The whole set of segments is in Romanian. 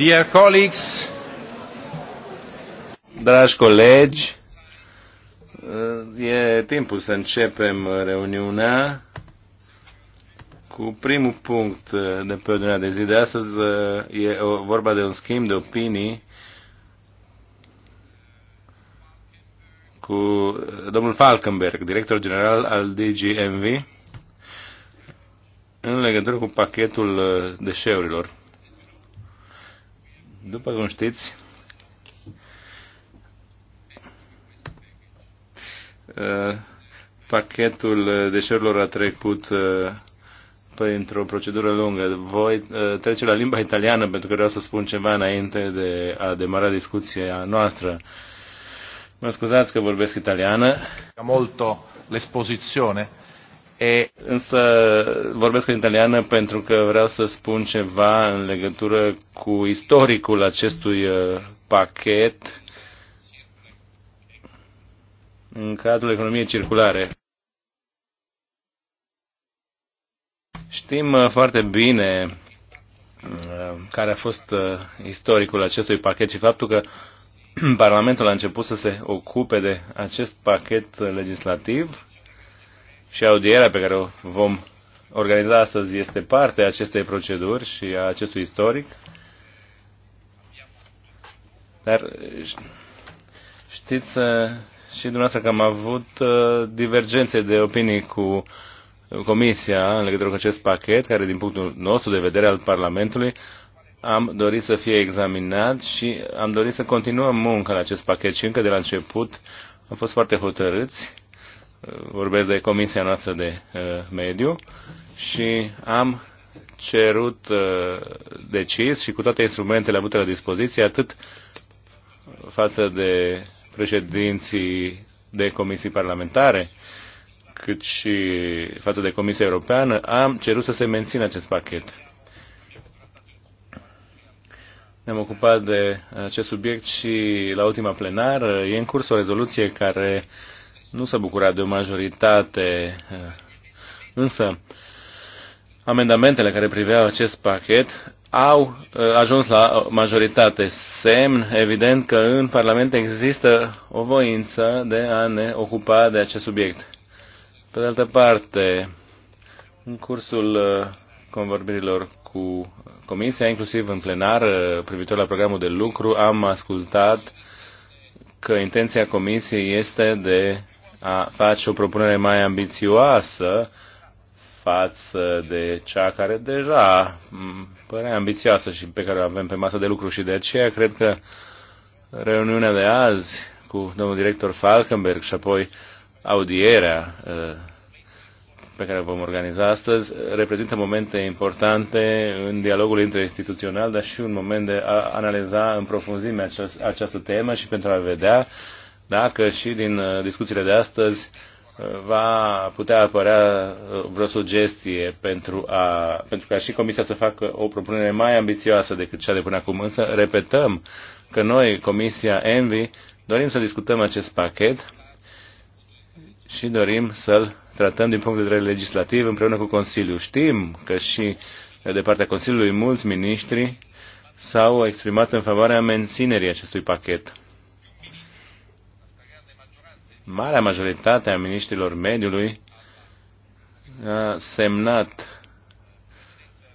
Dear colleagues, dragi colegi, e timpul să începem reuniunea cu primul punct de pe ordinea de zi de astăzi. E vorba de un schimb de opinii cu domnul Falkenberg, director general al DGMV, în legătură cu pachetul deșeurilor. După cum știți, uh, pachetul deșeurilor a trecut uh, printr-o procedură lungă. Voi uh, trece la limba italiană pentru că vreau să spun ceva înainte de a demara discuția noastră. Mă scuzați că vorbesc italiană. Molto l'esposizione E... Însă vorbesc în italiană pentru că vreau să spun ceva în legătură cu istoricul acestui uh, pachet în cadrul economiei circulare. Știm uh, foarte bine uh, care a fost istoricul acestui pachet și faptul că Parlamentul a început să se ocupe de acest pachet legislativ și audierea pe care o vom organiza astăzi este parte a acestei proceduri și a acestui istoric. Dar știți și dumneavoastră că am avut uh, divergențe de opinii cu Comisia în legătură cu acest pachet, care din punctul nostru de vedere al Parlamentului am dorit să fie examinat și am dorit să continuăm munca la acest pachet și încă de la început am fost foarte hotărâți vorbesc de Comisia noastră de uh, mediu și am cerut uh, decis și cu toate instrumentele avute la dispoziție, atât față de președinții de comisii parlamentare, cât și față de Comisia Europeană, am cerut să se mențină acest pachet. Ne-am ocupat de acest subiect și la ultima plenară e în curs o rezoluție care uh, nu s-a bucurat de o majoritate, eh, însă amendamentele care priveau acest pachet au eh, ajuns la majoritate. Semn, evident, că în Parlament există o voință de a ne ocupa de acest subiect. Pe de altă parte, în cursul eh, convorbirilor cu Comisia, inclusiv în plenar, privitor la programul de lucru, am ascultat că intenția Comisiei este de a face o propunere mai ambițioasă față de cea care deja părea ambițioasă și pe care o avem pe masă de lucru și de aceea cred că reuniunea de azi cu domnul director Falkenberg și apoi audierea uh, pe care o vom organiza astăzi reprezintă momente importante în dialogul interinstituțional, dar și un moment de a analiza în profunzime această temă și pentru a vedea uh, dacă și din uh, discuțiile de astăzi uh, va putea apărea uh, vreo sugestie pentru, a, pentru ca și Comisia să facă o propunere mai ambițioasă decât cea de până acum. Însă repetăm că noi, Comisia Envi, dorim să discutăm acest pachet și dorim să-l tratăm din punct de vedere legislativ împreună cu Consiliul. Știm că și de partea Consiliului mulți miniștri s-au exprimat în favoarea menținerii acestui pachet marea majoritate a miniștrilor mediului a semnat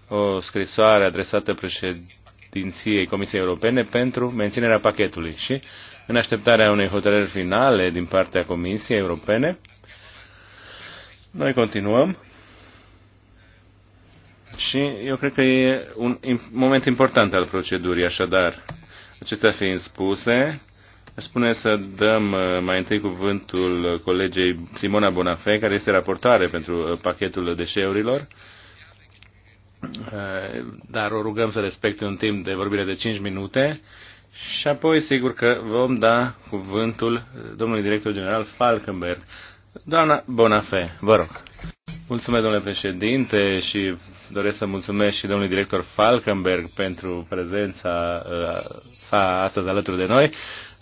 o scrisoare adresată președinției Comisiei Europene pentru menținerea pachetului și în așteptarea unei hotărâri finale din partea Comisiei Europene, noi continuăm și eu cred că e un moment important al procedurii, așadar, acestea fiind spuse, Aș spune să dăm uh, mai întâi cuvântul colegei Simona Bonafé, care este raportare pentru uh, pachetul deșeurilor, uh, dar o rugăm să respecte un timp de vorbire de 5 minute și apoi sigur că vom da cuvântul domnului director general Falkenberg. Doamna Bonafé, vă rog. Mulțumesc, domnule președinte, și doresc să mulțumesc și domnului director Falkenberg pentru prezența sa astăzi alături de noi.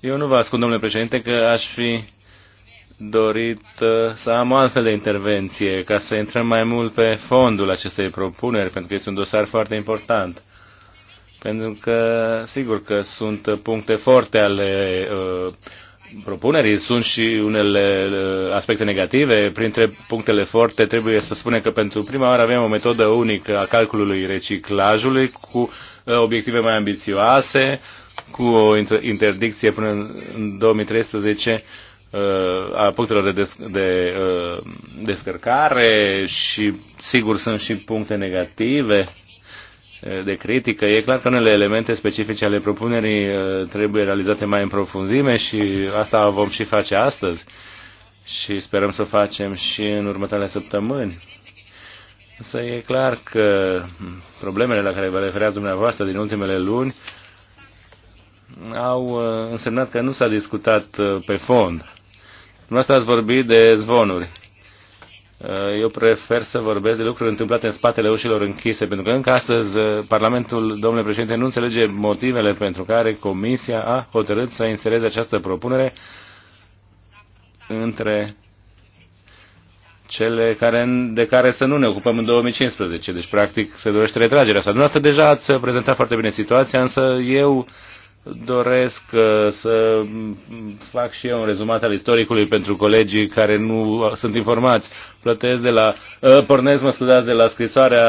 Eu nu vă ascund, domnule președinte, că aș fi dorit uh, să am o altfel de intervenție, ca să intrăm mai mult pe fondul acestei propuneri, pentru că este un dosar foarte important. Pentru că, sigur că sunt puncte forte ale uh, propunerii, sunt și unele uh, aspecte negative. Printre punctele forte trebuie să spunem că pentru prima oară avem o metodă unică a calculului reciclajului cu uh, obiective mai ambițioase, cu o interdicție până în 2013 uh, a punctelor de, desc- de uh, descărcare și sigur sunt și puncte negative uh, de critică. E clar că unele elemente specifice ale propunerii uh, trebuie realizate mai în profunzime și asta vom și face astăzi și sperăm să facem și în următoarele săptămâni. Însă e clar că problemele la care vă referați dumneavoastră din ultimele luni uh, au uh, însemnat că nu s-a discutat uh, pe fond. Nu asta ați vorbit de zvonuri. Uh, eu prefer să vorbesc de lucruri întâmplate în spatele ușilor închise, pentru că încă astăzi Parlamentul, domnule președinte, nu înțelege motivele pentru care Comisia a hotărât să insereze această propunere între cele care, de care să nu ne ocupăm în 2015. Deci, practic, se dorește retragerea asta. Dumneavoastră deja ați prezentat foarte bine situația, însă eu doresc uh, să fac și eu un rezumat al istoricului pentru colegii care nu uh, sunt informați. Plătesc de la, uh, pornesc, mă scuzați, de la scrisoarea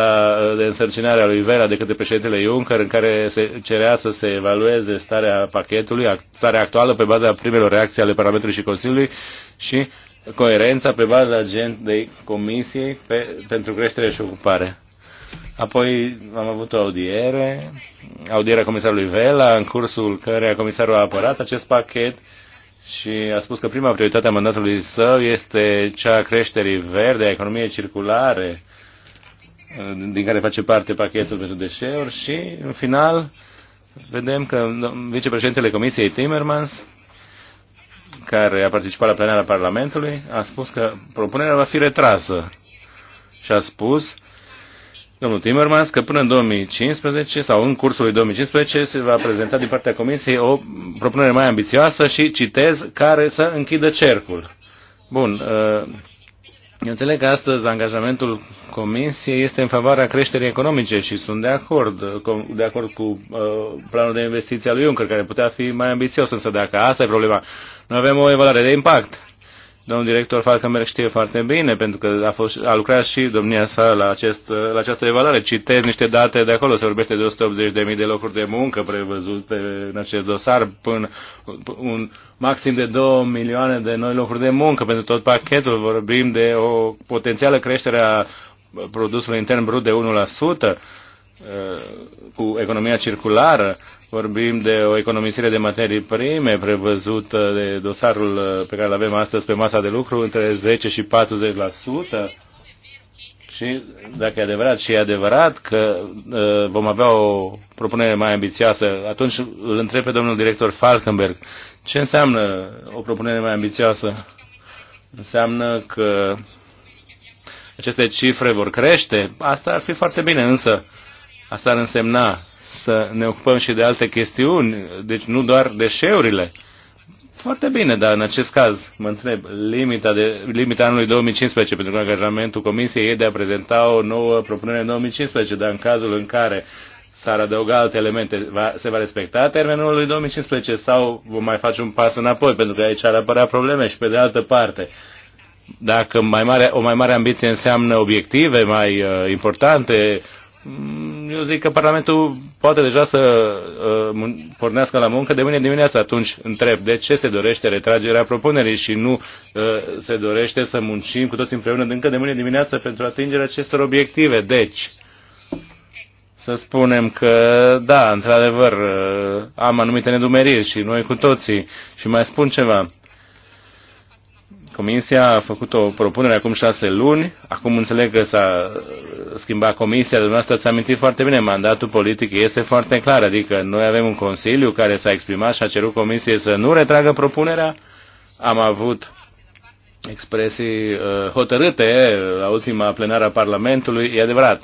de însărcinare a lui Vera de către președintele Juncker, în care se cerea să se evalueze starea pachetului, starea actuală pe baza primelor reacții ale Parlamentului și Consiliului și coerența pe baza agendei Comisiei pe, pentru creștere și ocupare. Apoi am avut o audiere, audierea comisarului Vela, în cursul căreia comisarul a apărat acest pachet și a spus că prima prioritate a mandatului său este cea a creșterii verde, a economiei circulare, din care face parte pachetul pentru deșeuri și, în final, vedem că vicepreședintele Comisiei Timmermans, care a participat la plenarea Parlamentului, a spus că propunerea va fi retrasă și a spus domnul Timmermans că până în 2015 sau în cursul lui 2015 se va prezenta din partea Comisiei o propunere mai ambițioasă și citez care să închidă cercul. Bun, uh, eu înțeleg că astăzi angajamentul Comisiei este în favoarea creșterii economice și sunt de acord, uh, de acord cu uh, planul de investiție al lui Juncker, care putea fi mai ambițios, însă dacă asta e problema, noi avem o evaluare de impact domnul director Falkenberg știe foarte bine, pentru că a, fost, a lucrat și domnia sa la, acest, la această evaluare. Citez niște date de acolo, se vorbește de 180.000 de locuri de muncă prevăzute în acest dosar, până un maxim de 2 milioane de noi locuri de muncă pentru tot pachetul. Vorbim de o potențială creștere a produsului intern brut de 1%, eh, cu economia circulară, Vorbim de o economisire de materii prime prevăzută de dosarul uh, pe care îl avem astăzi pe masa de lucru între 10 și 40%. Și dacă e adevărat, și e adevărat că uh, vom avea o propunere mai ambițioasă, atunci îl întreb pe domnul director Falkenberg, ce înseamnă o propunere mai ambițioasă? Înseamnă că aceste cifre vor crește? Asta ar fi foarte bine, însă asta ar însemna să ne ocupăm și de alte chestiuni, deci nu doar deșeurile. Foarte bine, dar în acest caz, mă întreb, limita, de, limita anului 2015, pentru că angajamentul Comisiei e de a prezenta o nouă propunere în 2015, dar în cazul în care s-ar adăuga alte elemente, va, se va respecta termenul lui 2015 sau vom mai face un pas înapoi, pentru că aici ar apărea probleme și pe de altă parte. Dacă mai mare, o mai mare ambiție înseamnă obiective mai uh, importante, Mm, eu zic că Parlamentul poate deja să uh, pornească la muncă de mâine dimineață. Atunci întreb de ce se dorește retragerea propunerii și nu uh, se dorește să muncim cu toți împreună încă de mâine dimineață pentru atingerea acestor obiective. Deci, să spunem că, da, într-adevăr, uh, am anumite nedumeriri și noi cu toții. Și mai spun ceva. Comisia a făcut o propunere acum șase luni, acum înțeleg că s-a schimbat comisia, dumneavoastră ați amintit foarte bine, mandatul politic este foarte clar, adică noi avem un consiliu care s-a exprimat și a cerut comisiei să nu retragă propunerea, am avut expresii uh, hotărâte uh, la ultima plenară a Parlamentului, e adevărat,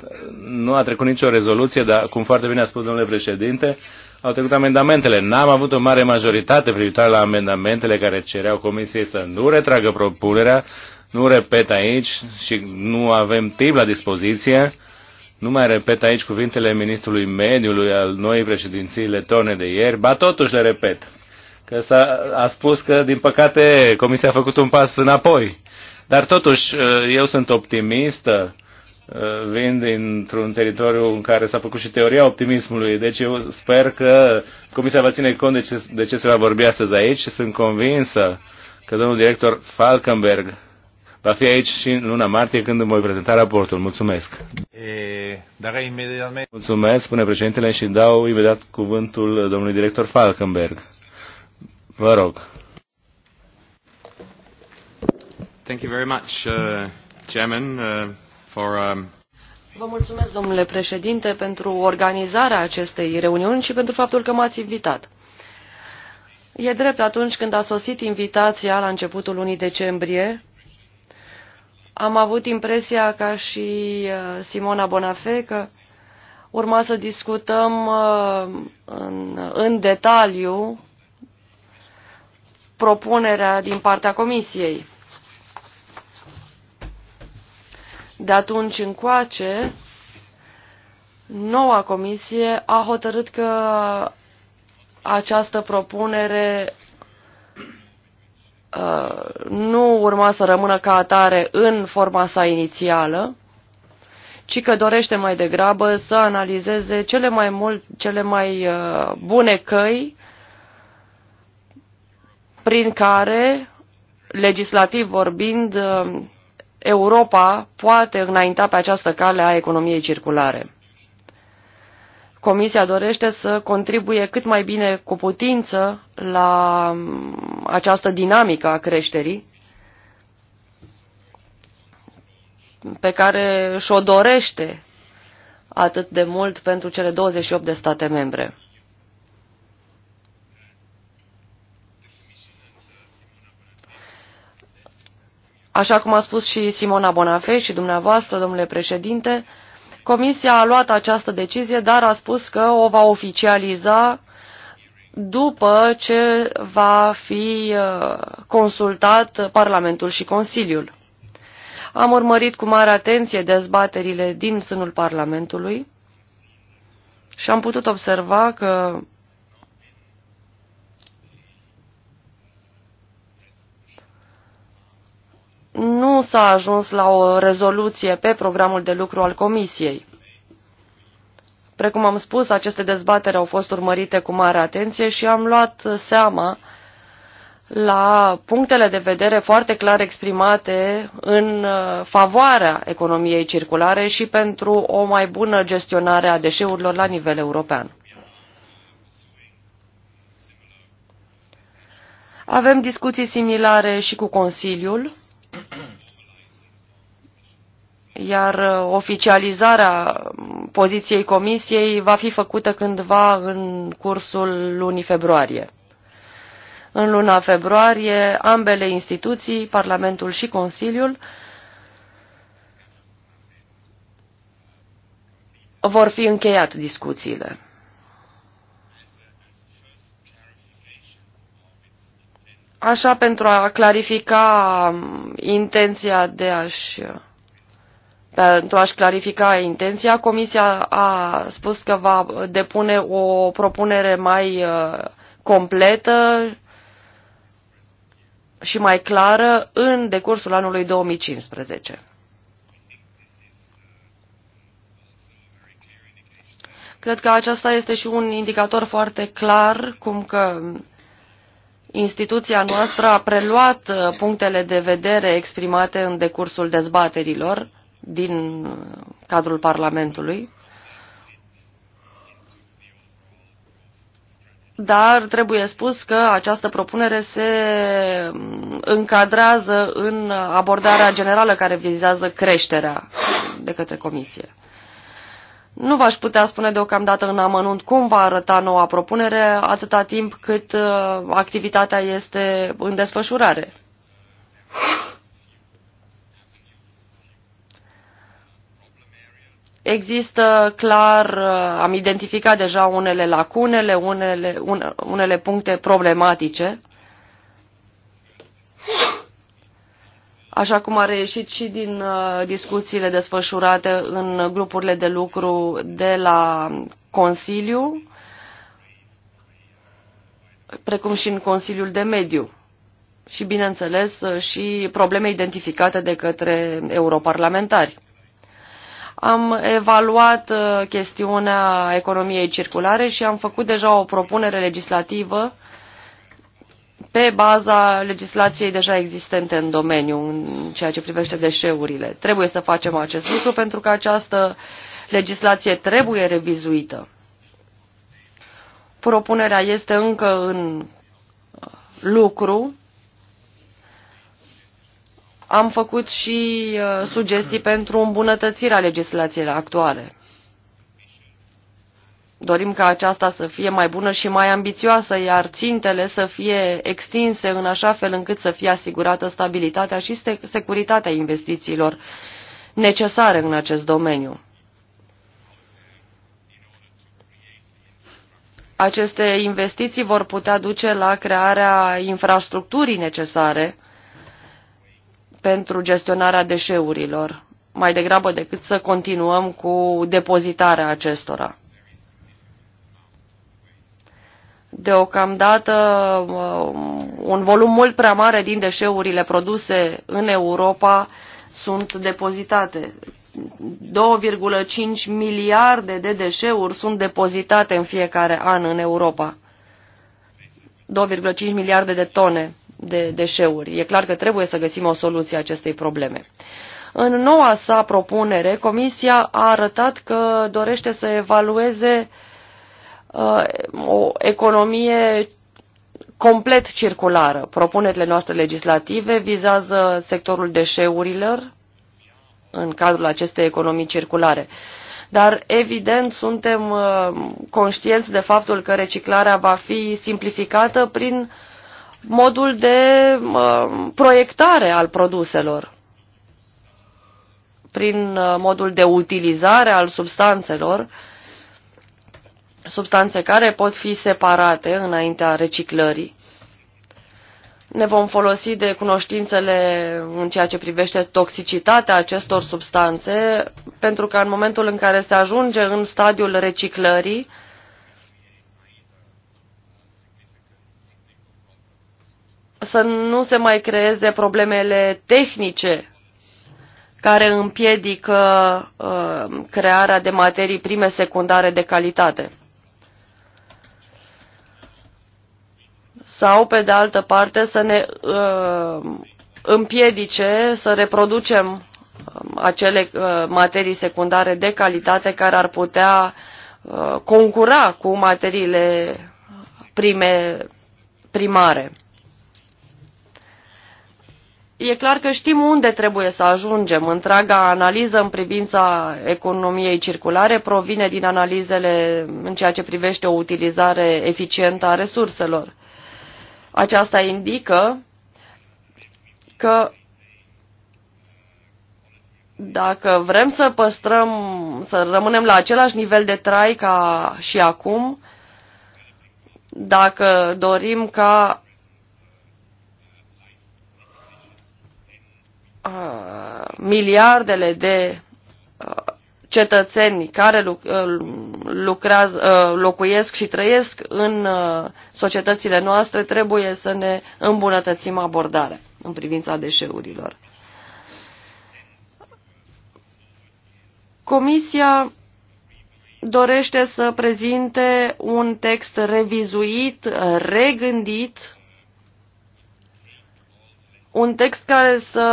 nu a trecut nicio rezoluție, dar cum foarte bine a spus domnule președinte, au trecut amendamentele. N-am avut o mare majoritate privitoare la amendamentele care cereau Comisiei să nu retragă propunerea. Nu repet aici și nu avem timp la dispoziție. Nu mai repet aici cuvintele ministrului mediului al noii președinții letone de ieri, ba totuși le repet, că s-a, a spus că, din păcate, Comisia a făcut un pas înapoi. Dar totuși, eu sunt optimistă Uh, vin dintr-un teritoriu în care s-a făcut și teoria optimismului, deci eu sper că Comisia va ține cont de ce, de ce se va vorbi astăzi aici și sunt convinsă că domnul director Falkenberg va fi aici și în luna martie când îmi voi prezenta raportul. Mulțumesc! E, Mulțumesc, spune președintele și dau imediat cuvântul domnului director Falkenberg. Vă rog! Thank you very much, uh, Chairman. Uh for, um... Vă mulțumesc, domnule președinte, pentru organizarea acestei reuniuni și pentru faptul că m-ați invitat. E drept atunci când a sosit invitația la începutul lunii decembrie, am avut impresia ca și uh, Simona Bonafé că urma să discutăm uh, în, în detaliu propunerea din partea Comisiei. De atunci încoace, noua comisie a hotărât că această propunere uh, nu urma să rămână ca atare în forma sa inițială, ci că dorește mai degrabă să analizeze cele mai, mult, cele mai uh, bune căi prin care, legislativ vorbind, uh, Europa poate înainta pe această cale a economiei circulare. Comisia dorește să contribuie cât mai bine cu putință la mm, această dinamică a creșterii pe care și-o dorește atât de mult pentru cele 28 de state membre. Așa cum a spus și Simona Bonafé și dumneavoastră, domnule președinte, Comisia a luat această decizie, dar a spus că o va oficializa după ce va fi uh, consultat Parlamentul și Consiliul. Am urmărit cu mare atenție dezbaterile din sânul Parlamentului și am putut observa că nu s-a ajuns la o rezoluție pe programul de lucru al Comisiei. Precum am spus, aceste dezbatere au fost urmărite cu mare atenție și am luat seama la punctele de vedere foarte clar exprimate în favoarea economiei circulare și pentru o mai bună gestionare a deșeurilor la nivel european. Avem discuții similare și cu Consiliul iar uh, oficializarea poziției comisiei va fi făcută cândva în cursul lunii februarie. În luna februarie, ambele instituții, Parlamentul și Consiliul, vor fi încheiat discuțiile. Așa pentru a clarifica um, intenția de a-și uh, pentru a-și clarifica intenția, Comisia a spus că va depune o propunere mai uh, completă și mai clară în decursul anului 2015. Cred că aceasta este și un indicator foarte clar, cum că instituția noastră a preluat uh, punctele de vedere exprimate în decursul dezbaterilor din cadrul Parlamentului, dar trebuie spus că această propunere se încadrează în abordarea generală care vizează creșterea de către Comisie. Nu v-aș putea spune deocamdată în amănunt cum va arăta noua propunere atâta timp cât uh, activitatea este în desfășurare. Există clar, uh, am identificat deja unele lacunele, unele, un, unele puncte problematice, așa cum a reieșit și din uh, discuțiile desfășurate în grupurile de lucru de la Consiliu, precum și în Consiliul de Mediu și, bineînțeles, uh, și probleme identificate de către europarlamentari. Am evaluat uh, chestiunea economiei circulare și am făcut deja o propunere legislativă pe baza legislației deja existente în domeniu, în ceea ce privește deșeurile. Trebuie să facem acest lucru pentru că această legislație trebuie revizuită. Propunerea este încă în lucru am făcut și uh, sugestii pentru îmbunătățirea legislației actuale. Dorim ca aceasta să fie mai bună și mai ambițioasă, iar țintele să fie extinse în așa fel încât să fie asigurată stabilitatea și securitatea investițiilor necesare în acest domeniu. Aceste investiții vor putea duce la crearea infrastructurii necesare pentru gestionarea deșeurilor, mai degrabă decât să continuăm cu depozitarea acestora. Deocamdată, um, un volum mult prea mare din deșeurile produse în Europa sunt depozitate. 2,5 miliarde de deșeuri sunt depozitate în fiecare an în Europa. 2,5 miliarde de tone de deșeuri. E clar că trebuie să găsim o soluție acestei probleme. În noua sa propunere, Comisia a arătat că dorește să evalueze uh, o economie complet circulară. Propunerile noastre legislative vizează sectorul deșeurilor în cadrul acestei economii circulare. Dar, evident, suntem uh, conștienți de faptul că reciclarea va fi simplificată prin uh, modul de proiectare al produselor, prin modul de utilizare al substanțelor, substanțe care pot fi separate înaintea reciclării. Ne vom folosi de cunoștințele în ceea ce privește toxicitatea acestor substanțe, pentru că în momentul în care se ajunge în stadiul reciclării, să nu se mai creeze problemele tehnice care împiedică uh, crearea de materii prime secundare de calitate. Sau, pe de altă parte, să ne uh, împiedice să reproducem uh, acele uh, materii secundare de calitate care ar putea uh, concura cu materiile prime primare e clar că știm unde trebuie să ajungem. Întreaga analiză în privința economiei circulare provine din analizele în ceea ce privește o utilizare eficientă a resurselor. Aceasta indică că dacă vrem să păstrăm, să rămânem la același nivel de trai ca și acum, dacă dorim ca Uh, miliardele de uh, cetățeni care uh, lucrează, locuiesc și trăiesc în societățile noastre, trebuie să ne îmbunătățim abordarea în privința deșeurilor. Comisia dorește să prezinte un text revizuit, regândit, un text care să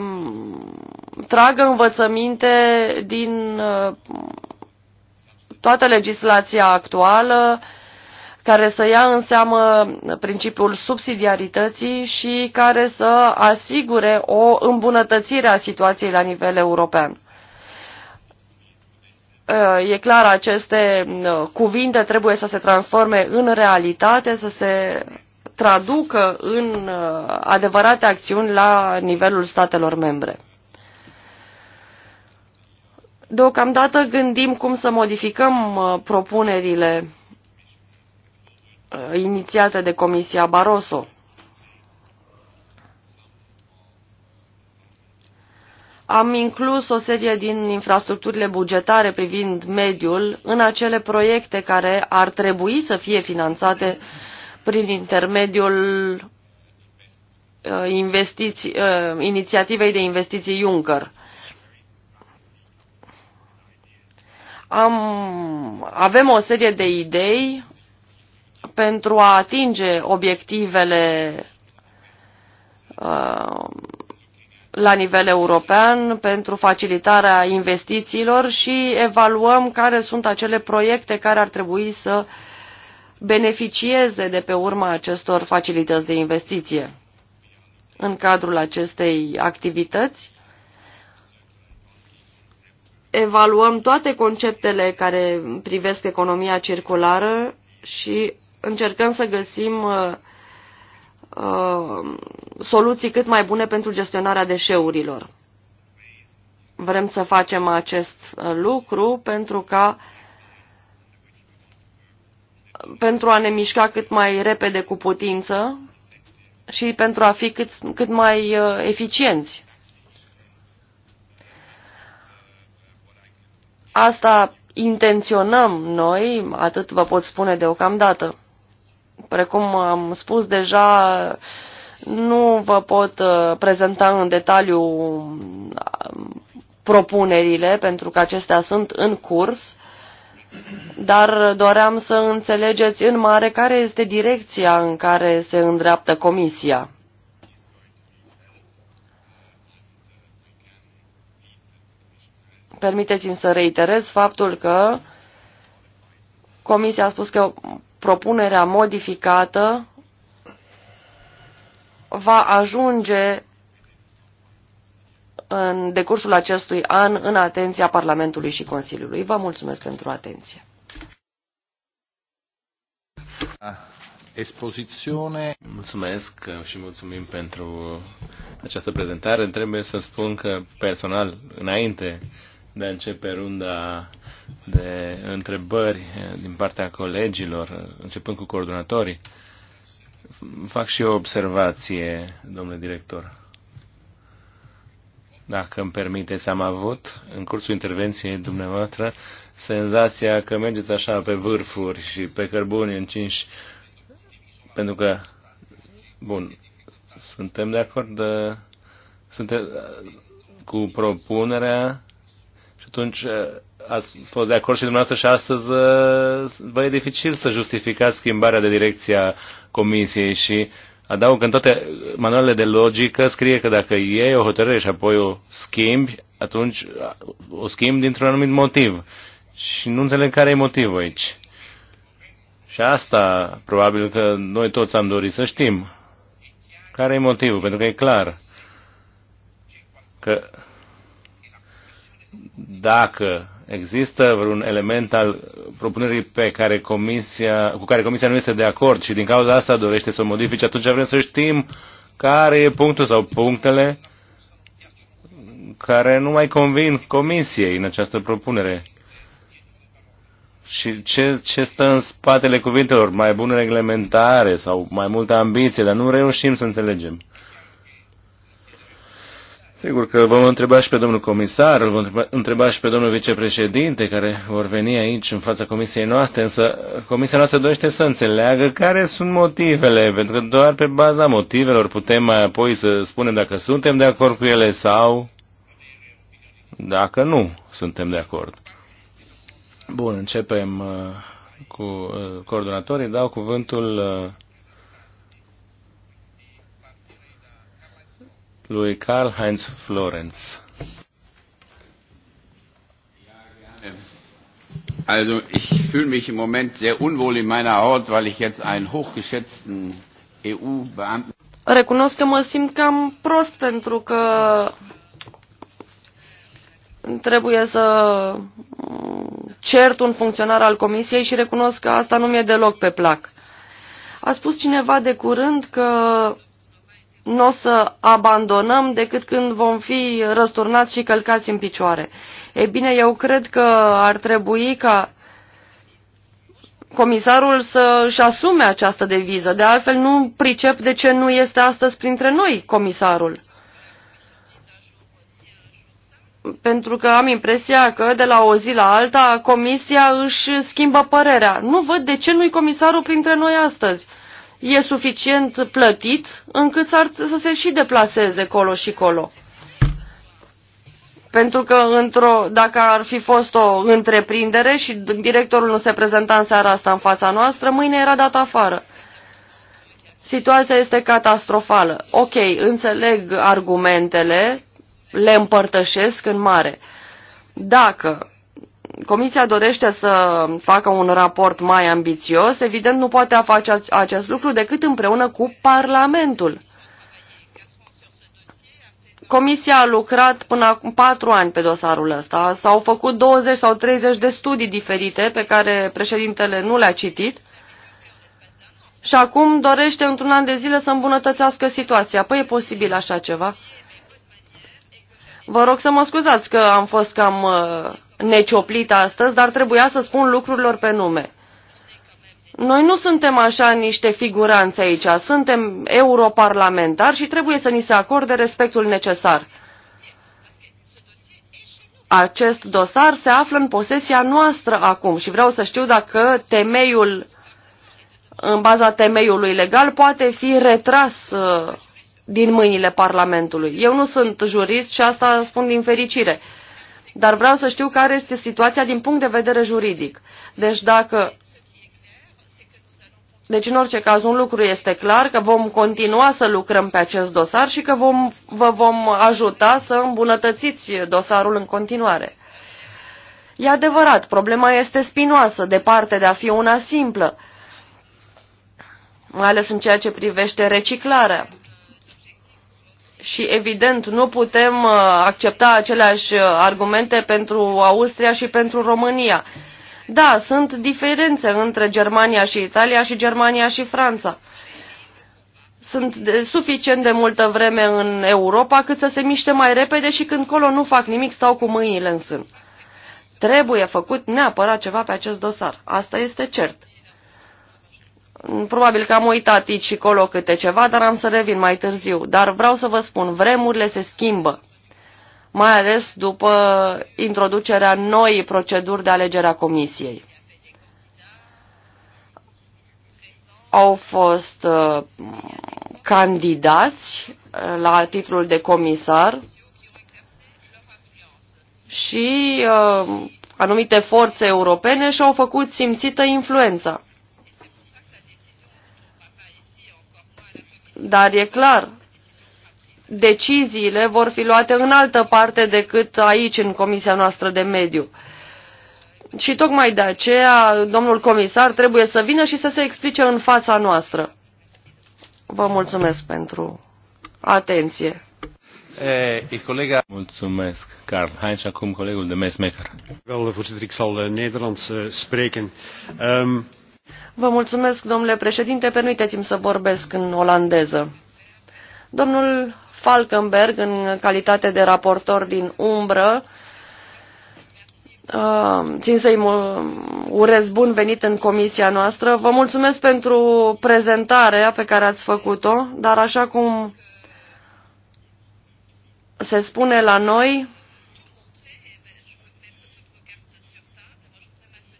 um, tragă învățăminte din uh, toată legislația actuală, care să ia în seamă principiul subsidiarității și care să asigure o îmbunătățire a situației la nivel european. Uh, e clar, aceste uh, cuvinte trebuie să se transforme în realitate, să se traducă în uh, adevărate acțiuni la nivelul statelor membre. Deocamdată gândim cum să modificăm uh, propunerile uh, inițiate de Comisia Barroso. Am inclus o serie din infrastructurile bugetare privind mediul în acele proiecte care ar trebui să fie finanțate uh, prin intermediul uh, investiții, uh, inițiativei de investiții Juncker. Am, avem o serie de idei pentru a atinge obiectivele uh, la nivel european pentru facilitarea investițiilor și evaluăm care sunt acele proiecte care ar trebui să uh, beneficieze de pe urma acestor facilități de investiție. În cadrul acestei activități, evaluăm toate conceptele care privesc economia circulară și încercăm să găsim uh, uh, soluții cât mai bune pentru gestionarea deșeurilor. Vrem să facem acest uh, lucru pentru ca uh, pentru a ne mișca cât mai repede cu putință și pentru a fi cât, cât mai uh, eficienți. Asta intenționăm noi, atât vă pot spune deocamdată. Precum am spus deja, nu vă pot uh, prezenta în detaliu uh, propunerile, pentru că acestea sunt în curs, dar doream să înțelegeți în mare care este direcția în care se îndreaptă Comisia. Permiteți-mi să reiterez faptul că Comisia a spus că propunerea modificată va ajunge în decursul acestui an în atenția Parlamentului și Consiliului. Vă mulțumesc pentru atenție. Expoziție. Mulțumesc și mulțumim pentru această prezentare. Trebuie să spun că personal, înainte de a începe runda de întrebări din partea colegilor, începând cu coordonatorii, fac și o observație, domnule director dacă îmi permiteți, am avut în cursul intervenției dumneavoastră senzația că mergeți așa pe vârfuri și pe cărbuni încinși, pentru că, bun, suntem de acord de, suntem cu propunerea și atunci ați fost de acord și dumneavoastră și astăzi vă e dificil să justificați schimbarea de direcția comisiei și uh, Adaug că în toate manualele de logică scrie că dacă iei o hotărâre și apoi o schimbi, atunci o schimbi dintr-un anumit motiv. Și nu înțeleg care e motivul aici. Și asta probabil că noi toți am dorit să știm. Care e motivul? Pentru că e clar că dacă Există vreun element al propunerii pe care comisia, cu care Comisia nu este de acord și din cauza asta dorește să o modifice, atunci vrem să știm care e punctul sau punctele care nu mai convin Comisiei în această propunere. Și ce, ce stă în spatele cuvintelor? Mai bună reglementare sau mai multă ambiție, dar nu reușim să înțelegem. Sigur că vom întreba și pe domnul comisar, îl vom întreba și pe domnul vicepreședinte care vor veni aici în fața comisiei noastre, însă comisia noastră dorește să înțeleagă care sunt motivele, pentru că doar pe baza motivelor putem mai apoi să spunem dacă suntem de acord cu ele sau dacă nu suntem de acord. Bun, începem uh, cu uh, coordonatorii. Dau cuvântul uh, lui Karl-Heinz Florenz. Also ich fühle mich im Moment sehr unwohl in meiner Haut, weil ich jetzt einen hochgeschätzten EU-Beamten. Recunosc că mă simt cam prost pentru că trebuie să cert un funcționar al comisiei și recunosc că asta nu mi-e deloc pe plac. A spus cineva de curând că nu o să abandonăm decât când vom fi răsturnați și călcați în picioare. Ei bine, eu cred că ar trebui ca comisarul să și asume această deviză. De altfel, nu pricep de ce nu este astăzi printre noi comisarul. Pentru că am impresia că de la o zi la alta comisia își schimbă părerea. Nu văd de ce nu-i comisarul printre noi astăzi e suficient plătit încât să se și deplaseze colo și colo. Pentru că într-o, dacă ar fi fost o întreprindere și directorul nu se prezenta în seara asta în fața noastră, mâine era dat afară. Situația este catastrofală. Ok, înțeleg argumentele, le împărtășesc în mare. Dacă Comisia dorește să facă un raport mai ambițios, evident nu poate face acest lucru decât împreună cu Parlamentul. Comisia a lucrat până acum patru ani pe dosarul ăsta. S-au făcut 20 sau 30 de studii diferite pe care președintele nu le-a citit și acum dorește într-un an de zile să îmbunătățească situația. Păi e posibil așa ceva? Vă rog să mă scuzați că am fost cam uh, necioplit astăzi, dar trebuia să spun lucrurilor pe nume. Noi nu suntem așa niște figuranți aici, suntem europarlamentari și trebuie să ni se acorde respectul necesar. Acest dosar se află în posesia noastră acum și vreau să știu dacă temeiul, în baza temeiului legal, poate fi retras uh, din mâinile Parlamentului. Eu nu sunt jurist și asta spun din fericire dar vreau să știu care este situația din punct de vedere juridic. Deci dacă deci, în orice caz, un lucru este clar, că vom continua să lucrăm pe acest dosar și că vom, vă vom ajuta să îmbunătățiți dosarul în continuare. E adevărat, problema este spinoasă, departe de a fi una simplă, mai ales în ceea ce privește reciclarea și evident nu putem uh, accepta aceleași uh, argumente pentru Austria și pentru România. Da, sunt diferențe între Germania și Italia și Germania și Franța. Sunt de, suficient de multă vreme în Europa cât să se miște mai repede și când colo nu fac nimic, stau cu mâinile în sân. Trebuie făcut neapărat ceva pe acest dosar. Asta este cert. Probabil că am uitat aici și colo câte ceva, dar am să revin mai târziu. Dar vreau să vă spun, vremurile se schimbă, mai ales după introducerea noii proceduri de alegere a comisiei. Au fost uh, candidați uh, la titlul de comisar și uh, anumite forțe europene și-au făcut simțită influența. Dar e clar, deciziile vor fi luate în altă parte decât aici, în Comisia noastră de Mediu. Și tocmai de aceea, domnul comisar trebuie să vină și să se explice în fața noastră. Vă mulțumesc pentru atenție. E, colega... Mulțumesc, Carl. Hai și acum colegul de Mesmecher. Wel, voorzitter, ik zal eh, Nederlands eh, spreken. Um... Vă mulțumesc, domnule președinte. Permiteți-mi să vorbesc în olandeză. Domnul Falkenberg, în calitate de raportor din umbră, uh, țin să-i urez bun venit în comisia noastră. Vă mulțumesc pentru prezentarea pe care ați făcut-o, dar așa cum se spune la noi,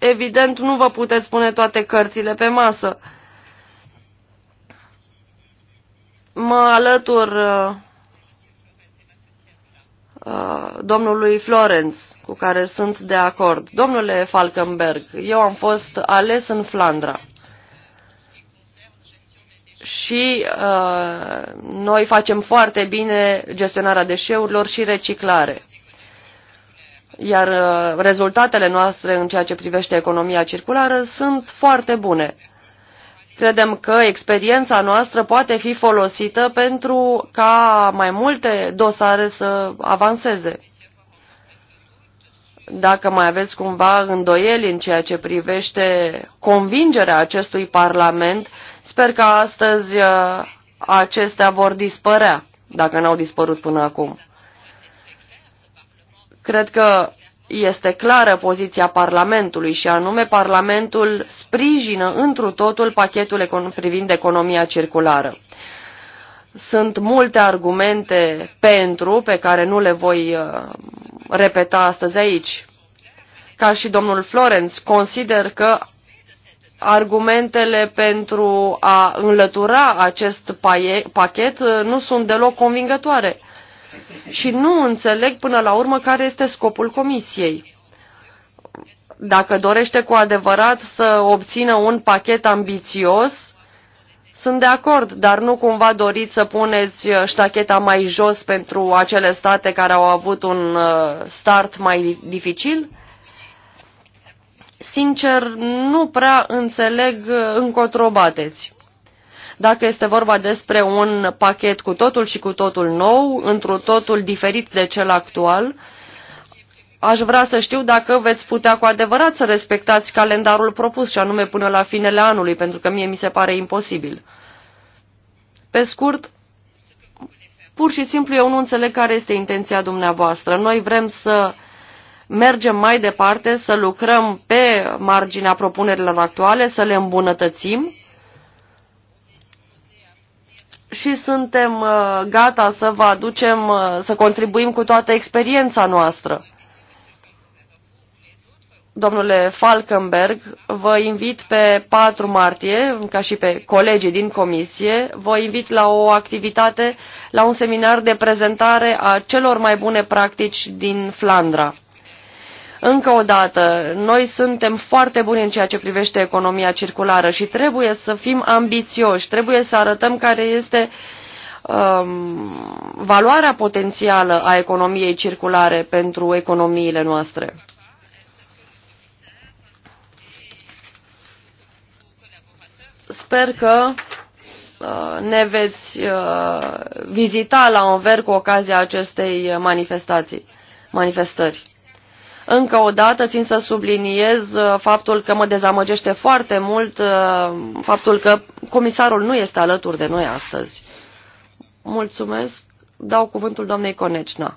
evident, nu vă puteți pune toate cărțile pe masă. Mă alătur uh, uh, domnului Florence, cu care sunt de acord. Domnule Falkenberg, eu am fost ales în Flandra și uh, noi facem foarte bine gestionarea deșeurilor și reciclare. Iar uh, rezultatele noastre în ceea ce privește economia circulară sunt foarte bune. Credem că experiența noastră poate fi folosită pentru ca mai multe dosare să avanseze. Dacă mai aveți cumva îndoieli în ceea ce privește convingerea acestui Parlament, sper că astăzi uh, acestea vor dispărea, dacă n-au dispărut până acum. Cred că este clară poziția Parlamentului și anume Parlamentul sprijină întru totul pachetul privind economia circulară. Sunt multe argumente pentru, pe care nu le voi uh, repeta astăzi aici. Ca și domnul Florenț, consider că argumentele pentru a înlătura acest pachet uh, nu sunt deloc convingătoare și nu înțeleg până la urmă care este scopul comisiei. Dacă dorește cu adevărat să obțină un pachet ambițios, sunt de acord, dar nu cumva doriți să puneți ștacheta mai jos pentru acele state care au avut un uh, start mai dificil? Sincer, nu prea înțeleg uh, încotro bateți dacă este vorba despre un pachet cu totul și cu totul nou, într-un totul diferit de cel actual, aș vrea să știu dacă veți putea cu adevărat să respectați calendarul propus, și anume până la finele anului, pentru că mie mi se pare imposibil. Pe scurt, pur și simplu eu nu înțeleg care este intenția dumneavoastră. Noi vrem să mergem mai departe, să lucrăm pe marginea propunerilor actuale, să le îmbunătățim și suntem uh, gata să vă aducem, uh, să contribuim cu toată experiența noastră. Domnule Falkenberg, vă invit pe 4 martie, ca și pe colegii din comisie, vă invit la o activitate, la un seminar de prezentare a celor mai bune practici din Flandra. Încă o dată, noi suntem foarte buni în ceea ce privește economia circulară și trebuie să fim ambițioși, trebuie să arătăm care este um, valoarea potențială a economiei circulare pentru economiile noastre. Sper că uh, ne veți uh, vizita la un ver cu ocazia acestei manifestații, manifestări. Încă o dată țin să subliniez uh, faptul că mă dezamăgește foarte mult uh, faptul că comisarul nu este alături de noi astăzi. Mulțumesc. Dau cuvântul doamnei Conecna.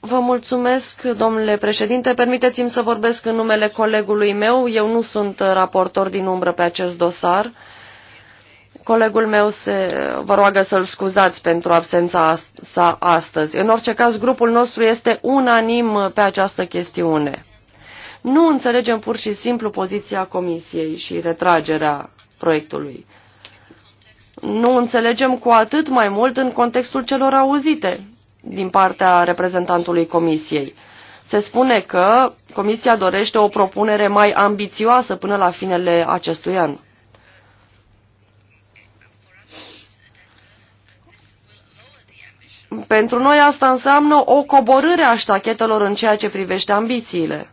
Vă mulțumesc, domnule președinte. Permiteți-mi să vorbesc în numele colegului meu. Eu nu sunt raportor din umbră pe acest dosar. Colegul meu se, vă roagă să-l scuzați pentru absența sa astăzi. În orice caz, grupul nostru este unanim pe această chestiune. Nu înțelegem pur și simplu poziția Comisiei și retragerea proiectului. Nu înțelegem cu atât mai mult în contextul celor auzite din partea reprezentantului Comisiei. Se spune că Comisia dorește o propunere mai ambițioasă până la finele acestui an. Pentru noi asta înseamnă o coborâre a ștachetelor în ceea ce privește ambițiile.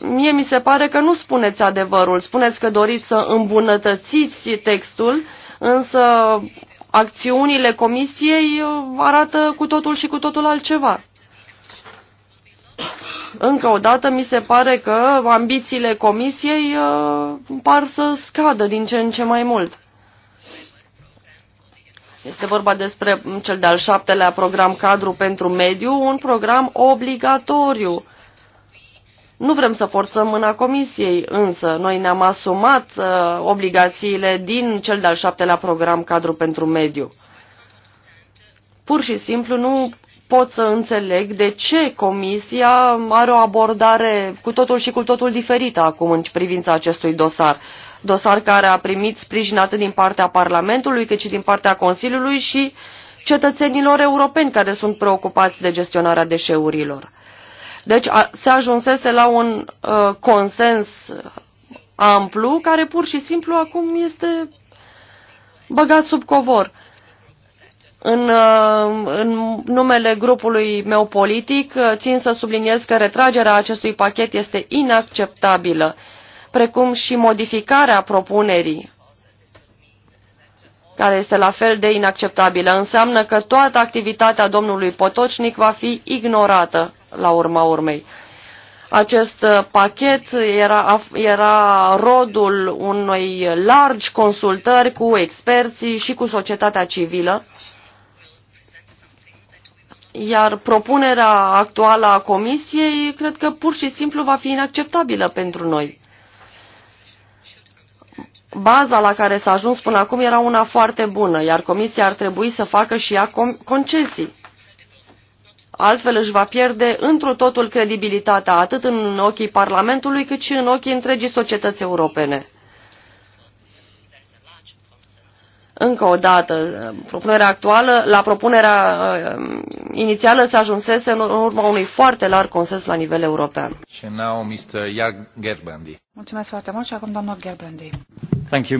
Mie mi se pare că nu spuneți adevărul. Spuneți că doriți să îmbunătățiți textul, însă acțiunile comisiei uh, arată cu totul și cu totul altceva. Încă o dată mi se pare că ambițiile comisiei uh, par să scadă din ce în ce mai mult. Este vorba despre cel de-al șaptelea program cadru pentru mediu, un program obligatoriu. Nu vrem să forțăm mâna comisiei, însă noi ne-am asumat uh, obligațiile din cel de-al șaptelea program cadru pentru mediu. Pur și simplu nu pot să înțeleg de ce comisia are o abordare cu totul și cu totul diferită acum în privința acestui dosar dosar care a primit sprijin atât din partea Parlamentului cât și din partea Consiliului și cetățenilor europeni care sunt preocupați de gestionarea deșeurilor. Deci a, se ajunsese la un uh, consens amplu care pur și simplu acum este băgat sub covor. În, uh, în numele grupului meu politic uh, țin să subliniez că retragerea acestui pachet este inacceptabilă precum și modificarea propunerii, care este la fel de inacceptabilă. Înseamnă că toată activitatea domnului Potocnic va fi ignorată la urma urmei. Acest uh, pachet era, era rodul unei largi consultări cu experții și cu societatea civilă, iar propunerea actuală a Comisiei cred că pur și simplu va fi inacceptabilă pentru noi baza la care s-a ajuns până acum era una foarte bună, iar comisia ar trebui să facă și ea concesii. Altfel își va pierde întru totul credibilitatea, atât în ochii Parlamentului, cât și în ochii întregii societăți europene. Încă o dată, propunerea actuală, la propunerea uh, inițială se ajunsese în urma unui foarte larg consens la nivel european. Mulțumesc foarte mult și acum domnul Gerbrandi. Uh,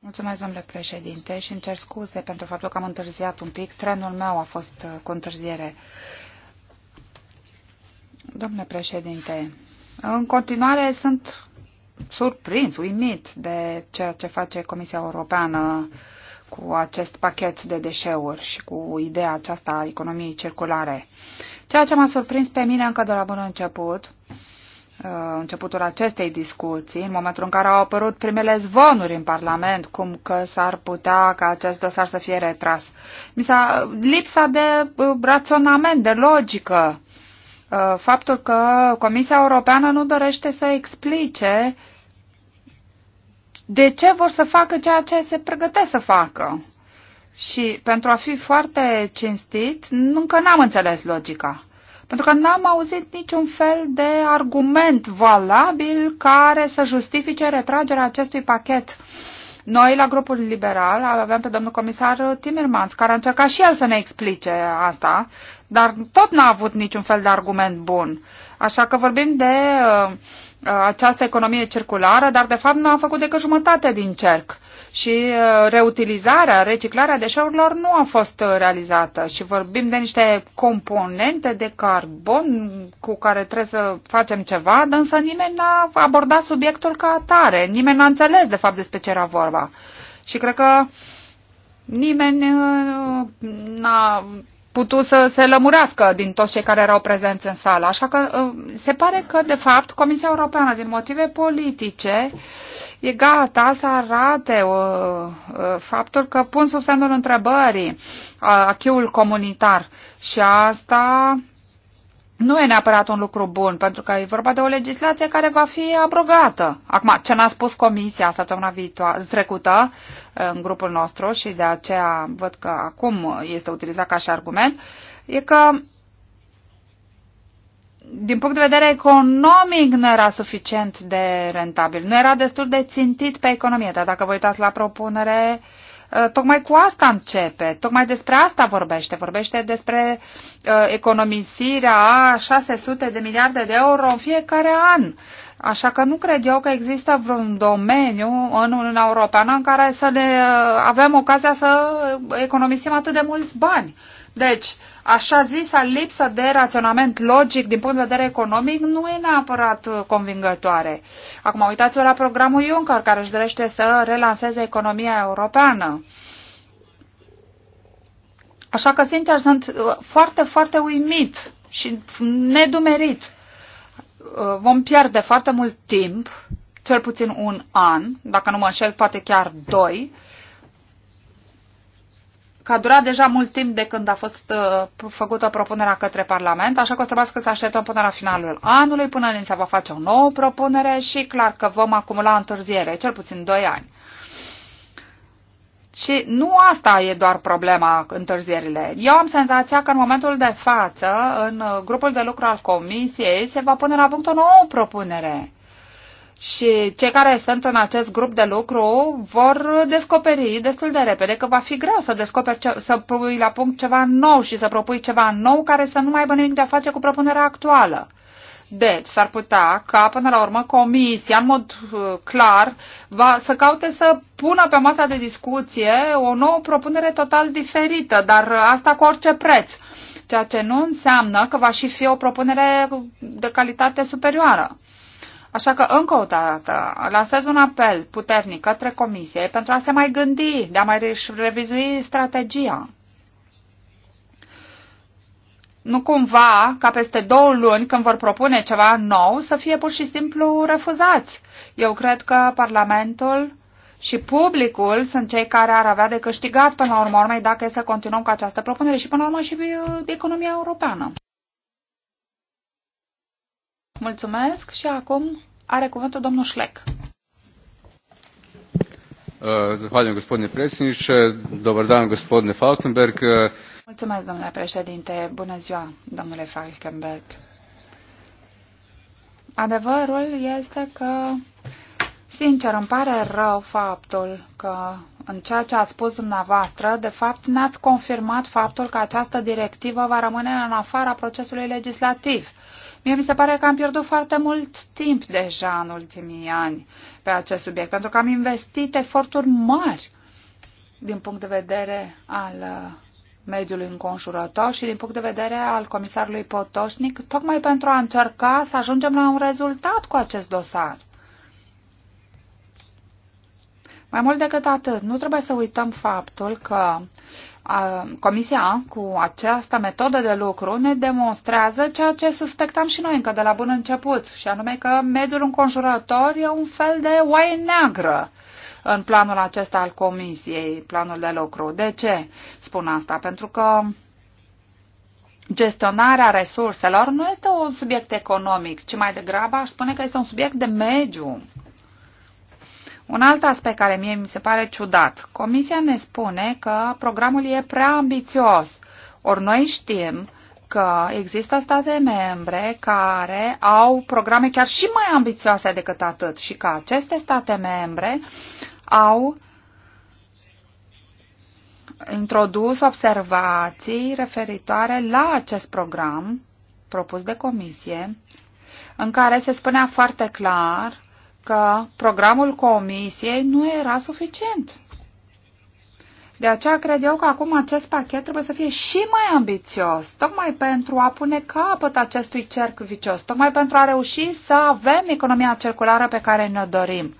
Mulțumesc, domnule președinte, și îmi cer scuze pentru faptul că am întârziat un pic. Trenul meu a fost uh, cu întârziere. Domnule președinte, în continuare sunt surprins, uimit de ceea ce face Comisia Europeană cu acest pachet de deșeuri și cu ideea aceasta a economiei circulare. Ceea ce m-a surprins pe mine încă de la bun început Uh, începutul acestei discuții, în momentul în care au apărut primele zvonuri în Parlament, cum că s-ar putea ca acest dosar să fie retras. Mi s-a, lipsa de uh, raționament, de logică, uh, faptul că Comisia Europeană nu dorește să explice de ce vor să facă ceea ce se pregătesc să facă. Și pentru a fi foarte cinstit, încă n-am înțeles logica. Pentru că n-am auzit niciun fel de argument valabil care să justifice retragerea acestui pachet. Noi, la grupul liberal, aveam pe domnul comisar Timmermans, care a încercat și el să ne explice asta, dar tot n-a avut niciun fel de argument bun. Așa că vorbim de uh, această economie circulară, dar de fapt nu a făcut decât jumătate din cerc. Uh, și uh, reutilizarea, reciclarea deșeurilor nu a fost uh, realizată și vorbim de niște componente de carbon cu care trebuie să facem ceva, dar însă nimeni n-a abordat subiectul ca atare, nimeni n-a înțeles de fapt despre ce era vorba. Și cred că nimeni uh, n-a putut să se lămurească din toți cei care erau prezenți în sală. Așa că se pare că, de fapt, Comisia Europeană, din motive politice, e gata să arate uh, uh, faptul că pun sub semnul întrebării uh, acheul comunitar și asta nu e neapărat un lucru bun, pentru că e vorba de o legislație care va fi abrogată. Acum, ce n-a spus Comisia săptămâna viitoare, trecută în grupul nostru și de aceea văd că acum este utilizat ca și argument, e că din punct de vedere economic nu era suficient de rentabil. Nu era destul de țintit pe economie, dar dacă vă uitați la propunere, uh, tocmai cu asta începe, tocmai despre asta vorbește. Vorbește despre uh, economisirea a 600 de miliarde de euro în fiecare an. Așa că nu cred eu că există vreun domeniu în Uniunea Europeană în care să ne uh, avem ocazia să economisim atât de mulți bani. Deci, uh, așa zisa lipsă de raționament logic din punct de vedere economic nu e neapărat uh, convingătoare. Acum uitați-vă la programul Juncker care își dorește să relanseze economia europeană. Așa că, sincer, sunt uh, foarte, foarte uimit și nedumerit. Uh, vom pierde foarte mult timp, cel puțin un an, dacă nu mă înșel, poate chiar doi, că a durat deja mult timp de când a fost uh, făcută propunerea către Parlament, așa că o să să așteptăm până la finalul anului, până ni se va face o nouă propunere și clar că vom acumula întârziere, cel puțin 2 ani. Și nu asta e doar problema întârzierile. Eu am senzația că în momentul de față, în grupul de lucru al comisiei, se va pune la punct o nouă propunere și cei care sunt în acest grup de lucru vor descoperi destul de repede că va fi greu să descoperi, ce, să pui la punct ceva nou și să propui ceva nou care să nu mai aibă nimic de a face cu propunerea actuală. Deci, s-ar putea ca, până la urmă, comisia, în mod uh, clar, va să caute să pună pe masa de discuție o nouă propunere total diferită, dar asta cu orice preț, ceea ce nu înseamnă că va și fi o propunere de calitate superioară. Așa că, încă o dată, lansez un apel puternic către Comisie pentru a se mai gândi, de a mai revizui strategia. Nu cumva ca peste două luni, când vor propune ceva nou, să fie pur și simplu refuzați. Eu cred că Parlamentul și publicul sunt cei care ar avea de câștigat până la urmă dacă e să continuăm cu această propunere și până la urmă și uh, economia europeană. Mulțumesc și acum are cuvântul domnul Șlec. Uh, zahvaljujem gospodine predsjedniče. Dobar dan gospodine Falkenberg. Uh, Mulțumesc domnule președinte. Bună ziua domnule Falkenberg. Adevărul este că, sincer, îmi pare rău faptul că în ceea ce ați spus dumneavoastră, de fapt n-ați confirmat faptul că această directivă va rămâne în afara procesului legislativ. Uh, Mie mi se pare că am pierdut foarte mult timp deja în ultimii ani pe acest subiect, pentru că am investit eforturi mari din punct de vedere al uh, mediului înconjurător și din punct de vedere al comisarului Potoșnic, tocmai pentru a încerca să ajungem la un rezultat cu acest dosar. Mai mult decât atât, nu trebuie să uităm faptul că Comisia, cu această metodă de lucru, ne demonstrează ceea ce suspectam și noi încă de la bun început, și anume că mediul înconjurător e un fel de oaie neagră în planul acesta al Comisiei, planul de lucru. De ce spun asta? Pentru că gestionarea resurselor nu este un subiect economic, ci mai degrabă aș spune că este un subiect de mediu un alt aspect care mie mi se pare ciudat. Comisia ne spune că programul e prea ambițios. Ori noi știm că există state membre care au programe chiar și mai ambițioase decât atât și că aceste state membre au introdus observații referitoare la acest program propus de comisie, în care se spunea foarte clar că programul comisiei nu era suficient. De aceea cred eu că acum acest pachet trebuie să fie și mai ambițios, tocmai pentru a pune capăt acestui cerc vicios, tocmai pentru a reuși să avem economia circulară pe care ne-o dorim.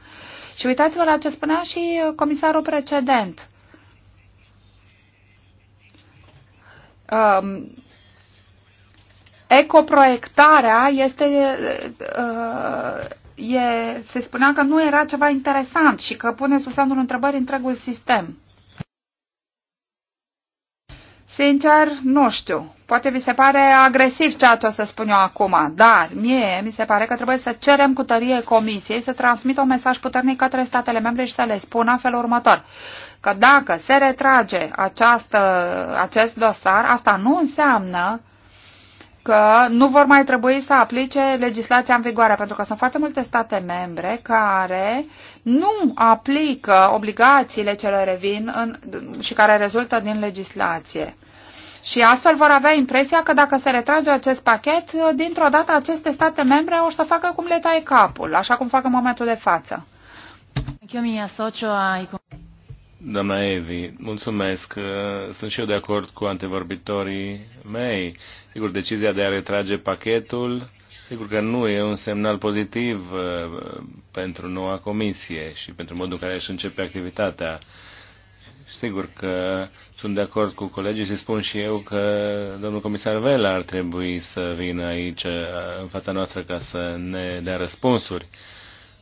Și uitați-vă la ce spunea și comisarul precedent. Um, ecoproiectarea este uh, uh e, se spunea că nu era ceva interesant și că pune sub semnul întrebării întregul sistem. Sincer, nu știu. Poate vi se pare agresiv ceea ce o să spun eu acum, dar mie mi se pare că trebuie să cerem cu tărie comisiei să transmită un mesaj puternic către statele membre și să le spună în felul următor. Că dacă se retrage această, acest dosar, asta nu înseamnă că nu vor mai trebui să aplice legislația în vigoare, pentru că sunt foarte multe state membre care nu aplică obligațiile ce le revin în, și care rezultă din legislație. Și astfel vor avea impresia că dacă se retrage acest pachet, dintr-o dată aceste state membre o să facă cum le taie capul, așa cum fac în momentul de față. Doamna Evi, mulțumesc. Uh, sunt și eu de acord cu antevorbitorii mei. Sigur, decizia de a retrage pachetul, sigur că nu e un semnal pozitiv uh, pentru noua comisie și pentru modul în care își începe activitatea. Sigur că sunt de acord cu colegii și spun și eu că domnul comisar Vela ar trebui să vină aici uh, în fața noastră ca să ne dea răspunsuri,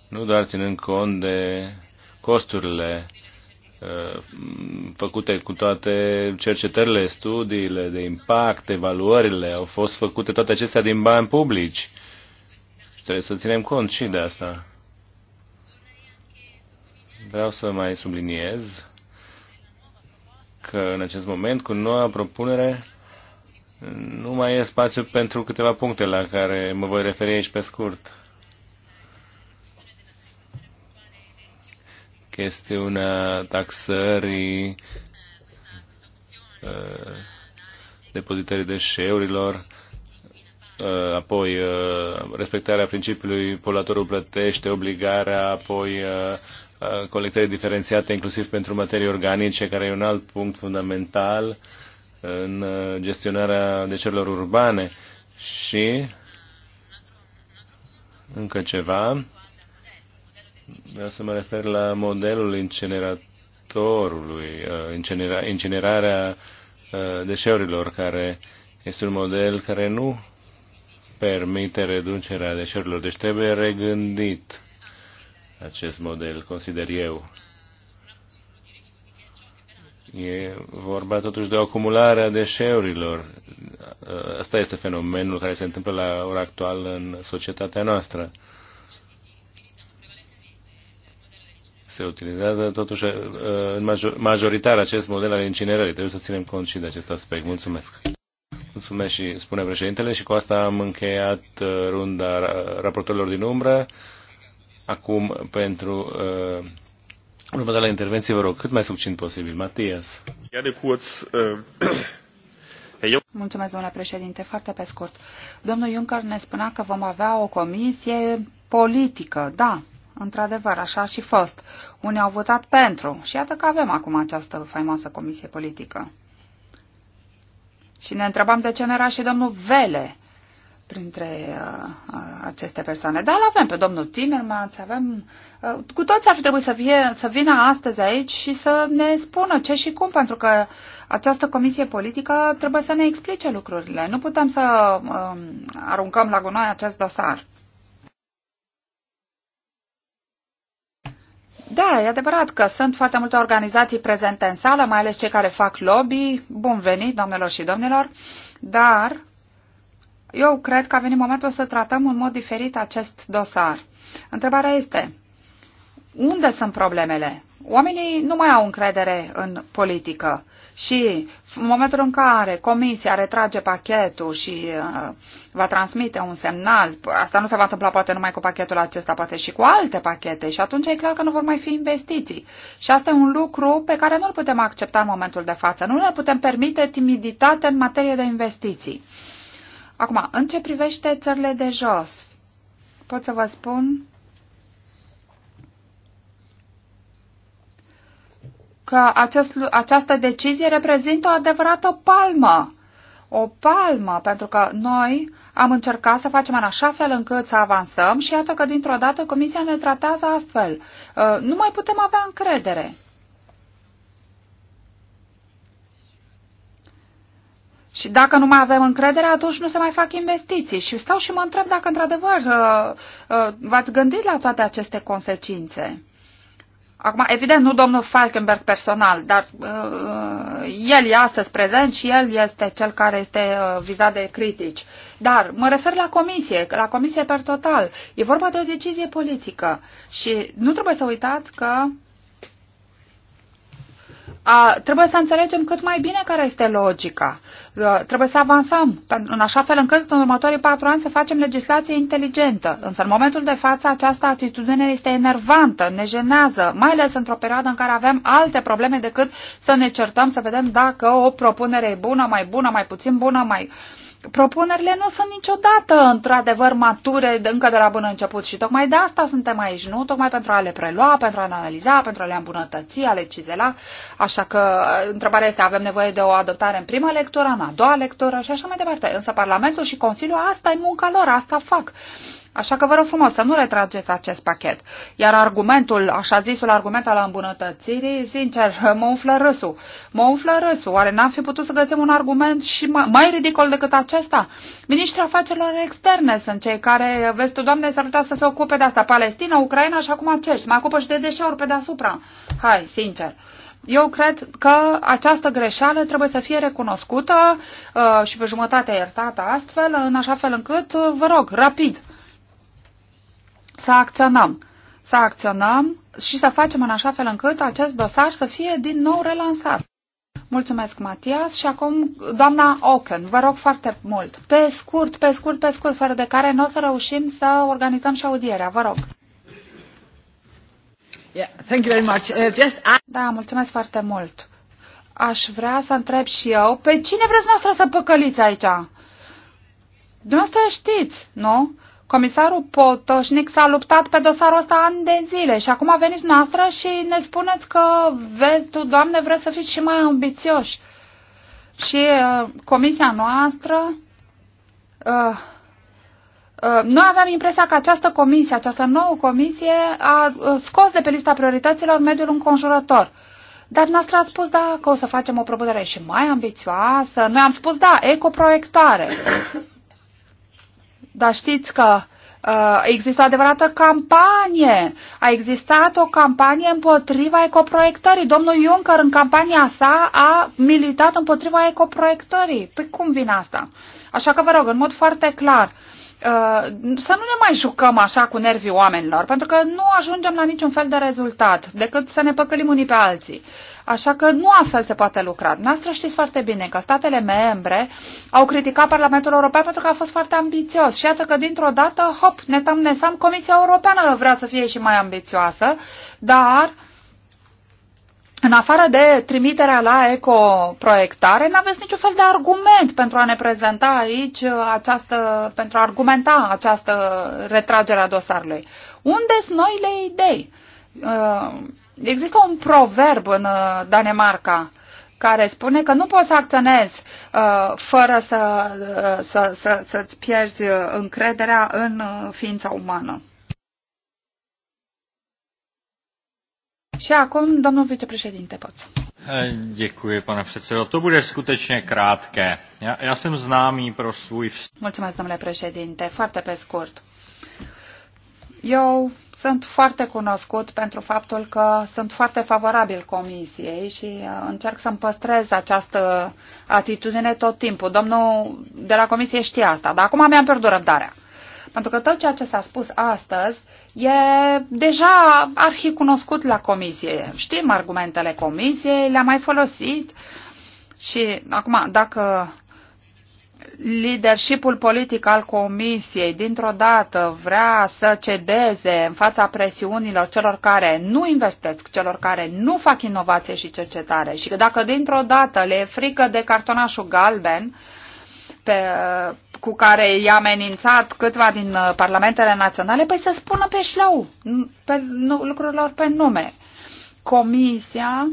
nu doar ținând cont de costurile Uh, făcute cu toate cercetările, studiile de impact, evaluările, au fost făcute toate acestea din bani publici. Și trebuie să ținem cont și de asta. Vreau să mai subliniez că în acest moment, cu noua propunere, nu mai e spațiu pentru câteva puncte la care mă voi referi aici pe scurt. chestiunea taxării uh, depozitării deșeurilor, uh, apoi uh, respectarea principiului poluatorul plătește, obligarea, apoi colectării diferențiate, inclusiv pentru materii organice, care e un alt punct fundamental în gestionarea deșeurilor urbane. Și încă ceva Vreau să mă refer la modelul incineratorului, uh, incinera, incinerarea uh, deșeurilor, care este un model care nu permite reducerea deșeurilor. Deci trebuie regândit acest model, consider eu. E vorba totuși de acumularea deșeurilor. Uh, asta este fenomenul care se întâmplă la ora actuală în societatea noastră. se utilizează totuși uh, în majoritar acest model al incinerării. Trebuie să ținem cont și de acest aspect. Mulțumesc! Mulțumesc și spune președintele și cu asta am încheiat uh, runda raportorilor din umbră. Acum pentru uh, următoarea intervenție, vă rog, cât mai succint posibil. Matias. Uh, Mulțumesc, domnule președinte. Foarte pe scurt. Domnul Juncker ne spunea că vom avea o comisie politică. Da, Într-adevăr, așa și fost. Unii au votat pentru și iată că avem acum această faimoasă comisie politică. Și ne întrebam de ce nu era și domnul Vele printre uh, uh, aceste persoane. Dar l avem pe domnul Timmermans, avem... Uh, cu toți ar fi trebuit să, fie, să vină astăzi aici și să ne spună ce și cum, pentru că această comisie politică trebuie să ne explice lucrurile. Nu putem să uh, aruncăm la gunoi acest dosar. Da, e adevărat că sunt foarte multe organizații prezente în sală, mai ales cei care fac lobby. Bun venit, domnilor și domnilor. Dar eu cred că a venit momentul să tratăm în mod diferit acest dosar. Întrebarea este, unde sunt problemele? Oamenii nu mai au încredere în politică și în momentul în care comisia retrage pachetul și uh, va transmite un semnal, asta nu se va întâmpla poate numai cu pachetul acesta, poate și cu alte pachete și atunci e clar că nu vor mai fi investiții. Și asta e un lucru pe care nu-l putem accepta în momentul de față. Nu ne putem permite timiditate în materie de investiții. Acum, în ce privește țările de jos, pot să vă spun că acest, această decizie reprezintă o adevărată palmă. O palmă, pentru că noi am încercat să facem în așa fel încât să avansăm și iată că dintr-o dată Comisia ne tratează astfel. Uh, nu mai putem avea încredere. Și dacă nu mai avem încredere, atunci nu se mai fac investiții. Și stau și mă întreb dacă într-adevăr uh, uh, v-ați gândit la toate aceste consecințe. Acum, evident, nu domnul Falkenberg personal, dar uh, uh, el e astăzi prezent și el este cel care este uh, vizat de critici. Dar mă refer la comisie, la comisie per total. E vorba de o decizie politică și nu trebuie să uitați că a, trebuie să înțelegem cât mai bine care este logica. A, uh, trebuie să avansăm în așa fel încât în următorii patru ani să facem legislație inteligentă. Însă în momentul de față această atitudine este enervantă, ne jenează, mai ales într-o perioadă în care avem alte probleme decât să ne certăm, să vedem dacă o propunere e bună, mai bună, mai puțin bună, mai... Uh, propunerile nu sunt niciodată într-adevăr mature încă de la bun început și tocmai de asta suntem aici, nu? Tocmai pentru a le prelua, pentru a le analiza, pentru a le îmbunătăți, a le cizela. Așa că uh, întrebarea este, avem nevoie de o adoptare în prima lectură, în a doua lectură și așa mai departe. Însă Parlamentul și Consiliul, asta e munca lor, asta fac. Așa că vă rog frumos să nu retrageți acest pachet. Iar argumentul, așa zisul argument al îmbunătățirii, sincer, mă umflă râsul. Mă umflă râsul. Oare n-am fi putut să găsim un argument și mai, mai ridicol decât acesta? Ministrii afacerilor externe sunt cei care, vezi tu, doamne, s-ar putea să se ocupe de asta. Palestina, Ucraina și acum acești. Mai ocupă și de deșeuri pe deasupra. Hai, sincer eu cred că această greșeală trebuie să fie recunoscută uh, și pe jumătate iertată astfel, în așa fel încât, uh, vă rog, rapid, să acționăm. Să acționăm și să facem în așa fel încât acest dosar să fie din nou relansat. Mulțumesc, Matias. Și acum, doamna Oken, vă rog foarte mult. Pe scurt, pe scurt, pe scurt, fără de care nu o să reușim să organizăm și audierea. Vă rog. Yeah, thank you very much. Uh, just... Da, mulțumesc foarte mult. Aș vrea să întreb și eu, pe cine vreți noastră să păcăliți aici? Dumneavoastră știți, nu? Comisarul Potoșnic s-a luptat pe dosarul ăsta ani de zile și acum veniți noastră și ne spuneți că, vezi tu, Doamne, vreți să fiți și mai ambițioși. Și uh, comisia noastră, uh, uh noi aveam impresia că această comisie, această nouă comisie a uh, scos de pe lista priorităților mediul înconjurător. Dar noastră a spus, da, că o să facem o propunere și mai ambițioasă. Noi am spus, da, ecoproiectare. Dar știți că Uh, există o adevărată campanie. A existat o campanie împotriva ecoproiectării. Domnul Juncker în campania sa a militat împotriva ecoproiectării. Păi cum vine asta? Așa că vă rog, în mod foarte clar, uh, să nu ne mai jucăm așa cu nervii oamenilor, pentru că nu ajungem la niciun fel de rezultat, decât să ne păcălim unii pe alții. Așa că nu astfel se poate lucra. Noastră știți foarte bine că statele membre au criticat Parlamentul European pentru că a fost foarte ambițios. Și iată că dintr-o dată, hop, ne tamnesam, Comisia Europeană vrea să fie și mai ambițioasă, dar în afară de trimiterea la ecoproiectare, nu aveți niciun fel de argument pentru a ne prezenta aici această, pentru a argumenta această retragere a dosarului. Unde sunt noile idei? Uh, Există un proverb în uh, Danemarca care spune că nu poți să acționezi uh, fără să, uh, să, să, să-ți pierzi uh, încrederea în uh, ființa umană. Și acum, domnul vicepreședinte, poți. Eh, děkuji, pane předsedo. To bude skutečně krátké. Já, já jsem známý pro svůj... Mulțumesc, domnule președinte. Foarte pe scurt. Eu sunt foarte cunoscut pentru faptul că sunt foarte favorabil comisiei și uh, încerc să-mi păstrez această atitudine tot timpul. Domnul de la comisie știe asta, dar acum mi-am pierdut răbdarea. Pentru că tot ceea ce s-a spus astăzi e deja arhicunoscut la comisie. Știm argumentele comisiei, le-am mai folosit și acum dacă leadershipul politic al Comisiei dintr-o dată vrea să cedeze în fața presiunilor celor care nu investesc, celor care nu fac inovație și cercetare și că dacă dintr-o dată le e frică de cartonașul galben pe, cu care i-a amenințat câțiva din parlamentele naționale, păi să spună pe șleu pe, nu, lucrurilor pe nume. Comisia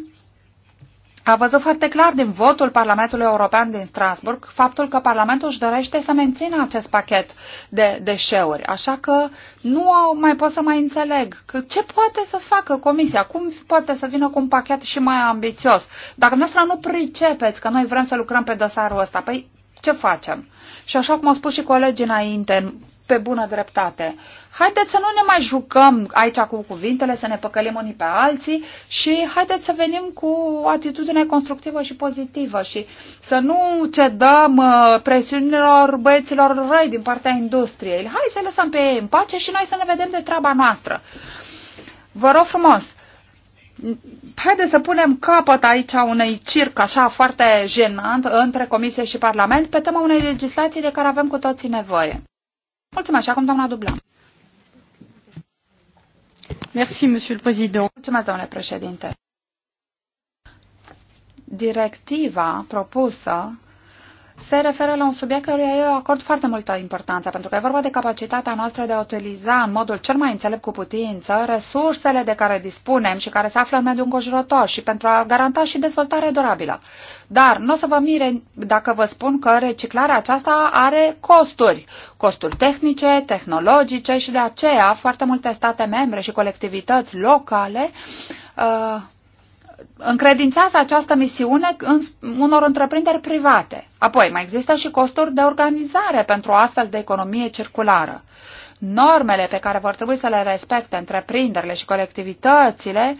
a văzut foarte clar din votul Parlamentului European din Strasburg faptul că Parlamentul își dorește să mențină acest pachet de deșeuri. Așa că nu mai pot să mai înțeleg că ce poate să facă Comisia, cum poate să vină cu un pachet și mai ambițios. Dacă noastră nu pricepeți că noi vrem să lucrăm pe dosarul ăsta, păi ce facem? Și așa cum au spus și colegii înainte, pe bună dreptate. Haideți să nu ne mai jucăm aici cu cuvintele, să ne păcălim unii pe alții și haideți să venim cu o atitudine constructivă și pozitivă și să nu cedăm uh, presiunilor băieților răi din partea industriei. Hai să lăsăm pe ei în pace și noi să ne vedem de treaba noastră. Vă rog frumos, haideți să punem capăt aici unei circ așa foarte jenant între Comisie și Parlament pe tema unei legislații de care avem cu toții nevoie. Mulțumesc. Și acum doamna Dublan. Merci, monsieur le président. Mulțumesc, domnule președinte. Directiva propusă se referă la un subiect căruia eu acord foarte multă importanță, pentru că e vorba de capacitatea noastră de a utiliza în modul cel mai înțelept cu putință resursele de care dispunem și care se află în mediul înconjurător și pentru a garanta și dezvoltare durabilă. Dar nu o să vă mire dacă vă spun că reciclarea aceasta are costuri, costuri tehnice, tehnologice și de aceea foarte multe state membre și colectivități locale uh, încredințează această misiune în unor întreprinderi private. Apoi, mai există și costuri de organizare pentru o astfel de economie circulară normele pe care vor trebui să le respecte întreprinderile și colectivitățile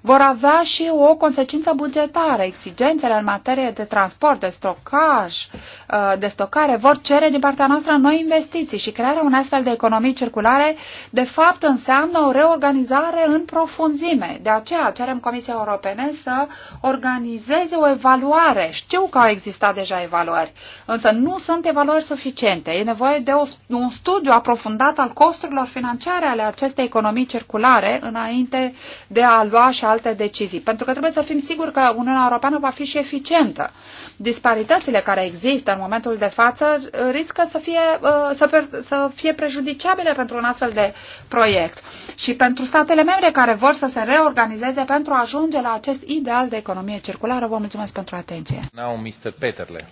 vor avea și o consecință bugetară. Exigențele în materie de transport, de stocaj, uh, de stocare vor cere din partea noastră noi investiții și crearea unei astfel de economii circulare de fapt înseamnă o reorganizare în profunzime. De aceea cerem Comisiei Europene să organizeze o evaluare. Știu că au existat deja evaluări, însă nu sunt evaluări suficiente. E nevoie de un studiu aprofundat al costurilor financiare ale acestei economii circulare înainte de a lua și alte decizii. Pentru că trebuie să fim siguri că Uniunea Europeană va fi și eficientă. Disparitățile care există în momentul de față riscă să fie, uh, să, să fie prejudiciabile pentru un astfel de proiect și pentru statele membre care vor să se reorganizeze pentru a ajunge la acest ideal de economie circulară. Vă mulțumesc pentru atenție. Now, Mr. Peterle.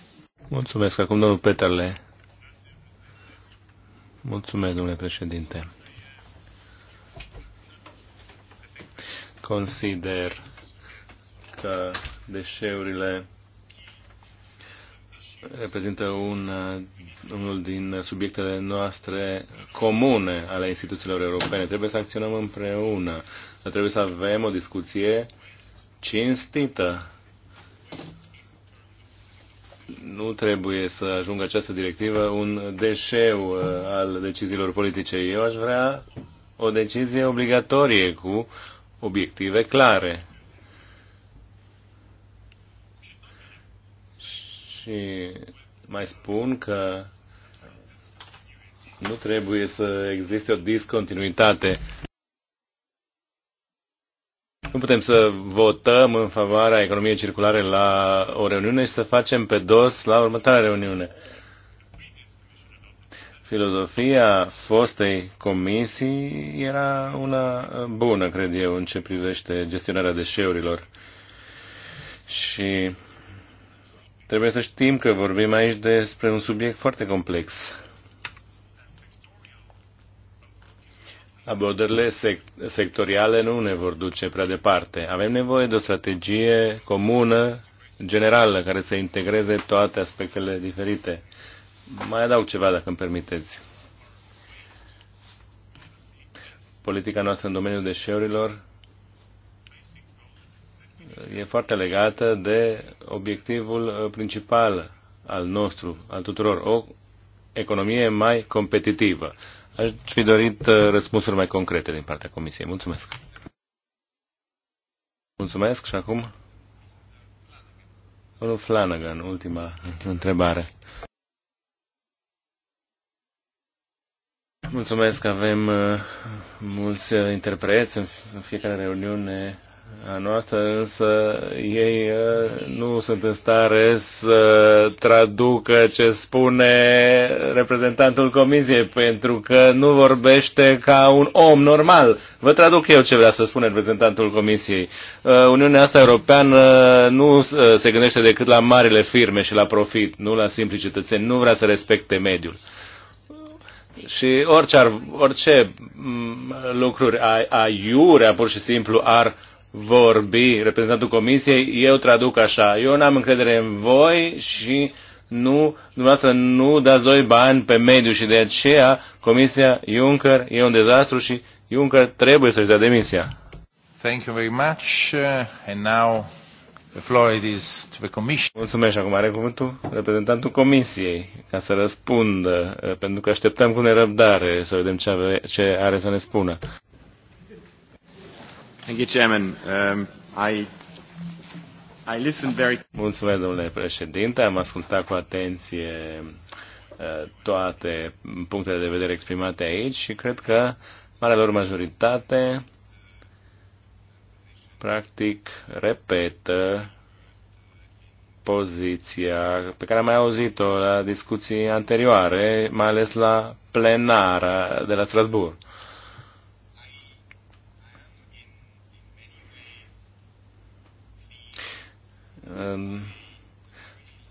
Mulțumesc. Acum domnul Peterle Mulțumesc, domnule președinte. Consider că deșeurile reprezintă un, unul din subiectele noastre comune ale instituțiilor europene. Trebuie să acționăm împreună, trebuie să avem o discuție cinstită nu trebuie să ajungă această directivă un deșeu uh, al deciziilor politice. Eu aș vrea o decizie obligatorie cu obiective clare. Și mai spun că nu trebuie să existe o discontinuitate nu putem să votăm în favoarea economiei circulare la o reuniune și să facem pe dos la următoarea reuniune. Filozofia fostei comisii era una bună, cred eu, în ce privește gestionarea deșeurilor. Și trebuie să știm că vorbim aici despre un subiect foarte complex abordările sectoriale nu ne vor duce prea departe. Avem nevoie de o strategie comună, generală, care să integreze toate aspectele diferite. Mai adaug ceva, dacă îmi permiteți. Politica noastră în domeniul deșeurilor e foarte legată de obiectivul uh, principal al nostru, al tuturor, o economie mai competitivă. Aș fi dorit uh, răspunsuri mai concrete din partea Comisiei. Mulțumesc. Mulțumesc și acum Domnul Flanagan, ultima întrebare. Mulțumesc că avem uh, mulți uh, interpreți în fiecare reuniune a noastră, însă ei uh, nu sunt în stare să traducă ce spune reprezentantul comisiei, pentru că nu vorbește ca un om normal. Vă traduc eu ce vrea să spune reprezentantul comisiei. Uh, Uniunea asta europeană nu uh, se gândește decât la marile firme și la profit, nu la simpli cetățeni. Nu vrea să respecte mediul. Și orice, ar, orice mm, lucruri a, aiurea pur și simplu ar uh, vorbi reprezentantul comisiei, eu traduc așa, eu n-am încredere în voi și nu, dumneavoastră nu dați doi bani pe mediu și de aceea Comisia Juncker e un dezastru și Juncker trebuie să-și dea demisia. Thank you very much. Uh, and now the floor it is to the Commission. Mulțumesc. Acum are cuvântul reprezentantul Comisiei ca să răspundă, uh, pentru că așteptăm cu nerăbdare să vedem ce are, ce are să ne spună. Thank you, Chairman. Um, I, I listened very... Mulțumesc, domnule președinte. Am ascultat cu atenție uh, toate punctele de vedere exprimate aici și cred că marea lor majoritate practic repetă poziția pe care am mai auzit-o la discuții anterioare, mai ales la plenara de la Strasbourg.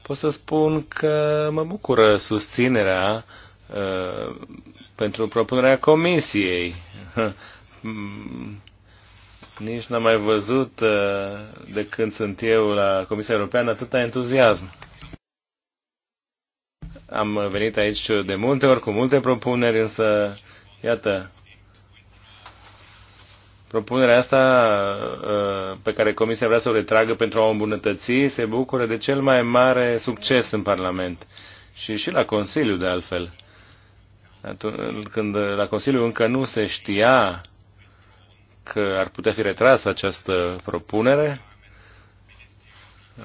pot să spun că mă bucură susținerea uh, pentru propunerea comisiei. Nici n-am mai văzut uh, de când sunt eu la Comisia Europeană atâta entuziasm. Am venit aici de multe ori cu multe propuneri, însă, iată, Propunerea asta ă, pe care Comisia vrea să o retragă pentru a o îmbunătăți se bucură de cel mai mare succes în Parlament și și la Consiliu de altfel. când la Consiliu încă nu se știa că ar putea fi retrasă această propunere,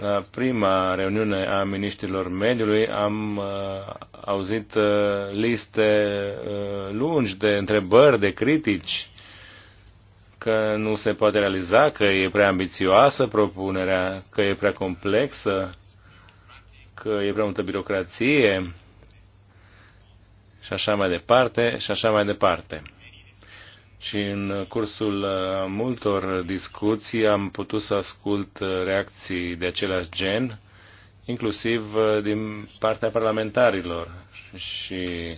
la prima reuniune a ministrilor mediului am uh, auzit uh, liste uh, lungi de întrebări, de critici că nu se poate realiza, că e prea ambițioasă propunerea, că e prea complexă, că e prea multă birocrație și așa mai departe, și așa mai departe. Și în cursul multor discuții am putut să ascult reacții de același gen, inclusiv din partea parlamentarilor. Și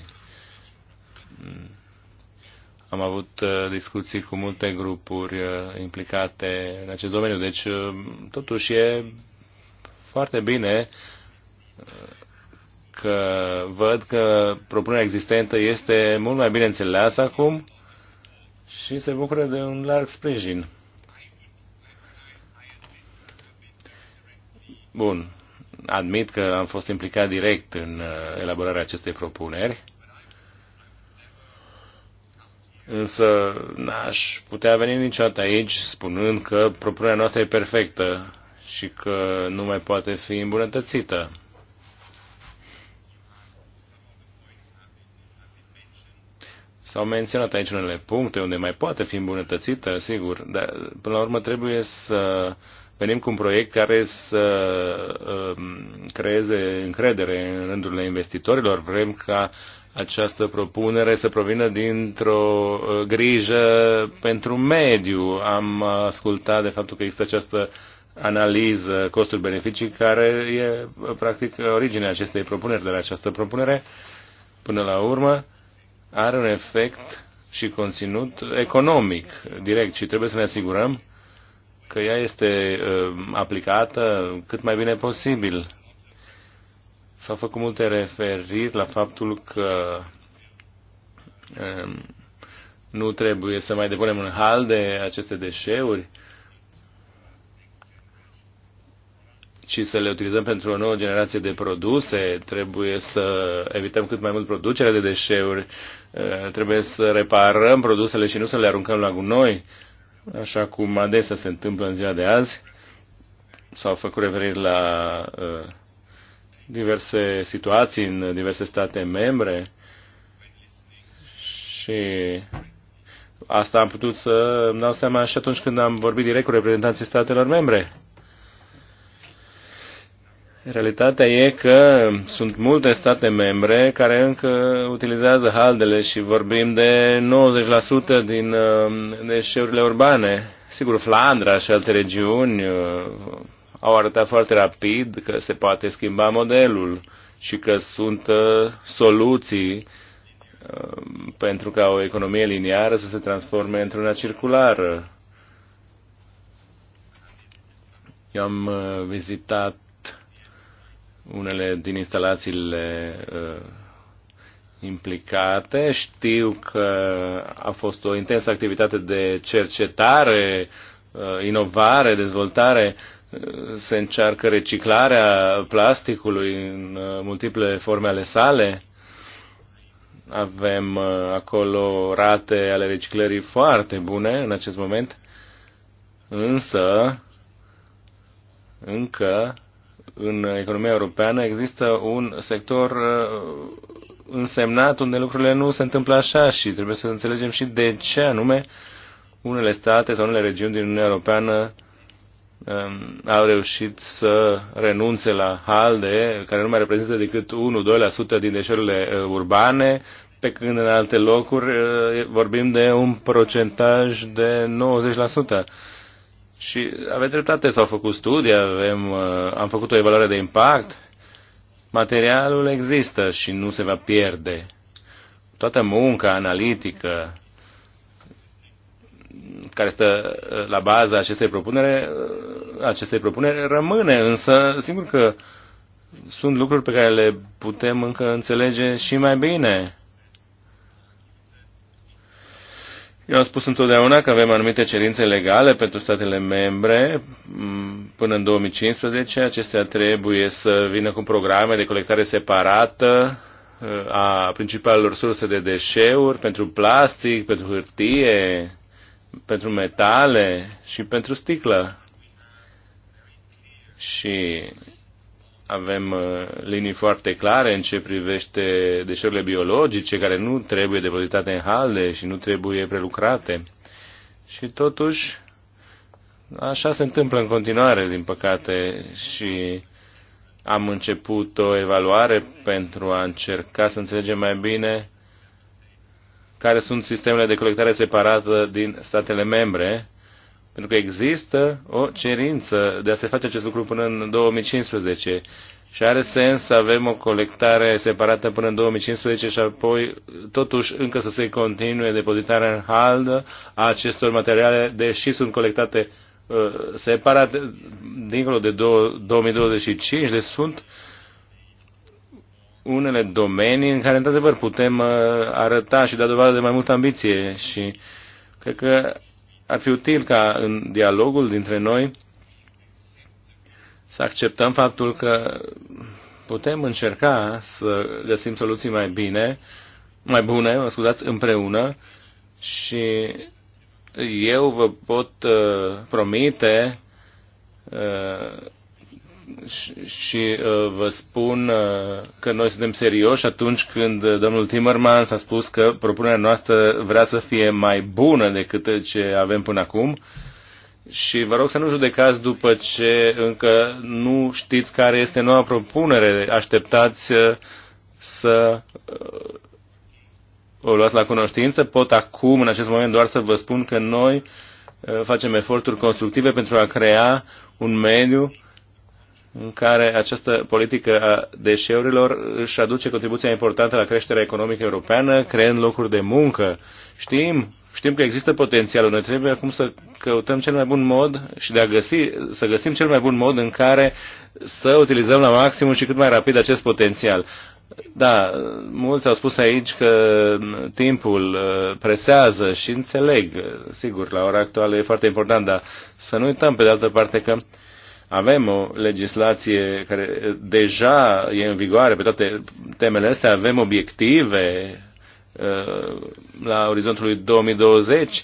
am avut uh, discuții cu multe grupuri uh, implicate în acest domeniu, deci uh, totuși e foarte bine că văd că propunerea existentă este mult mai bine înțeleasă acum și se bucură de un larg sprijin. Bun, admit că am fost implicat direct în elaborarea acestei propuneri Însă n-aș putea veni niciodată aici spunând că propunerea noastră e perfectă și că nu mai poate fi îmbunătățită. S-au menționat aici unele puncte unde mai poate fi îmbunătățită, sigur, dar până la urmă trebuie să venim cu un proiect care să um, creeze încredere în rândurile investitorilor. Vrem ca această propunere să provină dintr-o uh, grijă pentru mediu. Am ascultat de faptul că există această analiză costuri-beneficii care e practic originea acestei propuneri, dar această propunere până la urmă are un efect și conținut economic direct și trebuie să ne asigurăm că ea este uh, aplicată cât mai bine posibil. S-au făcut multe referiri la faptul că um, nu trebuie să mai depunem în hal de aceste deșeuri, ci să le utilizăm pentru o nouă generație de produse, trebuie să evităm cât mai mult producerea de deșeuri, uh, trebuie să reparăm produsele și nu să le aruncăm la gunoi așa cum adesea se întâmplă în ziua de azi. S-au făcut referiri la uh, diverse situații în diverse state membre și asta am putut să îmi dau seama și atunci când am vorbit direct cu reprezentanții statelor membre. Realitatea e că sunt multe state membre care încă utilizează haldele și vorbim de 90% din uh, deșeurile urbane. Sigur, Flandra și alte regiuni uh, au arătat foarte rapid că se poate schimba modelul și că sunt uh, soluții pentru ca o economie liniară să se transforme într-una circulară. Eu am vizitat unele din instalațiile uh, implicate știu că a fost o intensă activitate de cercetare, uh, inovare, dezvoltare uh, se încearcă reciclarea plasticului în multiple forme ale sale. Avem acolo rate ale reciclării foarte bune în acest moment, însă încă în economia europeană există un sector uh, însemnat unde lucrurile nu se întâmplă așa și trebuie să înțelegem și de ce anume unele state sau unele regiuni din Uniunea Europeană um, au reușit să renunțe la halde, care nu mai reprezintă decât 1-2% din deșeurile uh, urbane, pe când în alte locuri uh, vorbim de un procentaj de 90%. Și aveți dreptate, s-au făcut studii, avem, uh, am făcut o evaluare de impact. Materialul există și nu se va pierde. Toată munca analitică care stă uh, la baza acestei propunere, uh, acestei propunere rămâne, însă sigur că sunt lucruri pe care le putem încă înțelege și mai bine Eu am spus întotdeauna că avem anumite cerințe legale pentru statele membre. Mm, până în 2015 acestea trebuie să vină cu programe de colectare separată eh, a principalelor surse de deșeuri pentru plastic, pentru hârtie, pentru metale și pentru sticlă. Și avem uh, linii foarte clare în ce privește deșeurile biologice care nu trebuie depozitate în halde și nu trebuie prelucrate. Și totuși, așa se întâmplă în continuare, din păcate, și am început o evaluare pentru a încerca să înțelegem mai bine care sunt sistemele de colectare separată din statele membre pentru că există o cerință de a se face acest lucru până în 2015 și are sens să avem o colectare separată până în 2015 și apoi totuși încă să se continue depozitarea în haldă a acestor materiale, deși sunt colectate uh, separat dincolo de 2025, deci sunt unele domenii în care, într-adevăr, putem uh, arăta și da dovadă de mai multă ambiție și cred că ar fi util ca în dialogul dintre noi să acceptăm faptul că putem încerca să găsim soluții mai bine, mai bune, mă scuzați, împreună și eu vă pot uh, promite uh, și, uh, vă spun uh, că noi suntem serioși atunci când uh, domnul Timmermans a spus că propunerea noastră vrea să fie mai bună decât ce avem până acum și vă rog să nu judecați după ce încă nu știți care este noua propunere. Așteptați să o luați la cunoștință. Pot acum, în acest moment, doar să vă spun că noi facem eforturi constructive pentru a crea un mediu uh, în care această politică a deșeurilor își aduce contribuția importantă la creșterea economică europeană, creând locuri de muncă. Știm, știm că există potențialul. Noi trebuie acum să căutăm cel mai bun mod și de a găsi, să găsim cel mai bun mod în care să utilizăm la maximum și cât mai rapid acest potențial. Da, mulți au spus aici că timpul uh, presează și înțeleg, sigur, la ora actuală e foarte important, dar să nu uităm pe de altă parte că uh, avem o legislație care deja e în vigoare pe toate temele astea, avem obiective uh, la orizontul lui 2020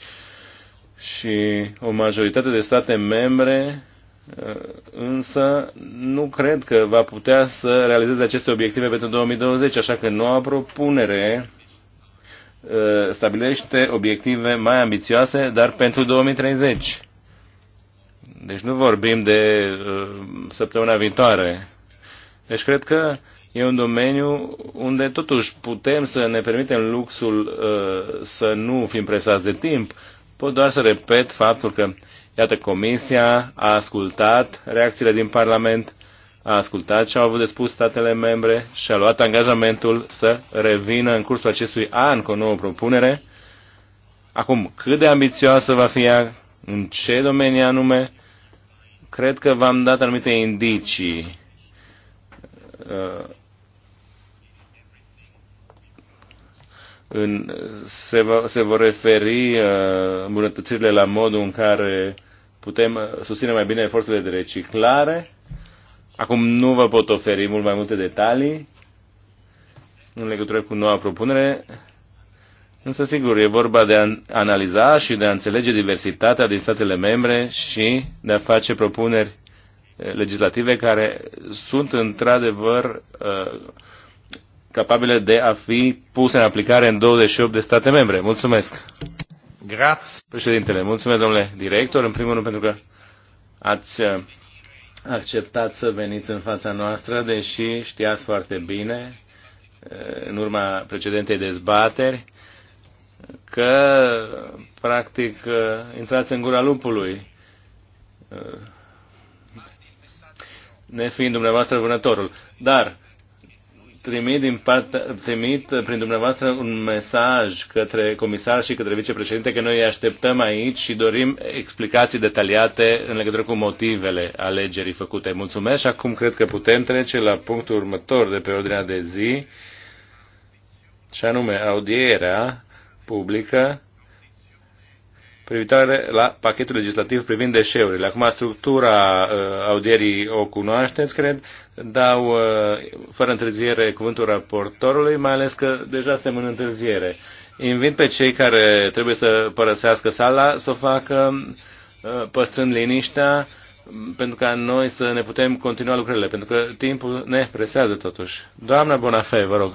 și o majoritate de state membre uh, însă nu cred că va putea să realizeze aceste obiective pentru 2020, așa că noua propunere uh, stabilește obiective mai ambițioase, dar pentru 2030. Deci nu vorbim de uh, săptămâna viitoare. Deci cred că e un domeniu unde totuși putem să ne permitem luxul uh, să nu fim presați de timp. Pot doar să repet faptul că, iată, Comisia a ascultat reacțiile din Parlament, a ascultat ce au avut de spus statele membre și a luat angajamentul să revină în cursul acestui an cu o nouă propunere. Acum, cât de ambițioasă va fi ea, în ce domenii anume, Cred că v-am dat anumite indicii. În, se, va, se vor referi uh, îmbunătățirile la modul în care putem uh, susține mai bine eforturile de reciclare. Acum nu vă pot oferi mult mai multe detalii în legătură cu noua propunere. Însă, sigur, e vorba de a analiza și de a înțelege diversitatea din statele membre și de a face propuneri eh, legislative care sunt într-adevăr eh, capabile de a fi puse în aplicare în 28 de state membre. Mulțumesc! Grați, președintele. Mulțumesc, domnule director, în primul rând pentru că ați eh, acceptat să veniți în fața noastră, deși știați foarte bine, în urma precedentei dezbateri, că practic uh, intrați în gura lupului, uh, ne fiind dumneavoastră vânătorul. Dar trimit, din partea, trimit prin dumneavoastră un mesaj către comisar și către vicepreședinte că noi îi așteptăm aici și dorim explicații detaliate în legătură cu motivele alegerii făcute. Mulțumesc și acum cred că putem trece la punctul următor de pe ordinea de zi și anume audierea publică privitoare la pachetul legislativ privind deșeurile. Acum, structura uh, audierii o cunoașteți, cred. Dau, uh, fără întârziere, cuvântul raportorului, mai ales că deja suntem în întârziere. Invit pe cei care trebuie să părăsească sala să o facă uh, păstrând liniștea, uh, pentru ca noi să ne putem continua lucrările, pentru că timpul ne presează totuși. Doamna Bonafe, vă rog.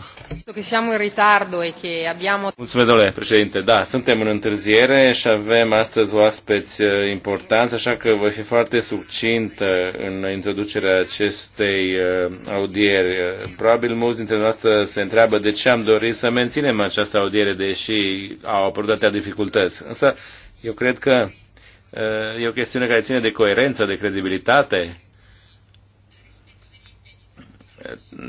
Că siamo în ritardo e che abbiamo... Mulțumesc, domnule președinte. Da, suntem în întârziere și avem astăzi oaspeți uh, importanți, așa că voi fi foarte succintă în introducerea acestei uh, audieri. Probabil mulți dintre noastre se întreabă de ce am dorit să menținem această audiere, deși au apărut atâtea dificultăți. Însă, eu cred că E o chestiune care ține de coerență, de credibilitate.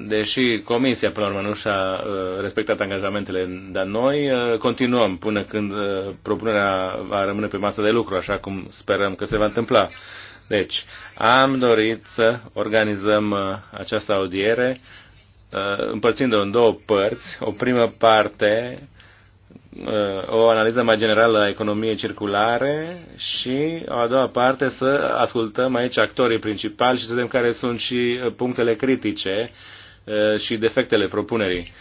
Deși Comisia, până la urmă, nu și-a uh, respectat angajamentele, dar noi uh, continuăm până când uh, propunerea va rămâne pe masă de lucru, așa cum sperăm că se va întâmpla. Deci, am dorit să organizăm această audiere împărțind-o în două părți. O primă parte Uh, o analiză mai generală a economiei circulare și o a doua parte să ascultăm aici actorii principali și să vedem care sunt și punctele critice uh, și defectele propunerii.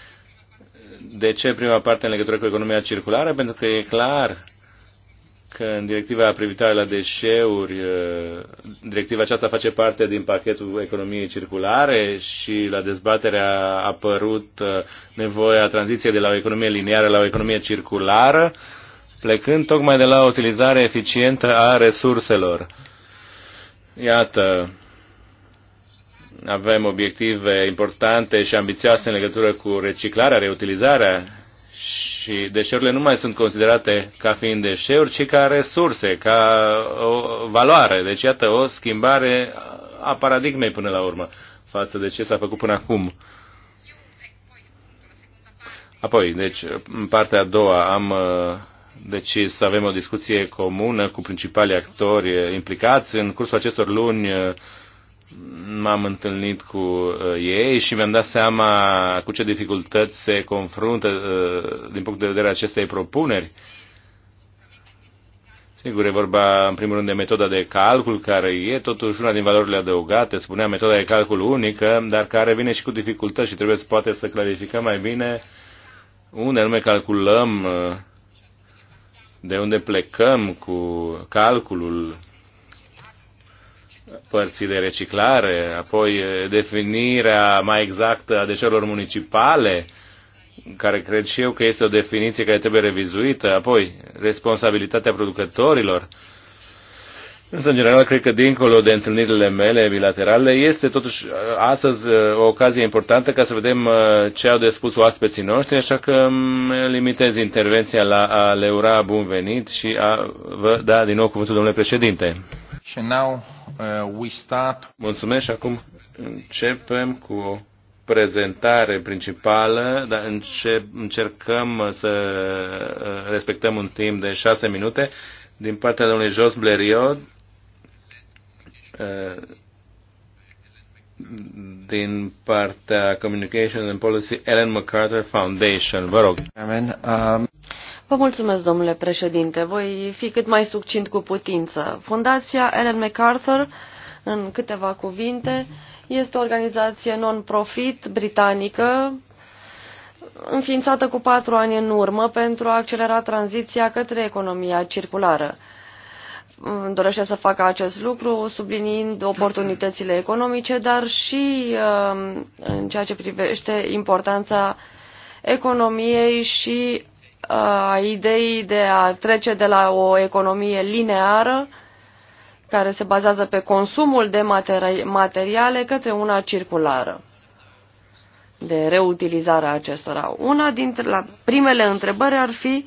De ce prima parte în legătură cu economia circulară? Pentru că e clar că în directiva privitoare la deșeuri, uh, directiva aceasta face parte din pachetul economiei circulare și la dezbatere a apărut uh, nevoia tranziției de la o economie lineară la o economie circulară, plecând tocmai de la o utilizare eficientă a resurselor. Iată, avem obiective importante și ambițioase în legătură cu reciclarea, reutilizarea și deșeurile nu mai sunt considerate ca fiind deșeuri, ci ca resurse, ca o valoare. Deci, iată, o schimbare a paradigmei până la urmă față de ce s-a făcut până acum. Apoi, deci, în partea a doua am uh, decis să avem o discuție comună cu principalii actori uh, implicați. În cursul acestor luni uh, m-am întâlnit cu uh, ei și mi-am dat seama cu ce dificultăți se confruntă uh, din punct de vedere acestei propuneri. Sigur, e vorba în primul rând de metoda de calcul, care e totuși una din valorile adăugate, spunea metoda de calcul unică, dar care vine și cu dificultăți și trebuie să poate să clarificăm mai bine unde anume calculăm, uh, de unde plecăm cu calculul părțile reciclare, apoi definirea mai exactă a deșeurilor municipale, care cred și eu că este o definiție care trebuie revizuită, apoi responsabilitatea producătorilor. Însă, în general, cred că dincolo de întâlnirile mele bilaterale, este totuși astăzi o ocazie importantă ca să vedem ce au de spus oaspeții noștri, așa că limitez intervenția la a le ura bun venit și a vă da din nou cuvântul, domnule președinte. Și now Uh, we start... Mulțumesc și acum începem cu o prezentare principală, dar încep, încercăm să uh, respectăm un timp de șase minute din partea domnului Jos Bleriot, uh, din partea Communications and Policy Ellen MacArthur Foundation. Vă rog. Amen. Um... Vă mulțumesc, domnule președinte. Voi fi cât mai succint cu putință. Fundația Ellen MacArthur, în câteva cuvinte, este o organizație non-profit britanică înființată cu patru ani în urmă pentru a accelera tranziția către economia circulară. Dorește să facă acest lucru, subliniind oportunitățile economice, dar și um, în ceea ce privește importanța economiei și a ideii de a trece de la o economie lineară care se bazează pe consumul de materiale către una circulară de reutilizarea acestora. Una dintre la primele întrebări ar fi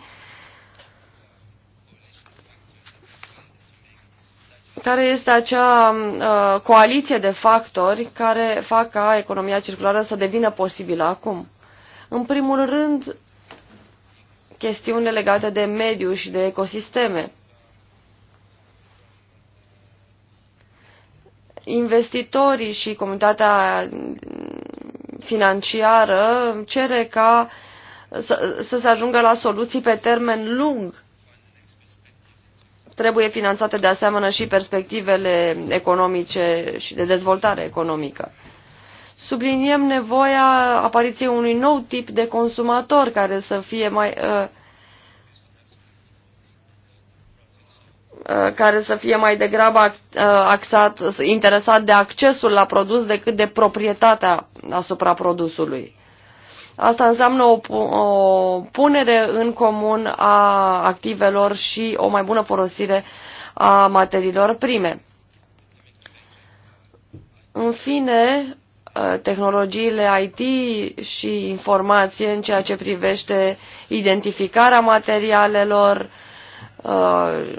care este acea uh, coaliție de factori care fac ca economia circulară să devină posibilă acum. În primul rând, chestiune legată de mediu și de ecosisteme. Investitorii și comunitatea financiară cere ca să, să se ajungă la soluții pe termen lung. Trebuie finanțate de asemenea și perspectivele economice și de dezvoltare economică subliniem nevoia apariției unui nou tip de consumator care să fie mai uh, uh, care să fie mai degrabă uh, axat, interesat de accesul la produs decât de proprietatea asupra produsului. Asta înseamnă o, o punere în comun a activelor și o mai bună folosire a materiilor prime. În fine, Uh, tehnologiile IT și informație în ceea ce privește identificarea materialelor uh,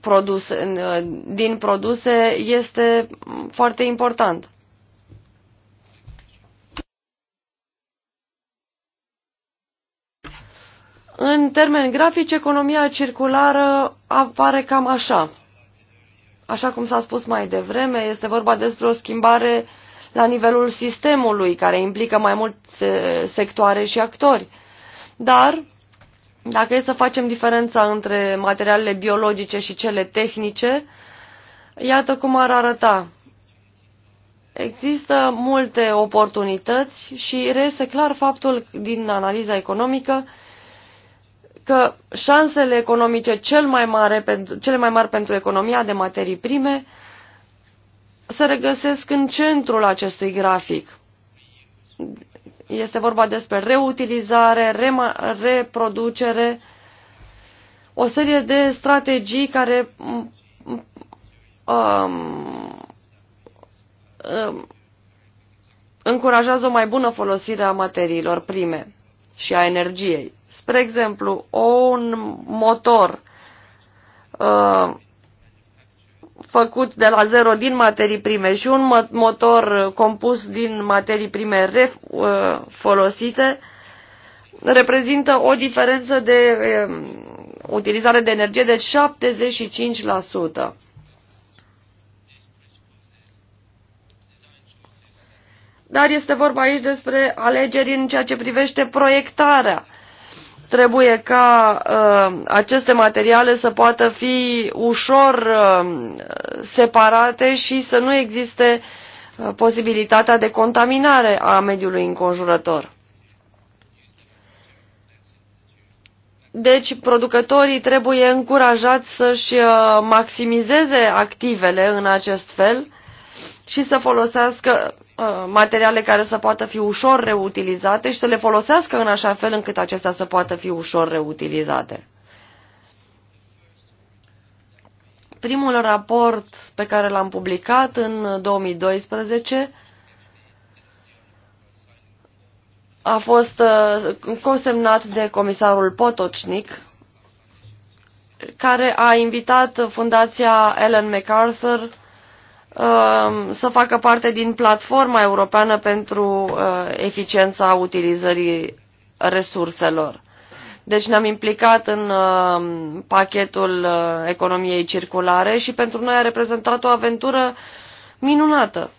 produse, uh, din produse este foarte important. În termeni grafici, economia circulară apare cam așa. Așa cum s-a spus mai devreme, este vorba despre o schimbare uh, la nivelul sistemului, care implică mai mulți sectoare și actori. Dar, dacă e să facem diferența între materialele biologice și cele tehnice, iată cum ar arăta. Există multe oportunități și reiese clar faptul din analiza economică că șansele economice cel mai mare, cele mai mari pentru economia de materii prime se regăsesc în centrul acestui grafic. Este vorba despre reutilizare, reproducere, o serie de strategii care um, um, încurajează o mai bună folosire a materiilor prime și a energiei. Spre exemplu, un motor uh, făcut de la zero din materii prime și un motor compus din materii prime uh, folosite reprezintă o diferență de um, utilizare de energie de 75%. Dar este vorba aici despre alegeri în ceea ce privește proiectarea Trebuie ca uh, aceste materiale să poată fi ușor uh, separate și să nu existe uh, posibilitatea de contaminare a mediului înconjurător. Deci, producătorii trebuie încurajați să-și uh, maximizeze activele în acest fel și să folosească Uh, materiale care să poată fi ușor reutilizate și să le folosească în așa fel încât acestea să poată fi ușor reutilizate. Primul raport pe care l-am publicat în 2012 a fost uh, consemnat de comisarul Potocnic, care a invitat fundația Ellen MacArthur Um, să facă parte din platforma europeană pentru uh, eficiența utilizării resurselor. Deci ne-am implicat în um, pachetul uh, economiei circulare și pentru noi a reprezentat o aventură minunată.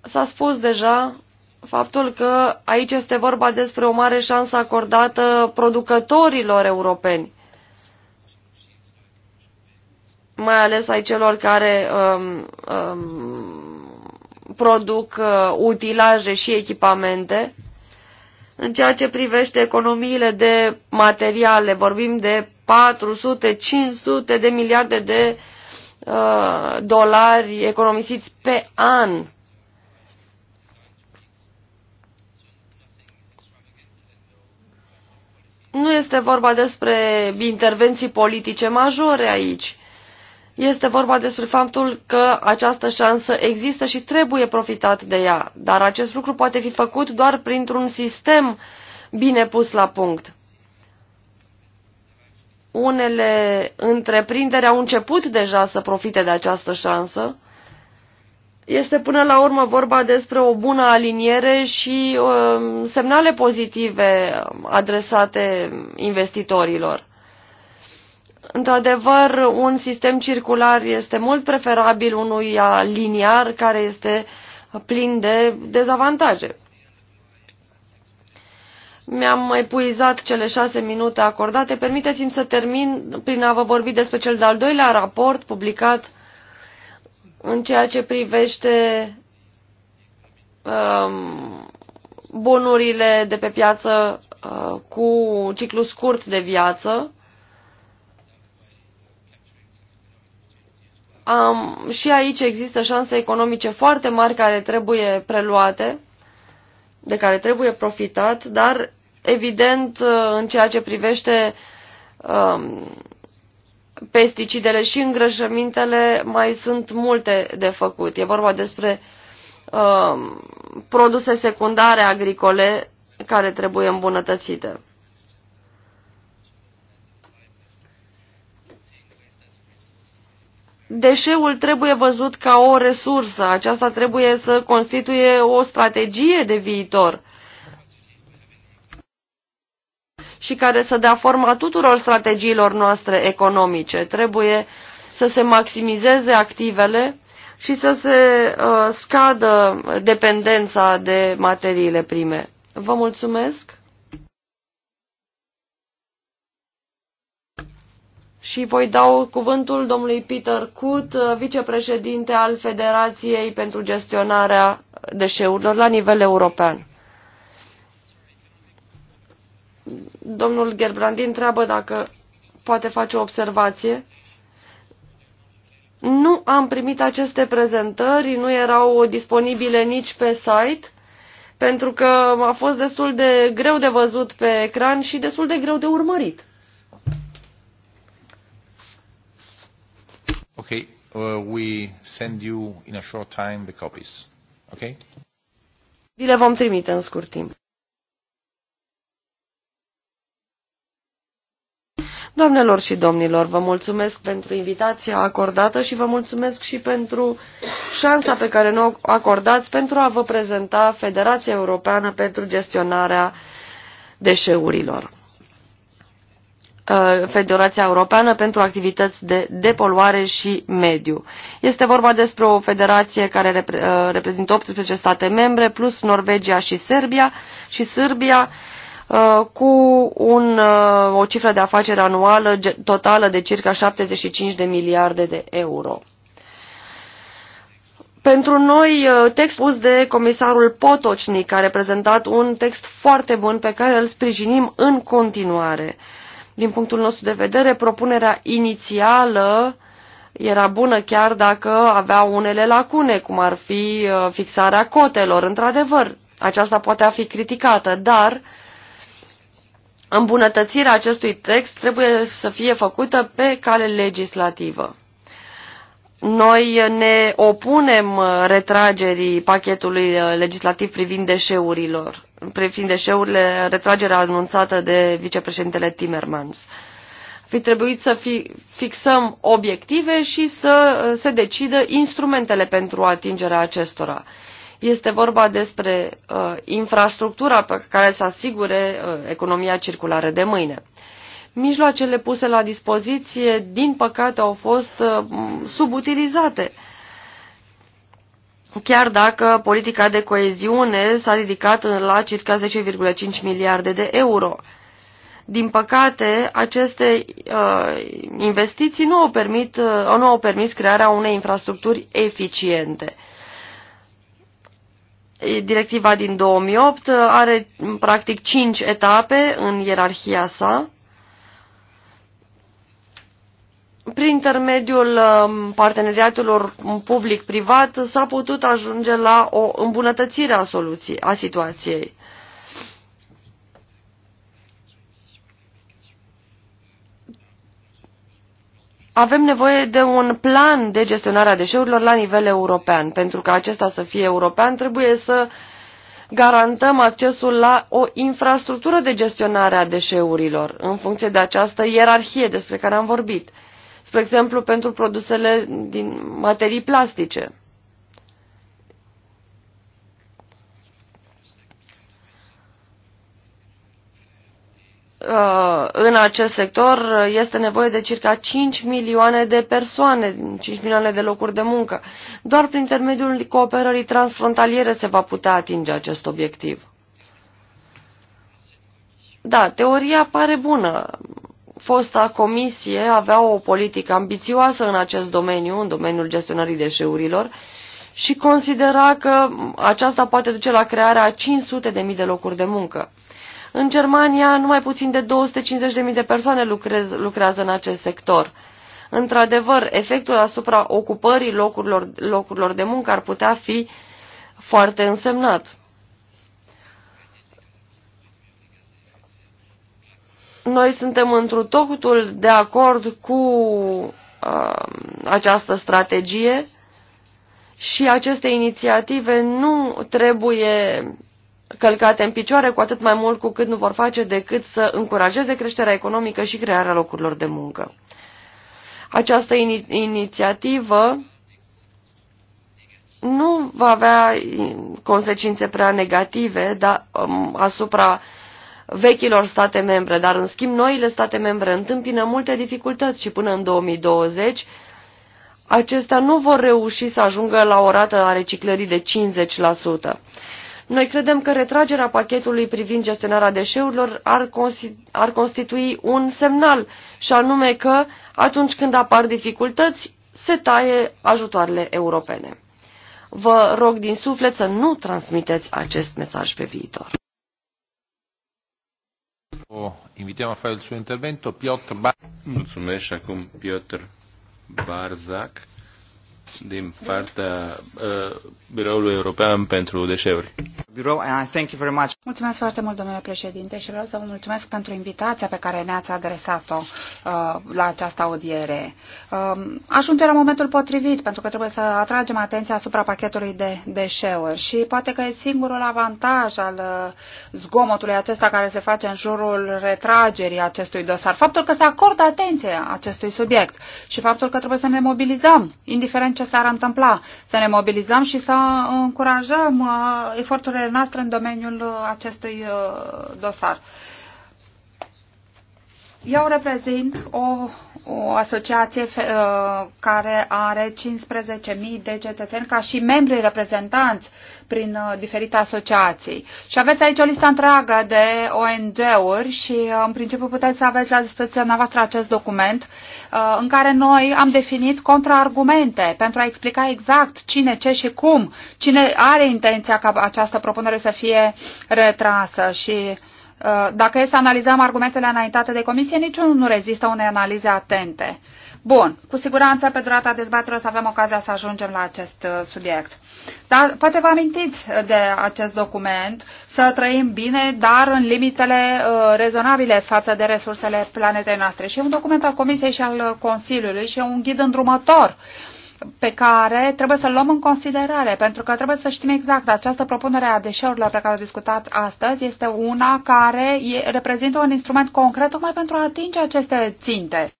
S-a spus deja faptul că aici este vorba despre o mare șansă acordată producătorilor europeni mai ales ai celor care um, um, produc uh, utilaje și echipamente. În ceea ce privește economiile de materiale, vorbim de 400-500 de miliarde de uh, dolari economisiți pe an. Nu este vorba despre intervenții politice majore aici. Este vorba despre faptul că această șansă există și trebuie profitat de ea, dar acest lucru poate fi făcut doar printr-un sistem bine pus la punct. Unele întreprinderi au început deja să profite de această șansă. Este până la urmă vorba despre o bună aliniere și uh, semnale pozitive adresate investitorilor. Într-adevăr, un sistem circular este mult preferabil unui liniar care este plin de dezavantaje. Mi-am epuizat cele șase minute acordate. Permiteți-mi să termin prin a vă vorbi despre cel de-al doilea raport publicat în ceea ce privește um, bunurile de pe piață uh, cu ciclu scurt de viață, Um, și aici există șanse economice foarte mari care trebuie preluate, de care trebuie profitat, dar evident în ceea ce privește um, pesticidele și îngrășămintele mai sunt multe de făcut. E vorba despre um, produse secundare agricole care trebuie îmbunătățite. Deșeul trebuie văzut ca o resursă, aceasta trebuie să constituie o strategie de viitor și care să dea forma tuturor strategiilor noastre economice. Trebuie să se maximizeze activele și să se uh, scadă dependența de materiile prime. Vă mulțumesc! și voi dau cuvântul domnului Peter Cut, vicepreședinte al Federației pentru gestionarea deșeurilor la nivel european. Domnul Gerbrandi întreabă dacă poate face o observație. Nu am primit aceste prezentări, nu erau disponibile nici pe site, pentru că a fost destul de greu de văzut pe ecran și destul de greu de urmărit. Okay, uh, we send you in a short time the copies. Okay? Vi le vom trimite în scurt timp. Doamnelor și domnilor, vă mulțumesc pentru invitația acordată și vă mulțumesc și pentru șansa pe care ne-o acordați pentru a vă prezenta Federația Europeană pentru gestionarea deșeurilor. Uh, Federația Europeană pentru activități de depoluare și mediu. Este vorba despre o federație care repre, uh, reprezintă 18 state membre, plus Norvegia și Serbia și Serbia uh, cu un, o cifră de afaceri anuală totală de circa 75 de miliarde de euro. Pentru noi, text pus de comisarul Potocnic a reprezentat un text foarte bun pe care îl sprijinim în continuare. Din punctul nostru de vedere, propunerea inițială era bună chiar dacă avea unele lacune, cum ar fi uh, fixarea cotelor. Într-adevăr, aceasta poate fi criticată, dar îmbunătățirea acestui text trebuie să fie făcută pe cale legislativă. Noi ne opunem uh, retragerii pachetului uh, legislativ privind deșeurilor privind deșeurile, retragerea anunțată de vicepreședintele Timmermans. Fi trebuit să fi, fixăm obiective și să uh, se decidă instrumentele pentru atingerea acestora. Este vorba despre uh, infrastructura pe care să asigure uh, economia circulară de mâine. Mijloacele puse la dispoziție, din păcate, au fost uh, subutilizate. Uh, chiar dacă politica de coeziune s-a ridicat la circa 10,5 miliarde de euro. Din păcate, aceste uh, investiții nu au, permit, uh, nu au permis crearea unei infrastructuri eficiente. Directiva din 2008 are practic 5 etape în ierarhia sa prin intermediul um, parteneriatelor public-privat s-a putut ajunge la o îmbunătățire a, soluției, a situației. Avem nevoie de un plan de gestionare a deșeurilor la nivel european. Pentru ca acesta să fie european, trebuie să garantăm accesul la o infrastructură de gestionare a deșeurilor, în funcție de această ierarhie despre care am vorbit spre exemplu pentru produsele din materii plastice. Uh, în acest sector este nevoie de circa 5 milioane de persoane, 5 milioane de locuri de muncă. Doar prin intermediul cooperării transfrontaliere se va putea atinge acest obiectiv. Da, teoria pare bună fosta comisie avea o politică ambițioasă în acest domeniu, în domeniul gestionării deșeurilor, și considera că aceasta poate duce la crearea 500.000 de locuri de muncă. În Germania, numai puțin de 250.000 de persoane lucrez, lucrează în acest sector. Într-adevăr, efectul asupra ocupării locurilor, locurilor de muncă ar putea fi foarte însemnat. Noi suntem întru totul de acord cu uh, această strategie și aceste inițiative nu trebuie călcate în picioare, cu atât mai mult cu cât nu vor face decât să încurajeze creșterea economică și crearea locurilor de muncă. Această ini inițiativă nu va avea consecințe prea negative da, asupra uh, vechilor state membre, dar în schimb noile state membre întâmpină multe dificultăți și până în 2020 acestea nu vor reuși să ajungă la o rată a reciclării de 50%. Noi credem că retragerea pachetului privind gestionarea deșeurilor ar, ar constitui un semnal, și anume că atunci când apar dificultăți, se taie ajutoarele europene. Vă rog din suflet să nu transmiteți acest mesaj pe viitor. O invităm a fare il suo intervento. Piotr Bar- Mulțumesc acum Piotr Barzac din partea uh, Biroului European pentru Deșeuri. and I thank you very much. Mulțumesc foarte mult, domnule președinte, și vreau să vă mulțumesc pentru invitația pe care ne-ați adresat-o uh, la această audiere. Uh, ajunge la momentul potrivit, pentru că trebuie să atragem atenția asupra pachetului de deșeuri și poate că e singurul avantaj al uh, zgomotului acesta care se face în jurul retragerii acestui dosar. Faptul că se acordă atenție acestui subiect și faptul că trebuie să ne mobilizăm, indiferent ce ce s-ar întâmpla, să ne mobilizăm și să încurajăm uh, eforturile noastre în domeniul uh, acestui uh, dosar. Eu reprezint o, o asociație fe, uh, care are 15.000 de cetățeni ca și membri reprezentanți prin uh, diferite asociații. Și aveți aici o listă întreagă de ONG-uri și uh, în principiu puteți să aveți la dispoziția noastră acest document uh, în care noi am definit contraargumente pentru a explica exact cine, ce și cum, cine are intenția ca această propunere să fie retrasă și uh, Uh, dacă e să analizăm argumentele înaintate de comisie, niciunul nu rezistă unei analize atente. Bun, cu siguranță pe durata dezbaterii o să avem ocazia să ajungem la acest uh, subiect. Dar poate vă amintiți uh, de acest document, să trăim bine, dar în limitele rezonabile față de resursele planetei noastre. Și e un document al Comisiei și al Consiliului și e un ghid îndrumător uh, pe care trebuie să luăm în considerare, pentru că trebuie să știm exact, această propunere a deșeurilor pe care o discutat astăzi este una care e, reprezintă un instrument concret tocmai pentru a atinge aceste ținte.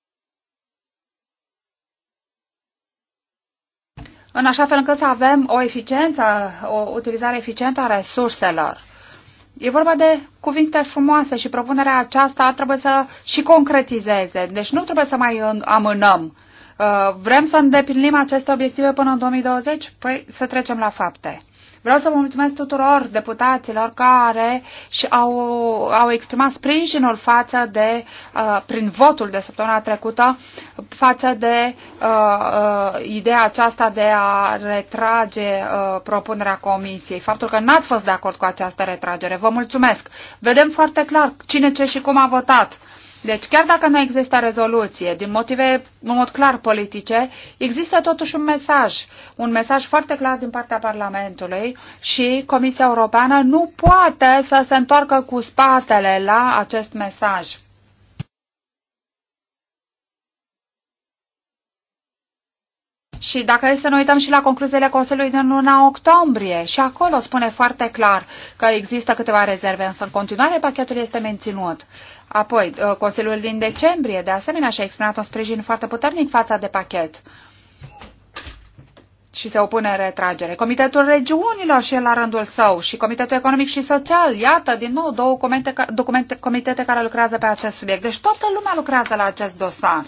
În așa fel încât să avem o eficiență, o utilizare eficientă a resurselor. E vorba de cuvinte frumoase și propunerea aceasta trebuie să și concretizeze. Deci nu trebuie să mai amânăm Uh, vrem să îndeplinim aceste obiective până în 2020? Păi să trecem la fapte. Vreau să vă mulțumesc tuturor deputaților care și au, au exprimat sprijinul față de, uh, prin votul de săptămâna trecută, față de uh, uh, ideea aceasta de a retrage uh, propunerea comisiei. Faptul că n-ați fost de acord cu această retragere. Vă mulțumesc. Vedem foarte clar cine, ce și cum a votat. Uh, deci chiar dacă nu există rezoluție, din motive în mod clar politice, există totuși un mesaj, un mesaj foarte clar din partea Parlamentului și Comisia Europeană nu poate să se întoarcă cu spatele la acest mesaj. Și dacă e să ne uităm și la concluziile Consiliului din luna octombrie, și acolo spune foarte clar că există câteva rezerve, însă în continuare pachetul este menținut. Apoi, uh, Consiliul din decembrie, de asemenea, și-a exprimat un sprijin foarte puternic față de pachet și se opune retragere. Comitetul regiunilor și el la rândul său și Comitetul Economic și Social, iată, din nou, două documente, documente, comitete care lucrează pe acest subiect. Deci toată lumea lucrează la acest dosar.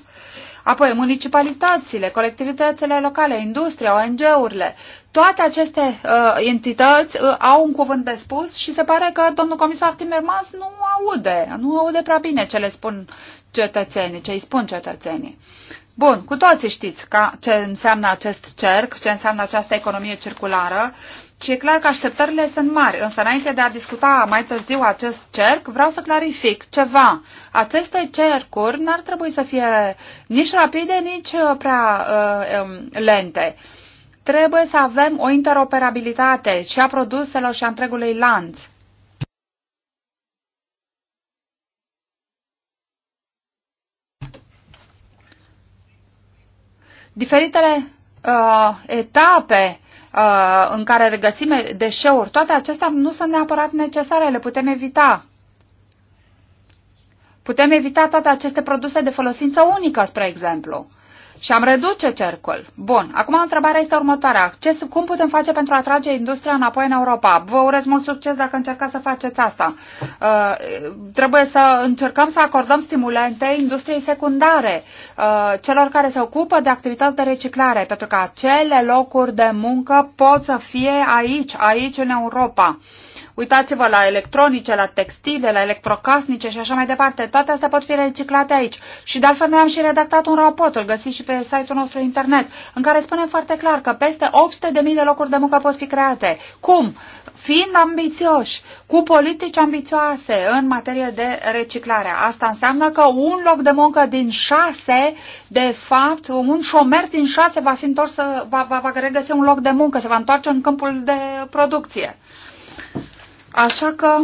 Apoi, municipalitățile, colectivitățile locale, industria, ONG-urile, toate aceste uh, entități uh, au un cuvânt de spus și se pare că domnul comisar Timmermans nu aude, nu aude prea bine ce le spun cetățenii, ce îi spun cetățenii. Bun, cu toții știți ca, ce înseamnă acest cerc, ce înseamnă această economie circulară. Uh, ci e clar că așteptările sunt mari, însă înainte de a discuta mai târziu acest cerc, vreau să clarific ceva. Aceste cercuri n-ar trebui să fie nici rapide, nici uh, prea uh, um, lente. Trebuie să avem o interoperabilitate și a produselor și a întregului lanț. Diferitele uh, etape Uh, în care regăsim deșeuri, toate acestea nu sunt neapărat necesare, le putem evita. Putem evita toate aceste produse de folosință unică, spre exemplu și am reduce cercul. Bun, acum întrebarea este următoarea. Ce, cum putem face pentru a atrage industria înapoi în Europa? Vă urez mult succes dacă încercați să faceți asta. Uh, trebuie să încercăm să acordăm stimulente industriei secundare, uh, celor care se ocupă de activități de reciclare, pentru că acele locuri de muncă pot să fie aici, aici în Europa. Uh, Uitați-vă la electronice, la textile, la electrocasnice și așa mai departe. Toate astea pot fi reciclate aici. Și de altfel noi am și redactat un raport, îl găsiți și pe site-ul nostru internet, în care spunem foarte clar că peste 800.000 de locuri de muncă pot fi create. Cum? Fiind ambițioși, cu politici ambițioase în materie de reciclare. Asta înseamnă că un loc de muncă din șase, de fapt, un șomer din șase va fi întors, va, va, va regăsi un loc de muncă, se va întoarce în câmpul de producție. Așa că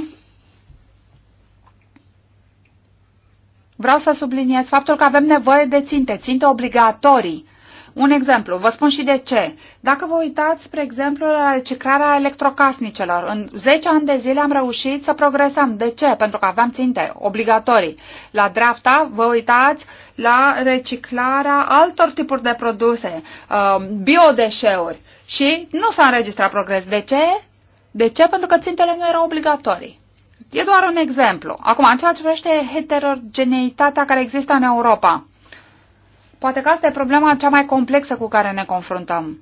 vreau să subliniez faptul că avem nevoie de ținte, ținte obligatorii. Un exemplu, vă spun și de ce. Dacă vă uitați, spre exemplu, la reciclarea electrocasnicelor, în 10 ani de zile am reușit să progresăm. De ce? Pentru că aveam ținte obligatorii. La dreapta, vă uitați la reciclarea altor tipuri de produse, uh, biodeșeuri și nu s-a înregistrat progres. De ce? De ce? Pentru că țintele nu erau obligatorii. E doar un exemplu. Acum, în ceea ce vrește heterogeneitatea care există în Europa, poate că asta e problema cea mai complexă cu care ne confruntăm.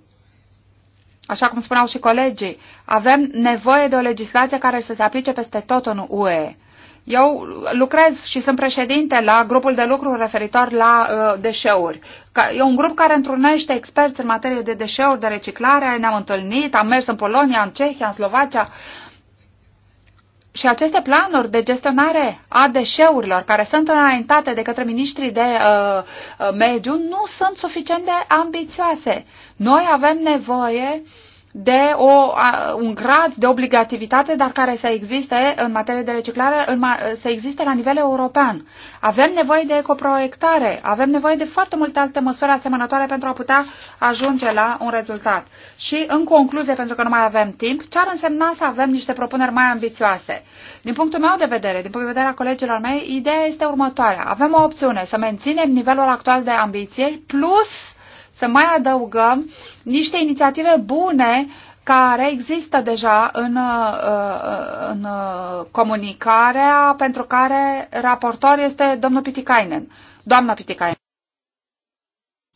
Așa cum spuneau și colegii, avem nevoie de o legislație care să se aplice peste tot în UE. Eu lucrez și sunt președinte la grupul de lucru referitor la uh, deșeuri. Ca, e un grup care întrunește experți în materie de deșeuri, de reciclare. Ne-am întâlnit, am mers în Polonia, în Cehia, în Slovacia. Și aceste planuri de gestionare a deșeurilor care sunt înaintate de către ministrii de uh, uh mediu nu sunt suficient de ambițioase. Noi avem nevoie uh, de o, a, un grad de obligativitate, dar care să existe în materie de reciclare, în ma, să existe la nivel european. Avem nevoie de ecoproiectare, avem nevoie de foarte multe alte măsuri asemănătoare pentru a putea ajunge la un rezultat. Și, în concluzie, pentru că nu mai avem timp, ce ar însemna să avem niște propuneri mai ambițioase? Din punctul meu de vedere, din punctul de vedere a colegilor mei, ideea este următoarea. Avem o opțiune, să menținem nivelul actual de ambiție plus să mai adăugăm niște inițiative bune care există deja în, uh, în comunicarea pentru care raportor este domnul Pitikainen, doamna Pitikainen.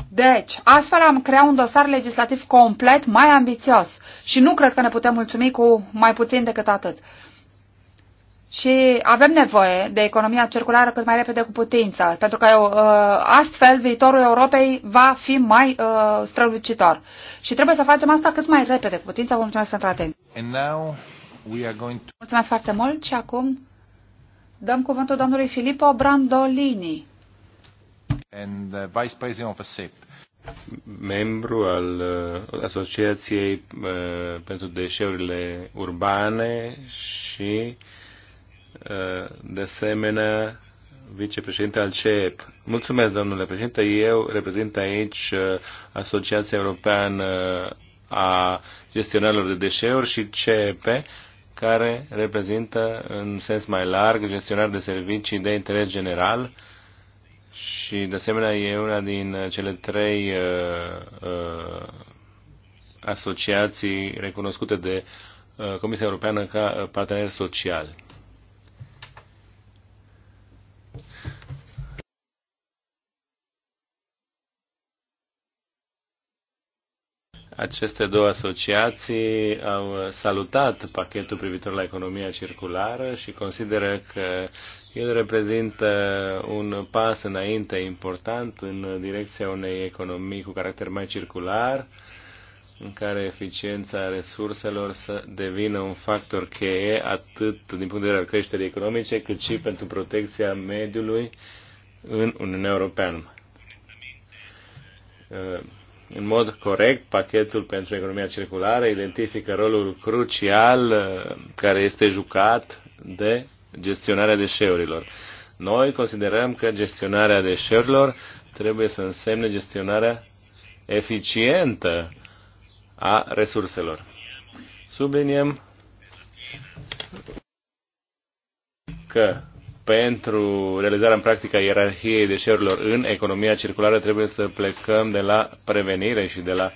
Deci, astfel am creat un dosar legislativ complet mai ambițios și nu cred că ne putem mulțumi cu mai puțin decât atât. Și avem nevoie de economia circulară cât mai repede cu putință, pentru că uh, astfel viitorul Europei va fi mai uh, strălucitor. Și trebuie să facem asta cât mai repede cu putință. Vă mulțumesc pentru atenție. To... Mulțumesc foarte mult și acum dăm cuvântul domnului Filippo Brandolini. And, uh, Vice President of SIP membru al uh, Asociației uh, pentru Deșeurile Urbane și de asemenea vicepreședinte al CEP. Mulțumesc, domnule președinte. Eu reprezint aici uh, Asociația Europeană uh, a Gestionarilor de Deșeuri și CEP, care reprezintă în sens mai larg gestionari de servicii de interes general și, de asemenea, e una din cele trei uh, uh, asociații recunoscute de uh, Comisia Europeană ca partener social. Aceste două asociații au salutat pachetul privitor la economia circulară și consideră că el reprezintă un pas înainte important în direcția unei economii cu caracter mai circular, în care eficiența resurselor să devină un factor cheie atât din punct de vedere al creșterii economice, cât și pentru protecția mediului în Uniunea Europeană în mod corect, pachetul pentru economia circulară identifică rolul crucial uh, care este jucat de gestionarea deșeurilor. Noi considerăm că gestionarea deșeurilor trebuie să însemne gestionarea eficientă a resurselor. Subliniem că pentru realizarea în practică a ierarhiei deșeurilor în economia circulară trebuie să plecăm de la prevenire și de la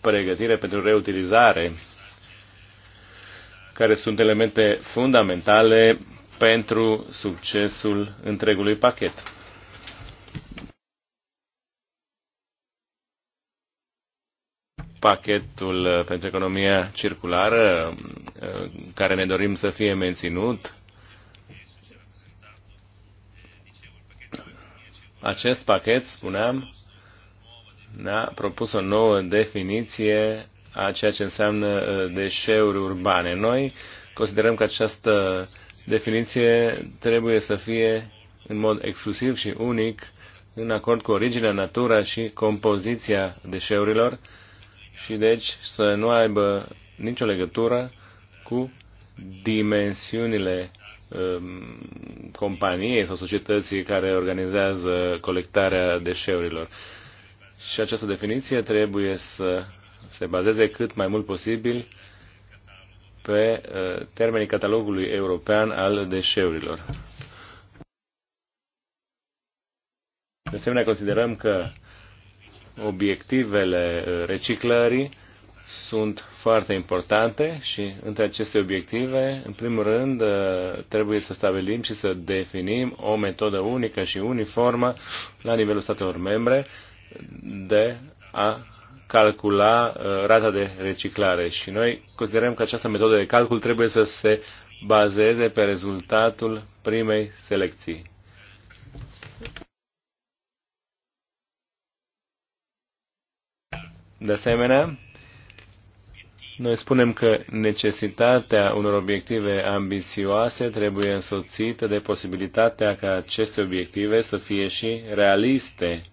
pregătire pentru reutilizare, care sunt elemente fundamentale pentru succesul întregului pachet. Pachetul pentru economia circulară, care ne dorim să fie menținut, Acest pachet, spuneam, ne-a propus o nouă definiție a ceea ce înseamnă uh, deșeuri urbane. Noi considerăm că această definiție trebuie să fie în mod exclusiv și unic în acord cu originea, natura și compoziția deșeurilor și deci să nu aibă nicio legătură cu dimensiunile Um, companiei sau societății care organizează colectarea deșeurilor. Și această definiție trebuie să se bazeze cât mai mult posibil pe uh, termenii catalogului european al deșeurilor. De asemenea, considerăm că obiectivele uh, reciclării sunt foarte importante și între aceste obiective, în primul rând, uh, trebuie să stabilim și să definim o metodă unică și uniformă la nivelul statelor membre de a calcula uh, rata de reciclare. Și noi considerăm că această metodă de calcul trebuie să se bazeze pe rezultatul primei selecții. De asemenea, noi spunem că necesitatea unor obiective ambițioase trebuie însoțită de posibilitatea ca aceste obiective să fie și realiste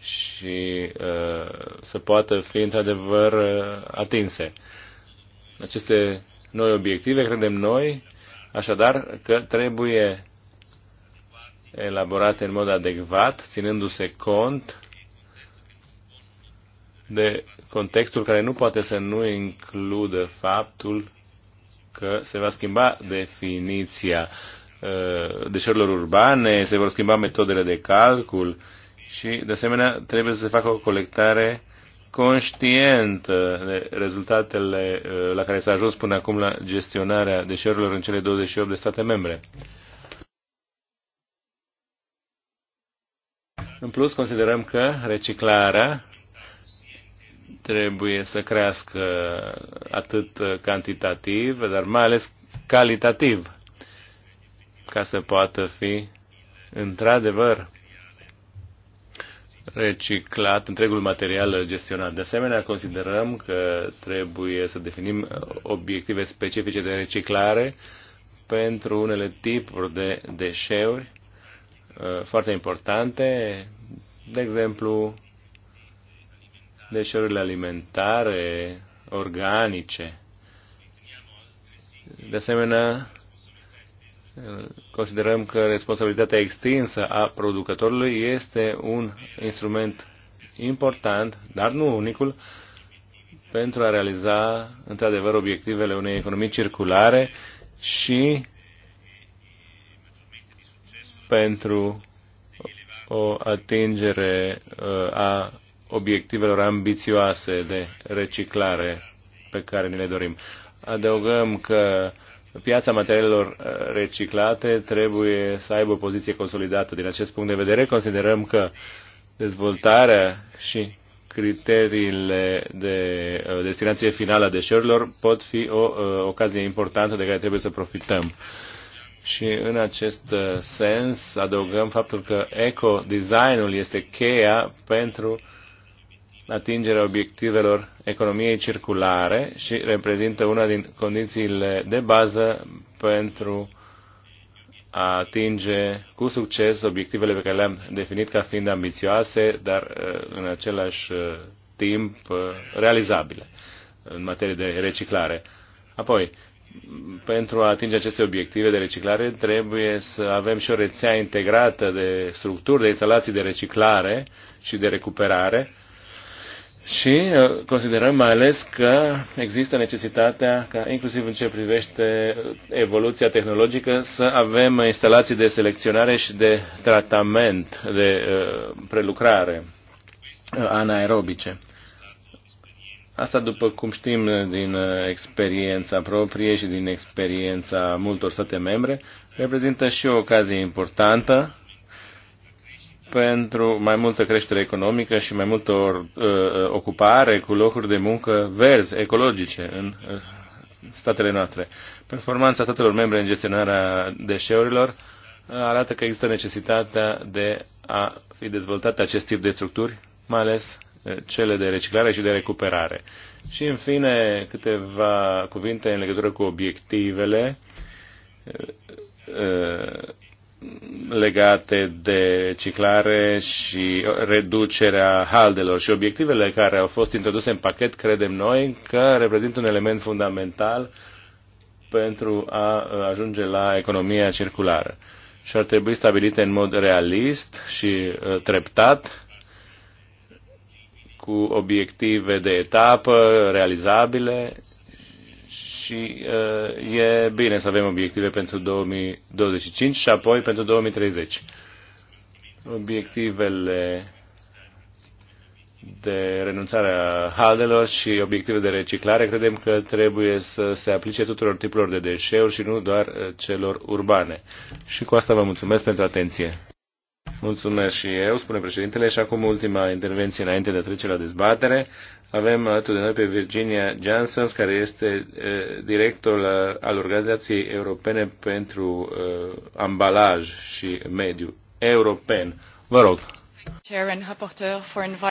și uh, să poată fi într-adevăr uh, atinse. Aceste noi obiective, credem noi, așadar că trebuie elaborate în mod adecvat, ținându-se cont de contextul care nu poate să nu includă faptul că se va schimba definiția uh, deșeurilor urbane, se vor schimba metodele de calcul și, de asemenea, trebuie să se facă o colectare conștientă de rezultatele uh, la care s-a ajuns până acum la gestionarea deșeurilor în cele 28 de state membre. În plus, considerăm că reciclarea trebuie să crească atât cantitativ, dar mai ales calitativ, ca să poată fi într-adevăr reciclat întregul material gestionat. De asemenea, considerăm că trebuie să definim obiective specifice de reciclare pentru unele tipuri de deșeuri uh, foarte importante, de exemplu, deșeurile alimentare, organice. De asemenea, considerăm că responsabilitatea extinsă a producătorului este un instrument important, dar nu unicul, pentru a realiza într-adevăr obiectivele unei economii circulare și pentru o atingere uh, a obiectivelor ambițioase de reciclare pe care ne le dorim. Adăugăm că piața materialelor uh, reciclate trebuie să aibă o poziție consolidată. Din acest punct de vedere, considerăm că dezvoltarea și criteriile de uh, destinație finală a deșeurilor pot fi o uh, ocazie importantă de care trebuie să profităm. Și în acest sens adăugăm faptul că eco-designul este cheia pentru atingerea obiectivelor economiei circulare și reprezintă una din condițiile de bază pentru a atinge cu succes obiectivele pe care le-am definit ca fiind ambițioase, dar uh, în același uh, timp uh, realizabile în materie de reciclare. Apoi, pentru a atinge aceste obiective de reciclare, trebuie să avem și o rețea integrată de structuri, de instalații de reciclare și de recuperare, și uh, considerăm mai ales că există necesitatea ca, inclusiv în ce privește uh, evoluția tehnologică, să avem instalații de selecționare și de tratament, de uh, prelucrare anaerobice. Asta după cum știm din experiența proprie și din experiența multor state membre, reprezintă și o ocazie importantă pentru mai multă creștere economică și mai multă uh, uh, ocupare cu locuri de muncă verzi, ecologice în uh, statele noastre. Performanța statelor membre în gestionarea deșeurilor arată că există necesitatea de a fi dezvoltate acest tip de structuri, mai ales cele de reciclare și de recuperare. Și, în fine, câteva cuvinte în legătură cu obiectivele legate de ciclare și reducerea haldelor și obiectivele care au fost introduse în pachet, credem noi, că reprezintă un element fundamental pentru a ajunge la economia circulară. Și ar trebui stabilite în mod realist și treptat, cu obiective de etapă realizabile și uh, e bine să avem obiective pentru 2025 și apoi pentru 2030. Obiectivele de renunțare a haldelor și obiective de reciclare credem că trebuie să se aplice tuturor tipurilor de deșeuri și nu doar uh, celor urbane. Și cu asta vă mulțumesc pentru atenție. Mulțumesc și eu, spune președintele, și acum ultima intervenție înainte de a trece la dezbatere. Avem alături de noi pe Virginia Johnson, care este eh, director al Organizației Europene pentru eh, Ambalaj și Mediu European. Vă rog.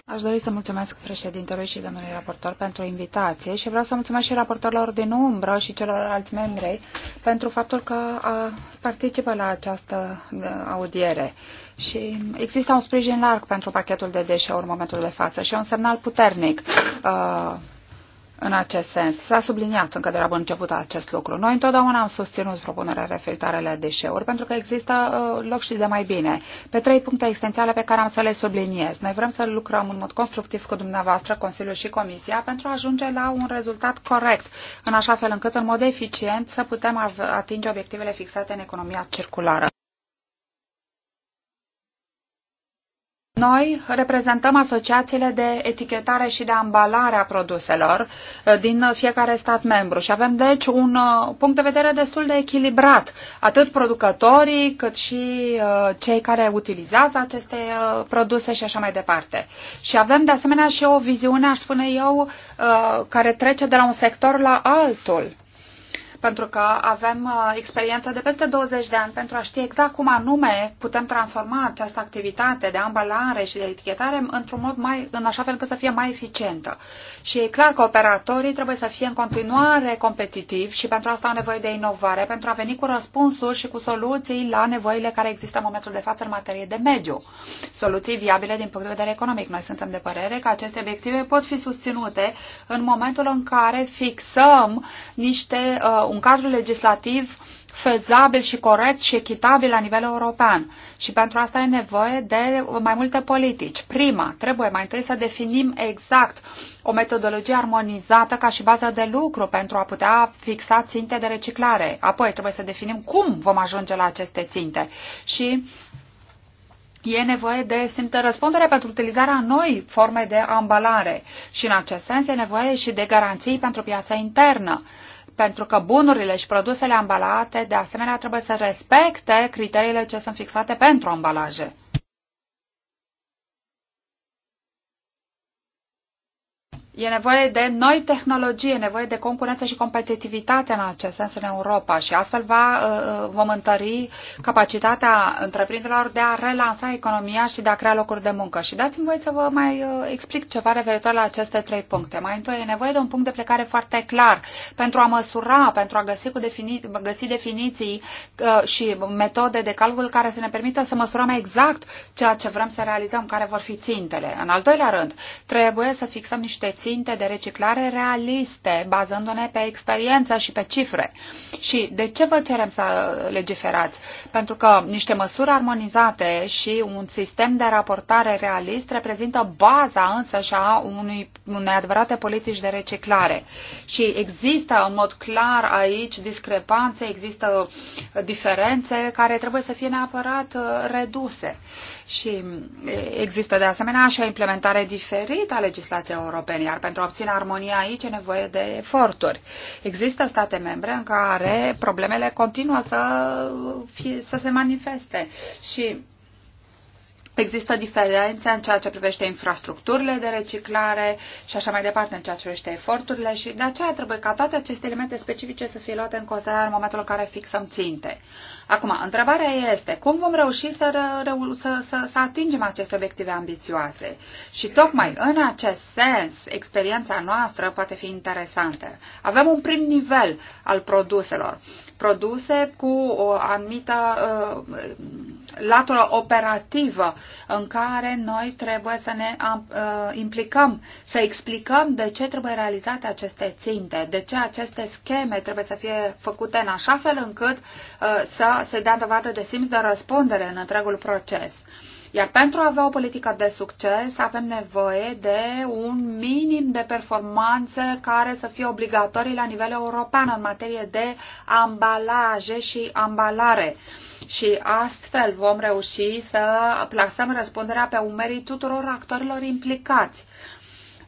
Aș dori să mulțumesc președintelui și domnului raportor pentru invitație și vreau să mulțumesc și raportorilor din umbră și celorlalți membri pentru faptul că participă la această uh, audiere. Și există un sprijin larg pentru pachetul de deșeuri în momentul de față și un semnal puternic uh, în acest sens. S-a subliniat încă de la bun început acest lucru. Noi întotdeauna am susținut propunerea referitoare la deșeuri pentru că există uh, loc și de mai bine. Pe trei puncte esențiale pe care am să le subliniez. Noi vrem să lucrăm în mod constructiv cu dumneavoastră, Consiliul și Comisia pentru a ajunge la un rezultat corect, în așa fel încât în mod eficient să putem atinge obiectivele fixate în economia circulară. Noi reprezentăm asociațiile de etichetare și de ambalare a produselor uh, din fiecare stat membru și avem deci un uh, punct de vedere destul de echilibrat, atât producătorii cât și uh, cei care utilizează aceste produse și așa mai departe. Și avem de asemenea și o viziune, aș spune eu, care trece de la un sector la altul pentru că avem uh, experiență de peste 20 de ani pentru a ști exact cum anume putem transforma această activitate de ambalare și de etichetare într-un mod mai, în așa fel încât să fie mai eficientă. Și e clar că operatorii trebuie să fie în continuare competitivi și pentru asta au nevoie de inovare, pentru a veni cu răspunsuri și cu soluții la nevoile care există în momentul de față în materie de mediu. Soluții viabile din punct de vedere economic. Noi suntem de părere că aceste obiective pot fi susținute în momentul în care fixăm niște uh, un cadru legislativ fezabil și corect și echitabil la nivel european. Și pentru asta e nevoie de mai multe politici. Prima, trebuie mai întâi să definim exact o metodologie armonizată ca și bază de lucru pentru a putea fixa ținte de reciclare. Apoi trebuie să definim cum vom ajunge la aceste ținte. Și E nevoie de simtă răspundere pentru utilizarea noi forme de ambalare și în acest sens e nevoie și de garanții pentru piața internă pentru că bunurile și produsele ambalate, de asemenea, trebuie să respecte criteriile ce sunt fixate pentru ambalaje. E nevoie de noi tehnologii, e nevoie de concurență și competitivitate în acest sens în Europa și astfel va, uh, uh, vom întări capacitatea întreprinderilor de a relansa economia și de a crea locuri de muncă. Și dați-mi voie să vă mai uh, explic ceva referitor la aceste trei puncte. Mai întâi, e nevoie de un punct de plecare foarte clar pentru a măsura, pentru a găsi, cu defini, găsi definiții și metode de calcul care să ne permită să măsurăm exact ceea ce vrem să realizăm, care vor fi țintele. În al doilea rând, trebuie să fixăm niște ținte de reciclare realiste, bazându-ne pe experiență și pe cifre. Și de ce vă cerem să legiferați? Pentru că niște măsuri armonizate și un sistem de raportare realist reprezintă baza însă și a unui, unei adevărate politici de reciclare. Și există în mod clar aici discrepanțe, există diferențe care trebuie să fie neapărat uh, reduse. Și există de asemenea și o implementare diferită a legislației europene, iar pentru a obține armonia aici e nevoie de eforturi. Există state membre în care problemele continuă să, fie, să se manifeste și Există diferențe în ceea ce privește infrastructurile de reciclare și așa mai departe în ceea ce privește eforturile și de aceea trebuie ca toate aceste elemente specifice să fie luate în considerare în momentul în care fixăm ținte. Acum, întrebarea este cum vom reuși să, să, să, să atingem aceste obiective ambițioase și tocmai în acest sens experiența noastră poate fi interesantă. Avem un prim nivel al produselor, produse cu o anumită uh, latură operativă în care noi trebuie să ne uh, implicăm, să explicăm de ce trebuie realizate aceste ținte, de ce aceste scheme trebuie să fie făcute în așa fel încât uh, să se dea dovadă de simț de răspundere în întregul proces. Iar pentru a avea o politică de succes, avem nevoie de un minim de performanțe care să fie obligatorii la nivel european în materie de ambalaje și ambalare. Și astfel vom reuși să plasăm răspunderea pe umerii tuturor actorilor implicați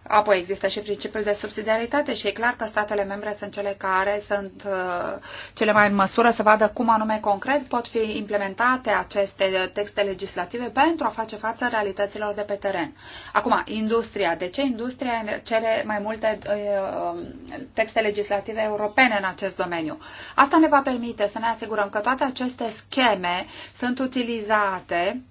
Apoi există și principiul de subsidiaritate și e clar că statele membre sunt cele care sunt uh, cele mai în măsură să vadă cum anume concret pot fi implementate aceste texte legislative pentru a face față realităților de pe teren. Acum, industria. De ce industria cele mai multe uh, um, texte legislative europene în acest domeniu? Asta ne va permite să ne asigurăm că toate aceste scheme sunt utilizate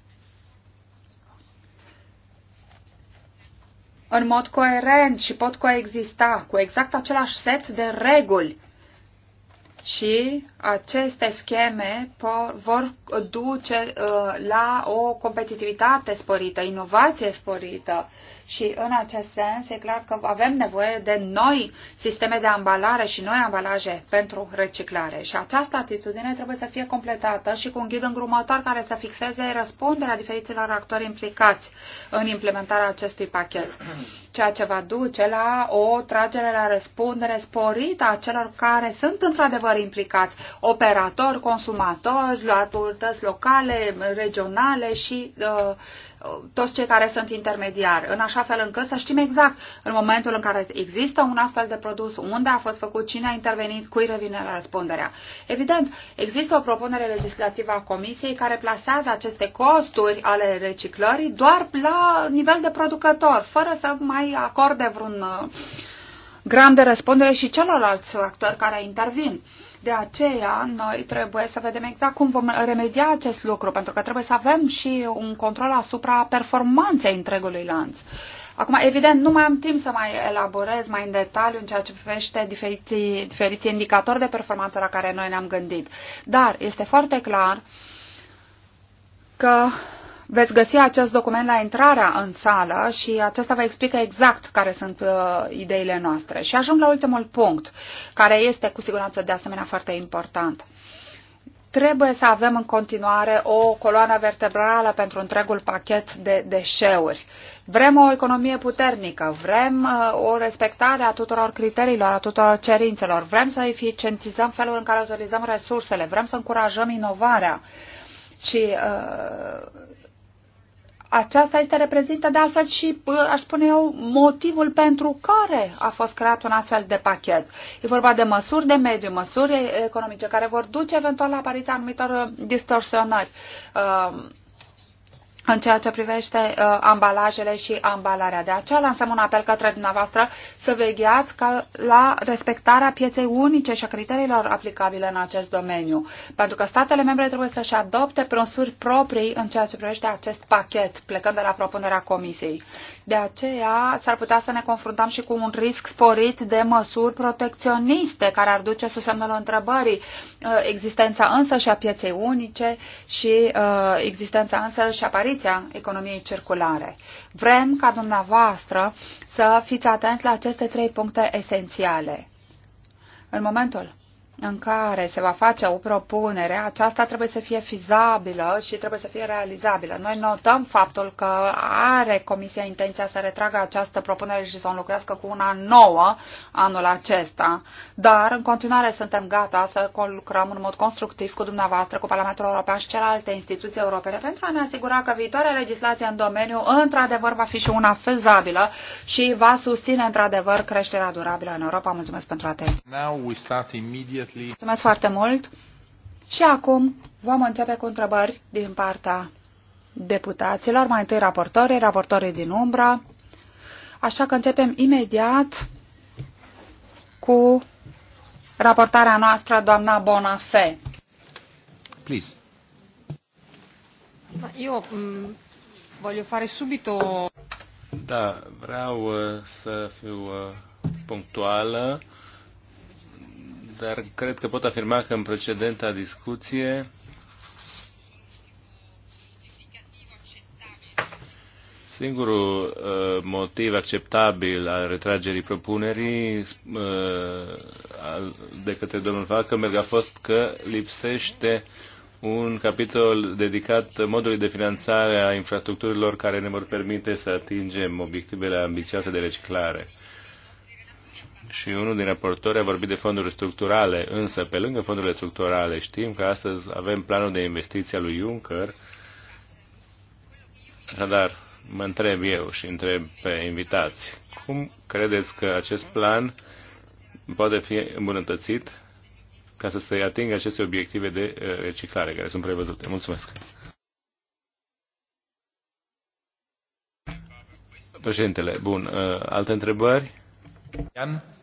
în mod coerent și pot coexista cu exact același set de reguli. Și aceste scheme vor duce uh, la o competitivitate sporită, inovație sporită, și în acest sens e clar că avem nevoie de noi sisteme de ambalare și noi ambalaje pentru reciclare și această atitudine trebuie să fie completată și cu un ghid îngrumător care să fixeze răspunderea diferiților actori implicați în implementarea acestui pachet, ceea ce va duce la o tragere la răspundere sporită a celor care sunt într-adevăr implicați, operatori, consumatori, autorități locale, regionale și uh, toți cei care sunt intermediari, în așa fel încât să știm exact în momentul în care există un astfel de produs, unde a fost făcut, cine a intervenit, cui revine la răspunderea. Evident, există o propunere legislativă a Comisiei care plasează aceste costuri ale reciclării doar la nivel de producător, fără să mai acorde vreun uh, gram de răspundere și celorlalți actori care intervin. Uh, de aceea, noi trebuie să vedem exact cum vom remedia acest lucru, pentru că trebuie să avem și un control asupra performanței întregului lanț. Acum, evident, nu mai am timp să mai elaborez mai în detaliu în ceea ce privește diferiții, diferiții indicatori de performanță la care noi ne-am gândit. Dar este foarte clar că Veți găsi acest document la intrarea în sală și acesta vă explică exact care sunt uh, ideile noastre. Și ajung la ultimul punct, care este cu siguranță de asemenea foarte important. Trebuie să avem în continuare o coloană vertebrală pentru întregul pachet de deșeuri. Vrem o economie puternică, vrem uh, o respectare a tuturor criteriilor, a tuturor cerințelor, vrem să eficientizăm felul în care utilizăm resursele, vrem să încurajăm inovarea și uh, aceasta este reprezintă de altfel și, uh, aș spune eu, motivul pentru care a fost creat un astfel de pachet. E vorba de măsuri de mediu, măsuri economice care vor duce eventual la apariția anumitor distorsionări. Uh, în ceea ce privește uh, ambalajele și ambalarea. De aceea lansăm un apel către dumneavoastră să vegheați ca la respectarea pieței unice și a criteriilor aplicabile în acest domeniu, pentru că statele membre trebuie să-și adopte măsuri proprii în ceea ce privește acest pachet, plecând de la propunerea Comisiei. De aceea s-ar putea să ne confruntăm și cu un risc sporit de măsuri protecționiste care ar duce sub semnul întrebării uh, existența însă și a pieței unice și uh, existența însă și a Paris definiția economiei circulare. Vrem ca dumneavoastră să fiți atenți la aceste trei puncte esențiale. În momentul în care se va face o propunere, aceasta trebuie să fie fizabilă și trebuie să fie realizabilă. Noi notăm faptul că are Comisia intenția să retragă această propunere și să o înlocuiască cu una nouă anul acesta, dar în continuare suntem gata să lucrăm în mod constructiv cu dumneavoastră, cu Parlamentul European și celelalte instituții europene pentru a ne asigura că viitoarea legislație în domeniu într-adevăr va fi și una fizabilă și va susține într-adevăr creșterea durabilă în Europa. Mulțumesc pentru atenție. Mulțumesc foarte mult. Și acum vom începe cu întrebări din partea deputaților, mai întâi raportorii, raportorii din umbra. Așa că începem imediat cu raportarea noastră, doamna Bonafé. Please. Eu mm, voglio fare subito... Da, vreau uh, să fiu uh, punctuală. Uh, dar cred că pot afirma că în precedenta discuție Singurul uh, motiv acceptabil al retragerii propunerii uh, de către domnul Falkenberg a fost că lipsește un capitol dedicat modului de finanțare a infrastructurilor care ne vor permite să atingem obiectivele ambițioase de reciclare și unul din raportori a vorbit de fonduri structurale, însă pe lângă fondurile structurale știm că astăzi avem planul de investiție al lui Juncker. dar mă întreb eu și întreb pe invitați, cum credeți că acest plan poate fi îmbunătățit ca să se atingă aceste obiective de uh, reciclare care sunt prevăzute? Mulțumesc! Președintele, bun, uh, alte întrebări? Ian?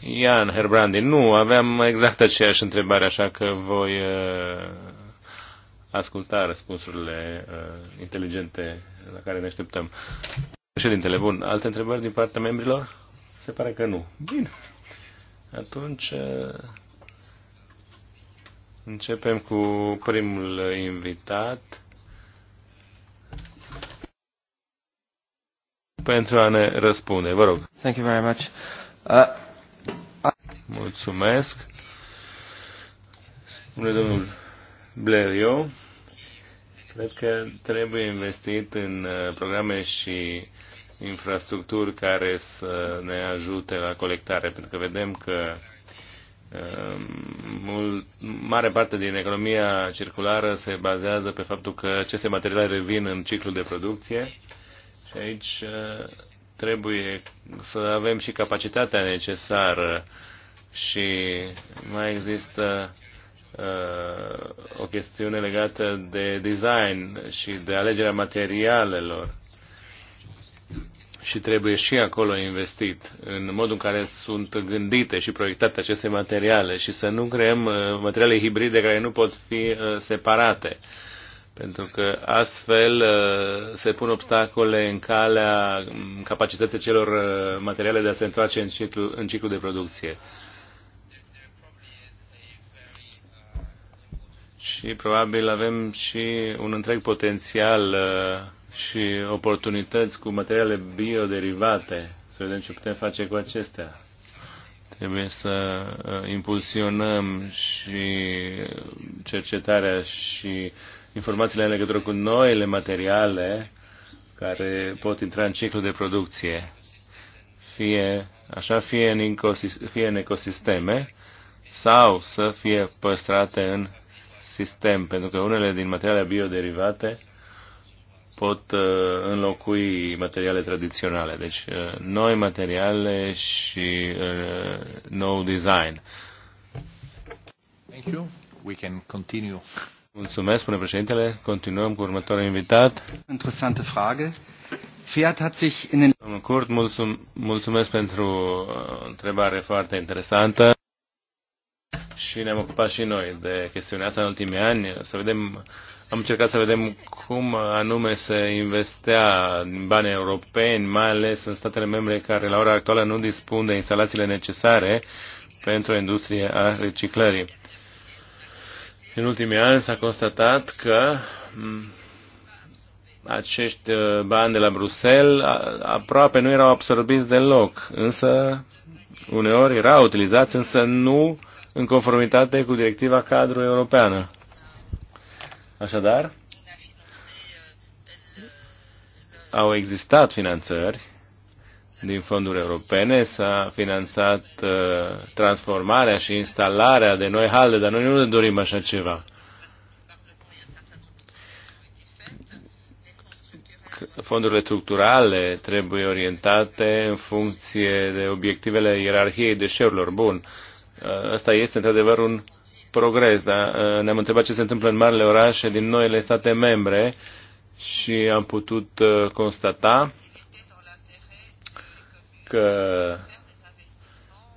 Ian Herbrandi, nu, aveam exact aceeași întrebare, așa că voi uh, asculta răspunsurile uh, inteligente la care ne așteptăm. Președintele, bun, alte întrebări din partea membrilor? Se pare că nu. Bine. Atunci uh, începem cu primul invitat pentru a ne răspunde. Vă rog. Thank you very much. Uh, I... Mulțumesc. Spune domnul Blerio. Cred că trebuie investit în uh, programe și infrastructuri care să ne ajute la colectare, pentru că vedem că um, mult, mare parte din economia circulară se bazează pe faptul că aceste materiale revin în ciclul de producție și aici uh, trebuie să avem și capacitatea necesară și mai există uh, o chestiune legată de design și de alegerea materialelor și trebuie și acolo investit în modul în care sunt gândite și proiectate aceste materiale și să nu creăm uh, materiale hibride care nu pot fi uh, separate. Uh, pentru că astfel uh, se pun obstacole în calea mm, capacității celor uh, materiale de a se întoarce în ciclu, în ciclu de producție. Și probabil avem și un întreg potențial uh, și oportunități cu materiale bioderivate. Să vedem ce putem face cu acestea trebuie să impulsionăm și cercetarea și informațiile în legătură cu noile materiale care pot intra în ciclu de producție, fie așa, fie în, ecosisteme, fie în ecosisteme, sau să fie păstrate în sistem, pentru că unele din materiale bioderivate pot uh, înlocui materiale tradiționale. Deci, uh, noi materiale și uh, nou design. Thank you. We can continue. Mulțumesc, spune președintele. Continuăm cu următorul invitat. Interesantă frage. Fiat hat sich in den... Domnul Curt, mulțum, mulțumesc pentru o uh, întrebare foarte interesantă. Și ne-am ocupat și noi de chestiunea asta în ultimii ani. Să vedem, am încercat să vedem cum anume se investea din bani europeni, mai ales în statele membre care la ora actuală nu dispun de instalațiile necesare pentru industria a reciclării. În ultimii ani s-a constatat că acești uh, bani de la Bruxelles aproape nu erau absorbiți deloc, însă uneori erau utilizați, însă nu în conformitate cu directiva cadru europeană. Așadar, au existat finanțări din fonduri europene, s-a finanțat uh, transformarea și instalarea de noi halde, dar noi nu ne dorim așa ceva. fondurile structurale trebuie orientate în funcție de obiectivele ierarhiei deșeurilor. Bun, ăsta uh, este într-adevăr un progres, dar uh, ne-am întrebat ce se întâmplă în marile orașe din noile state membre și am putut constata că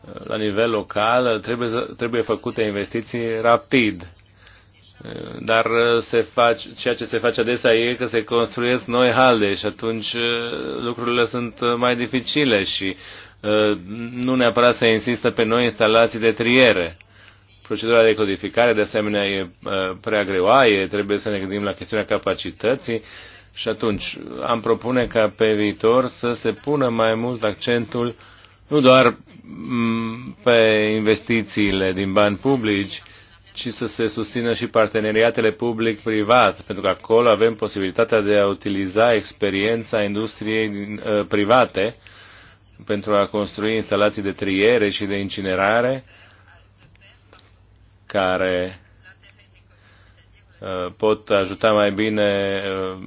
uh, la nivel local uh, trebuie, trebuie făcute investiții rapid. Uh, dar se face, ceea ce se face adesea e că se construiesc noi halde și atunci lucrurile sunt mai dificile și nu neapărat se insistă pe noi instalații de triere. Procedura de codificare, de asemenea, e prea greoaie, trebuie să ne gândim la chestiunea capacității și atunci am propune ca pe viitor să se pună mai mult accentul nu doar pe investițiile din bani publici, ci să se susțină și parteneriatele public-privat, pentru că acolo avem posibilitatea de a utiliza experiența industriei ă, private pentru a construi instalații de triere și de incinerare care ă, pot ajuta mai bine ă,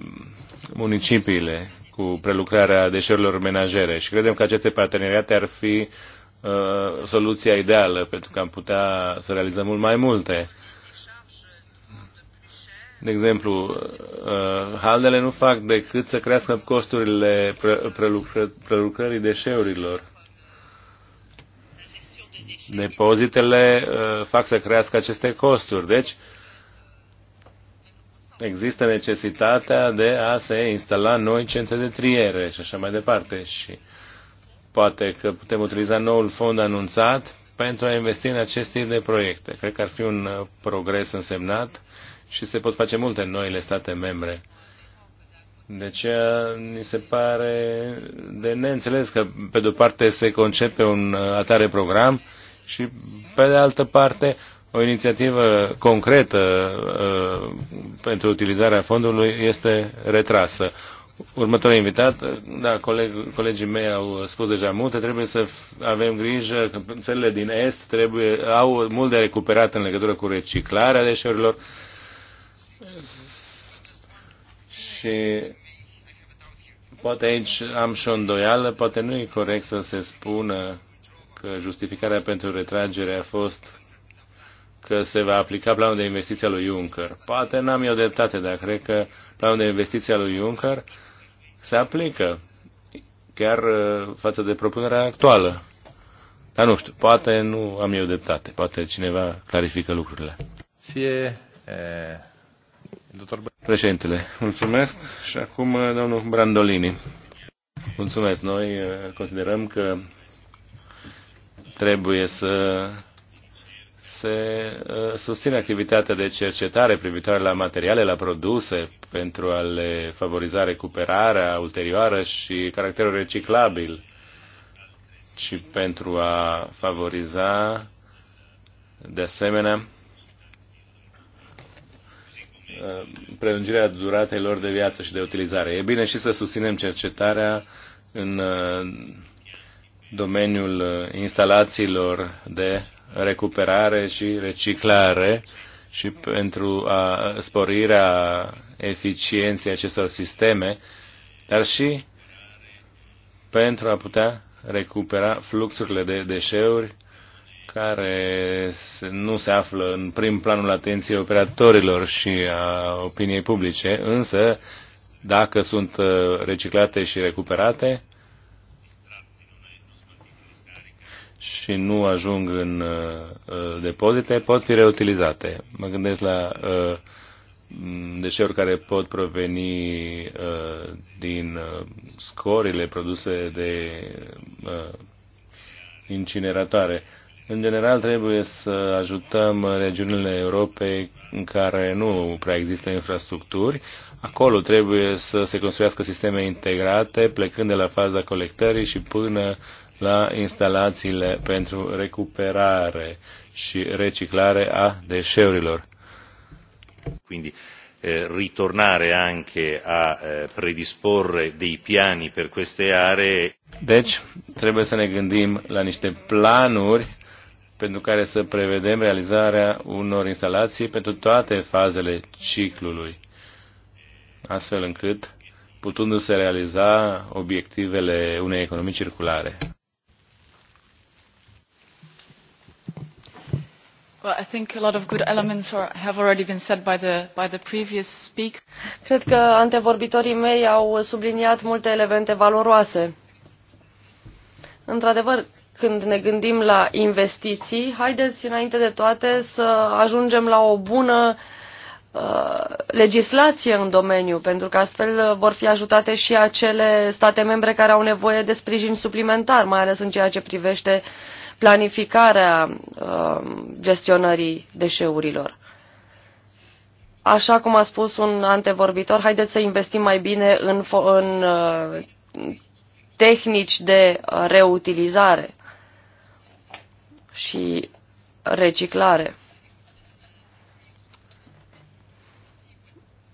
municipiile cu prelucrarea deșeurilor menajere și credem că aceste parteneriate ar fi uh, soluția ideală pentru că am putea să realizăm mult mai multe. De exemplu, uh, haldele nu fac decât să crească costurile prelucrării deșeurilor. Depozitele uh, fac să crească aceste costuri. Deci, există necesitatea de a se instala noi centre de triere și așa mai departe. Și poate că putem utiliza noul fond anunțat pentru a investi în acest tip de proiecte. Cred că ar fi un uh, progres însemnat și se pot face multe în noile state membre. De aceea mi se pare de neînțeles că pe de-o parte se concepe un uh, atare program și pe de altă parte o inițiativă concretă uh, pentru utilizarea fondului este retrasă. Următorul invitat, da, coleg, colegii mei au spus deja multe, trebuie să avem grijă că țările din Est trebuie, au mult de recuperat în legătură cu reciclarea deșeurilor și poate aici am și o îndoială, poate nu e corect să se spună că justificarea pentru retragere a fost că se va aplica planul de investiție al lui Juncker. Poate n-am eu dreptate, dar cred că planul de investiție al lui Juncker se aplică chiar uh, față de propunerea actuală. Dar nu știu, poate nu am eu dreptate, poate cineva clarifică lucrurile. Ție, e, eh, doctor... Președintele, mulțumesc și acum uh, domnul Brandolini. Mulțumesc, noi uh, considerăm că trebuie să se uh, susține activitatea de cercetare privitoare la materiale, la produse, pentru a le favoriza recuperarea ulterioară și caracterul reciclabil și pentru a favoriza, de asemenea, uh, prelungirea duratei lor de viață și de utilizare. E bine și să susținem cercetarea în uh, domeniul instalațiilor de recuperare și reciclare și pentru a sporirea eficienței acestor sisteme, dar și pentru a putea recupera fluxurile de deșeuri care nu se află în prim planul atenției operatorilor și a opiniei publice, însă dacă sunt uh, reciclate și recuperate, și nu ajung în uh, uh, depozite pot fi reutilizate. Mă gândesc la uh, deșeuri care pot proveni uh, din uh, scorile produse de uh, incineratoare. În general, trebuie să ajutăm regiunile Europei în care nu prea există infrastructuri. Acolo trebuie să se construiască sisteme integrate, plecând de la faza colectării și până la instalațiile pentru recuperare și reciclare a deșeurilor. Quindi eh, ritornare anche a eh, predisporre dei piani per queste aree. Deci, trebuie să ne gândim la niște planuri pentru care să prevedem realizarea unor instalații pentru toate fazele ciclului, astfel încât putându-se realiza obiectivele unei economii circulare. Cred că antevorbitorii mei au subliniat multe elemente valoroase. Într-adevăr, când ne gândim la investiții, haideți înainte de toate să ajungem la o bună uh, legislație în domeniu, pentru că astfel vor fi ajutate și acele state membre care au nevoie de sprijin suplimentar, mai ales în ceea ce privește uh, planificarea uh, gestionării deșeurilor. Așa cum a spus un antevorbitor, haideți să investim mai bine în, în uh, tehnici de reutilizare și reciclare.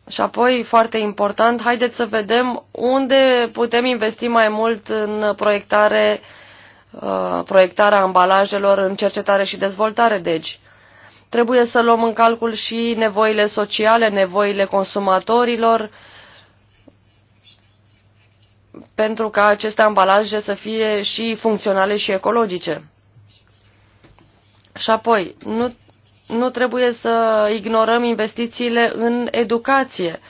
Și apoi, foarte important, haideți să vedem unde putem investi mai mult în proiectare uh, Uh, proiectarea ambalajelor în cercetare și dezvoltare, deci. Trebuie să luăm în calcul și nevoile sociale, nevoile consumatorilor, pentru ca aceste ambalaje să fie și funcționale și ecologice. Și apoi, nu, nu trebuie să ignorăm investițiile în educație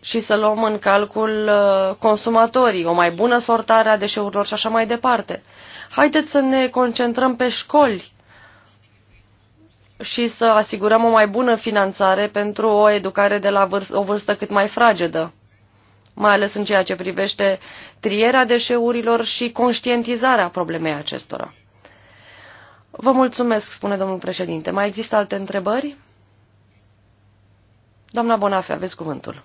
și să luăm în calcul uh, consumatorii, o mai bună sortare a deșeurilor și așa mai departe. Haideți să ne concentrăm pe școli și să asigurăm o mai bună finanțare pentru o educare de la vârst, o vârstă cât mai fragedă, mai ales în ceea ce privește trierea deșeurilor și conștientizarea problemei acestora. Vă mulțumesc, spune domnul președinte. Mai există alte întrebări? Doamna Bonafe, aveți cuvântul.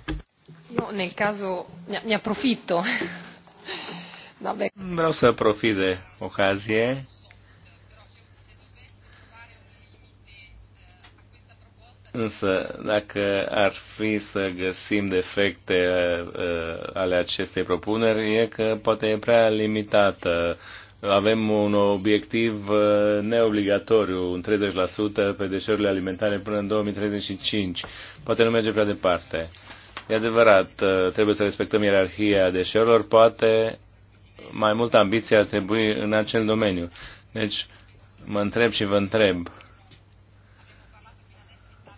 Eu, nel caso, ne aprofitto. Vreau să profit de ocazie. Însă, dacă ar fi să găsim defecte uh, uh, ale acestei propuneri, e că poate e prea limitată. Avem un obiectiv uh, neobligatoriu, un 30% pe deșeurile alimentare până în 2035. Poate nu merge prea departe. E adevărat, uh, trebuie să respectăm ierarhia deșeurilor, poate mai multă ambiție ar trebui în acel domeniu. Deci, mă întreb și vă întreb.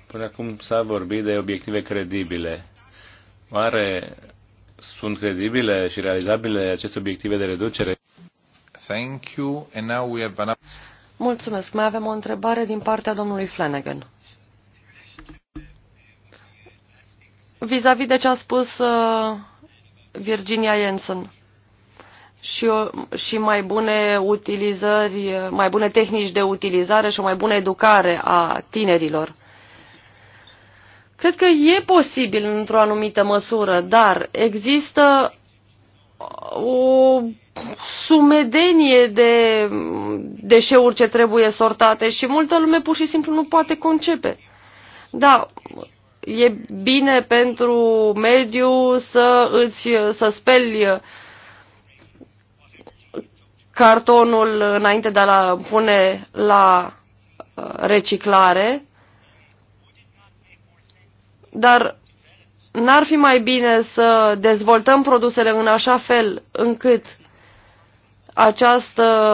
Până acum s-a vorbit de obiective credibile. Oare sunt credibile și realizabile aceste obiective de reducere? Thank you. And now we have an... Mulțumesc. Mai avem o întrebare din partea domnului Flanagan. vis-a-vis -vis de ce a spus uh, Virginia Jensen și, o, și mai bune utilizări, mai bune tehnici de utilizare și o mai bună educare a tinerilor. Cred că e posibil într-o anumită măsură, dar există o sumedenie de deșeuri ce trebuie sortate și multă lume pur și simplu nu poate concepe. Da, e bine pentru mediu să îți să speli cartonul înainte de a-l pune la uh, reciclare, dar n-ar fi mai bine să dezvoltăm produsele în așa fel încât această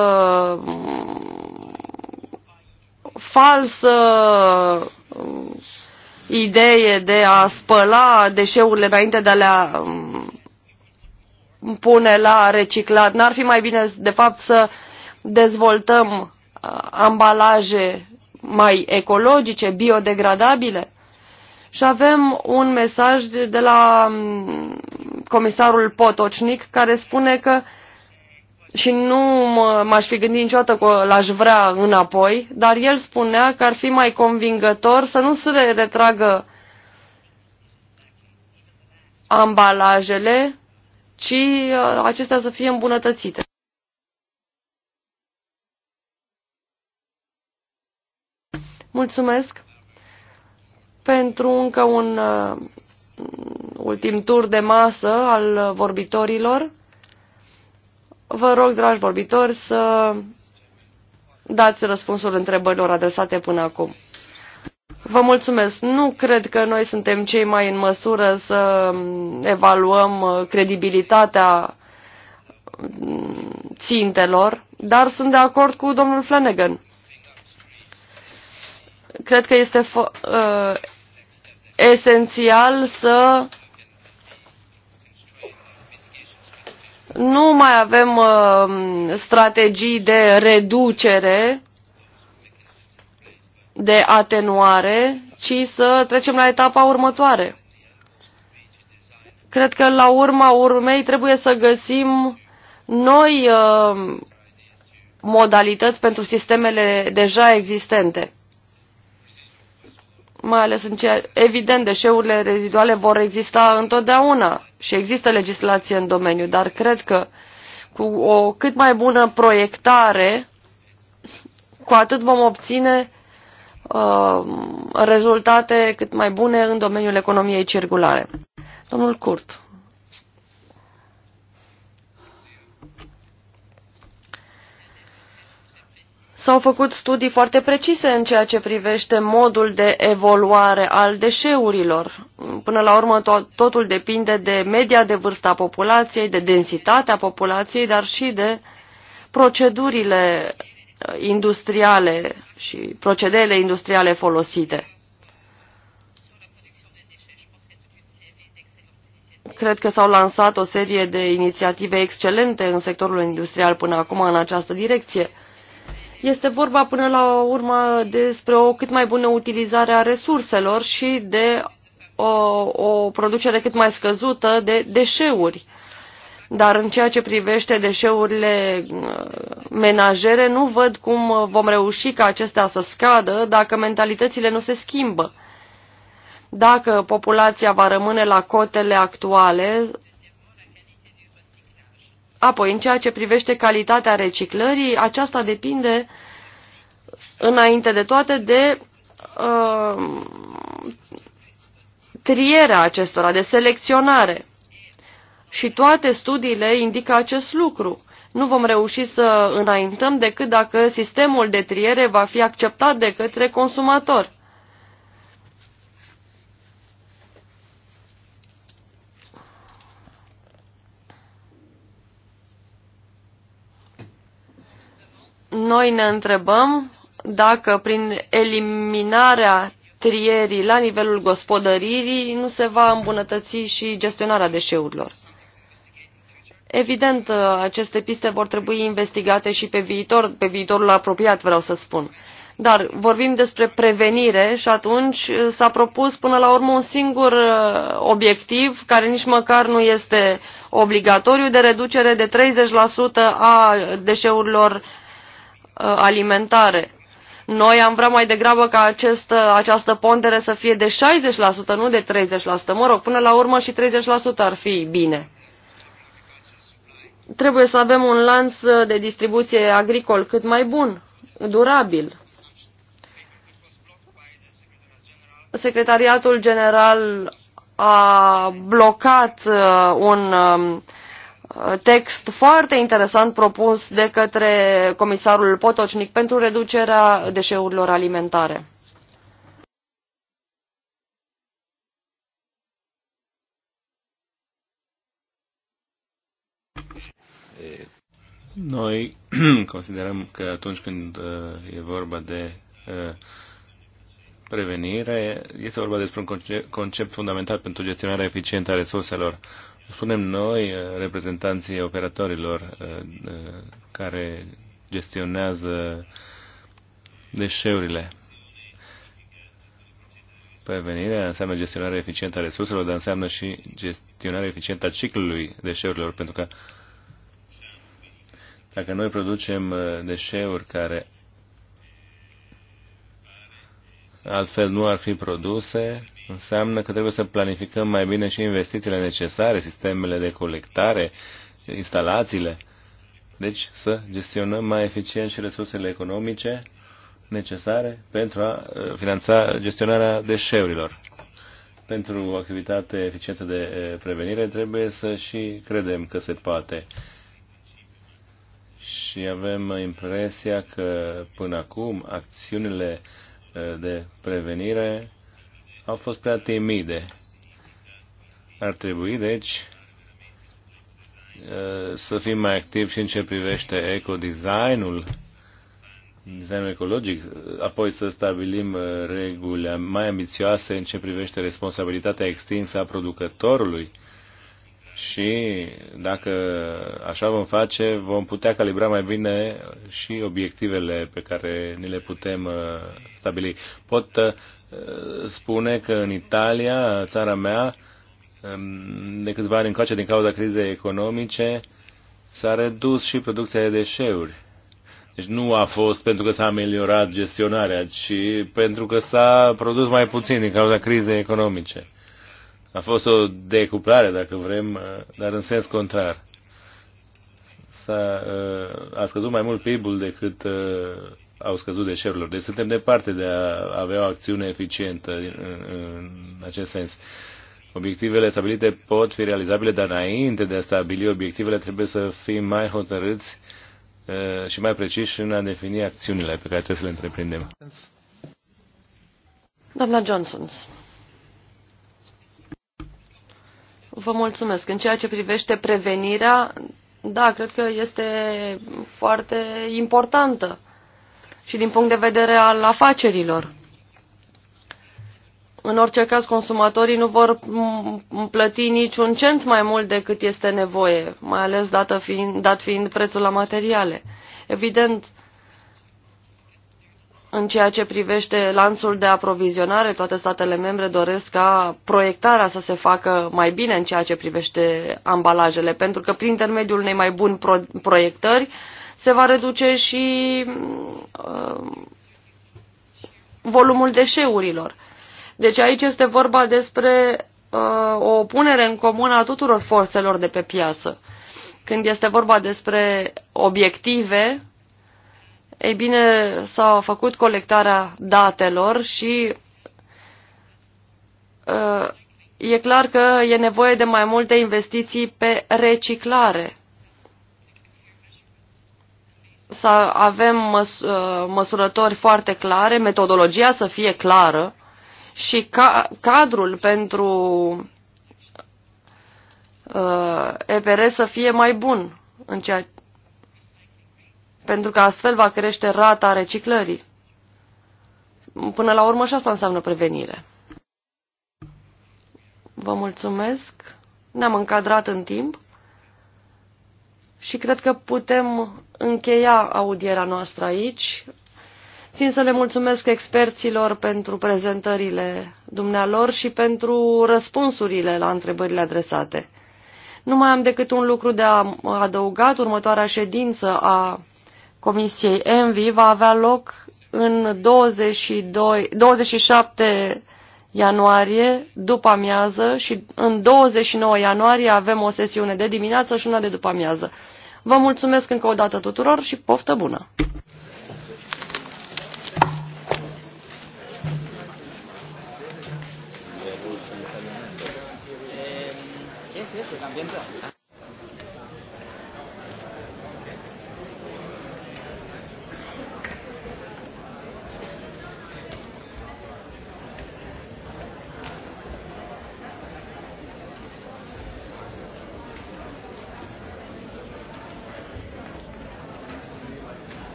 mm, falsă mm, idee de a spăla deșeurile înainte de a le um, pune la reciclat. N-ar fi mai bine, de fapt, să dezvoltăm uh, ambalaje mai ecologice, biodegradabile? Și avem un mesaj de la um, comisarul Potocnic care spune că uh, și nu m-aș fi gândit niciodată că l-aș vrea înapoi, dar el spunea că ar fi mai convingător să nu se retragă ambalajele, ci uh, acestea să fie îmbunătățite. Mulțumesc pentru încă un uh, ultim tur de masă al vorbitorilor. Vă rog, dragi vorbitori, să dați răspunsul întrebărilor adresate până acum. Vă mulțumesc. Nu cred că noi suntem cei mai în măsură să evaluăm credibilitatea țintelor, dar sunt de acord cu domnul Flanagan. Cred că este uh, esențial să nu mai avem uh, strategii de reducere, de atenuare, ci să trecem la etapa următoare. Cred că la urma urmei trebuie să găsim noi uh, modalități pentru sistemele deja existente mai ales în ceea, evident, deșeurile reziduale vor exista întotdeauna și există legislație în domeniu, dar cred că cu o cât mai bună proiectare, cu atât vom obține uh, rezultate cât mai bune în domeniul economiei circulare. Domnul Curt. S-au făcut studii foarte precise în ceea ce privește modul de evoluare al deșeurilor. Până la urmă to totul depinde de media de vârstă a populației, de densitatea populației, dar și de procedurile uh, industriale și procedele industriale folosite. Cred că s-au lansat o serie de inițiative excelente în sectorul industrial până acum în această direcție este vorba până la urmă despre o cât mai bună utilizare a resurselor și de o, o producere cât mai scăzută de deșeuri. Dar în ceea ce privește deșeurile uh, menajere, nu văd cum vom reuși ca acestea să scadă dacă mentalitățile nu se schimbă. Dacă populația va rămâne la cotele actuale Apoi, în ceea ce privește calitatea reciclării, aceasta depinde înainte de toate de uh, trierea acestora, de selecționare. Și toate studiile indică acest lucru. Nu vom reuși să înaintăm decât dacă sistemul de triere va fi acceptat de către consumator. Noi ne întrebăm dacă prin eliminarea trierii la nivelul gospodăririi nu se va îmbunătăți și gestionarea deșeurilor. Evident, aceste piste vor trebui investigate și pe viitor, pe viitorul apropiat, vreau să spun. Dar vorbim despre prevenire și atunci s-a propus până la urmă un singur uh, obiectiv, care nici măcar nu este obligatoriu, de reducere de 30% a deșeurilor Uh, alimentare. Noi am vrea mai degrabă ca acest, uh, această pondere să fie de 60%, nu de 30%. Mă rog, până la urmă și 30% ar fi bine. Trebuie să avem un lanț uh, de distribuție agricol cât mai bun, durabil. Secretariatul General a blocat un um, text foarte interesant propus de către comisarul Potocnic pentru reducerea deșeurilor alimentare. Noi considerăm că atunci când uh, e vorba de uh, prevenire, este vorba despre un concept fundamental pentru gestionarea eficientă a resurselor spunem noi, eh, reprezentanții operatorilor eh, eh, care gestionează deșeurile. Prevenirea înseamnă gestionarea eficientă a resurselor, dar înseamnă și gestionarea eficientă a ciclului deșeurilor, pentru că dacă noi producem deșeuri care altfel nu ar fi produse, înseamnă că trebuie să planificăm mai bine și investițiile necesare, sistemele de colectare, instalațiile. Deci să gestionăm mai eficient și resursele economice necesare pentru a uh, finanța gestionarea deșeurilor. Pentru o activitate eficientă de uh, prevenire trebuie să și credem că se poate. Și avem impresia că până acum acțiunile uh, de prevenire au fost prea timide. Ar trebui, deci, uh, să fim mai activi și în ce privește ecodesignul, designul ecologic, apoi să stabilim uh, reguli mai ambițioase în ce privește responsabilitatea extinsă a producătorului și dacă așa vom face, vom putea calibra mai bine și obiectivele pe care ni le putem uh, stabili. Pot spune că în Italia, țara mea, de câțiva ani încoace din cauza crizei economice, s-a redus și producția de deșeuri. Deci nu a fost pentru că s-a ameliorat gestionarea, ci pentru că s-a produs mai puțin din cauza crizei economice. A fost o decuplare, dacă vrem, dar în sens contrar. S-a, uh, a scăzut mai mult PIB-ul decât uh, au scăzut deșeurilor. Deci suntem departe de a avea o acțiune eficientă în acest sens. Obiectivele stabilite pot fi realizabile, dar înainte de a stabili obiectivele trebuie să fim mai hotărâți uh, și mai preciși în a defini acțiunile pe care trebuie să le întreprindem. Doamna Johnson. Vă mulțumesc. În ceea ce privește prevenirea, da, cred că este foarte importantă și din punct de vedere al afacerilor. În orice caz, consumatorii nu vor plăti niciun cent mai mult decât este nevoie, mai ales dată fiind, dat fiind prețul la materiale. Evident, în ceea ce privește lanțul de aprovizionare, toate statele membre doresc ca proiectarea să se facă mai bine în ceea ce privește ambalajele, pentru că prin intermediul unei mai buni pro proiectări, uh, se va reduce și uh, volumul deșeurilor. Deci aici este vorba despre uh, o punere în comun a tuturor forțelor de pe piață. Când este vorba despre obiective, ei bine, s-a făcut colectarea datelor și uh, e clar că e nevoie de mai multe investiții pe reciclare să avem măs uh, măsurători foarte clare, metodologia să fie clară și ca cadrul pentru uh, EPR să fie mai bun, în ceea... pentru că astfel va crește rata reciclării. Până la urmă și asta înseamnă prevenire. Vă mulțumesc. Ne-am încadrat în timp și cred că putem încheia audiera noastră aici. Țin să le mulțumesc experților pentru prezentările dumnealor și pentru răspunsurile la întrebările adresate. Nu mai am decât un lucru de a adăugat. Următoarea ședință a Comisiei ENVI va avea loc în 22, 27 ianuarie, după amiază și în 29 ianuarie avem o sesiune de dimineață și una de după amiază. Vă mulțumesc încă o dată tuturor și poftă bună! Eh, también está.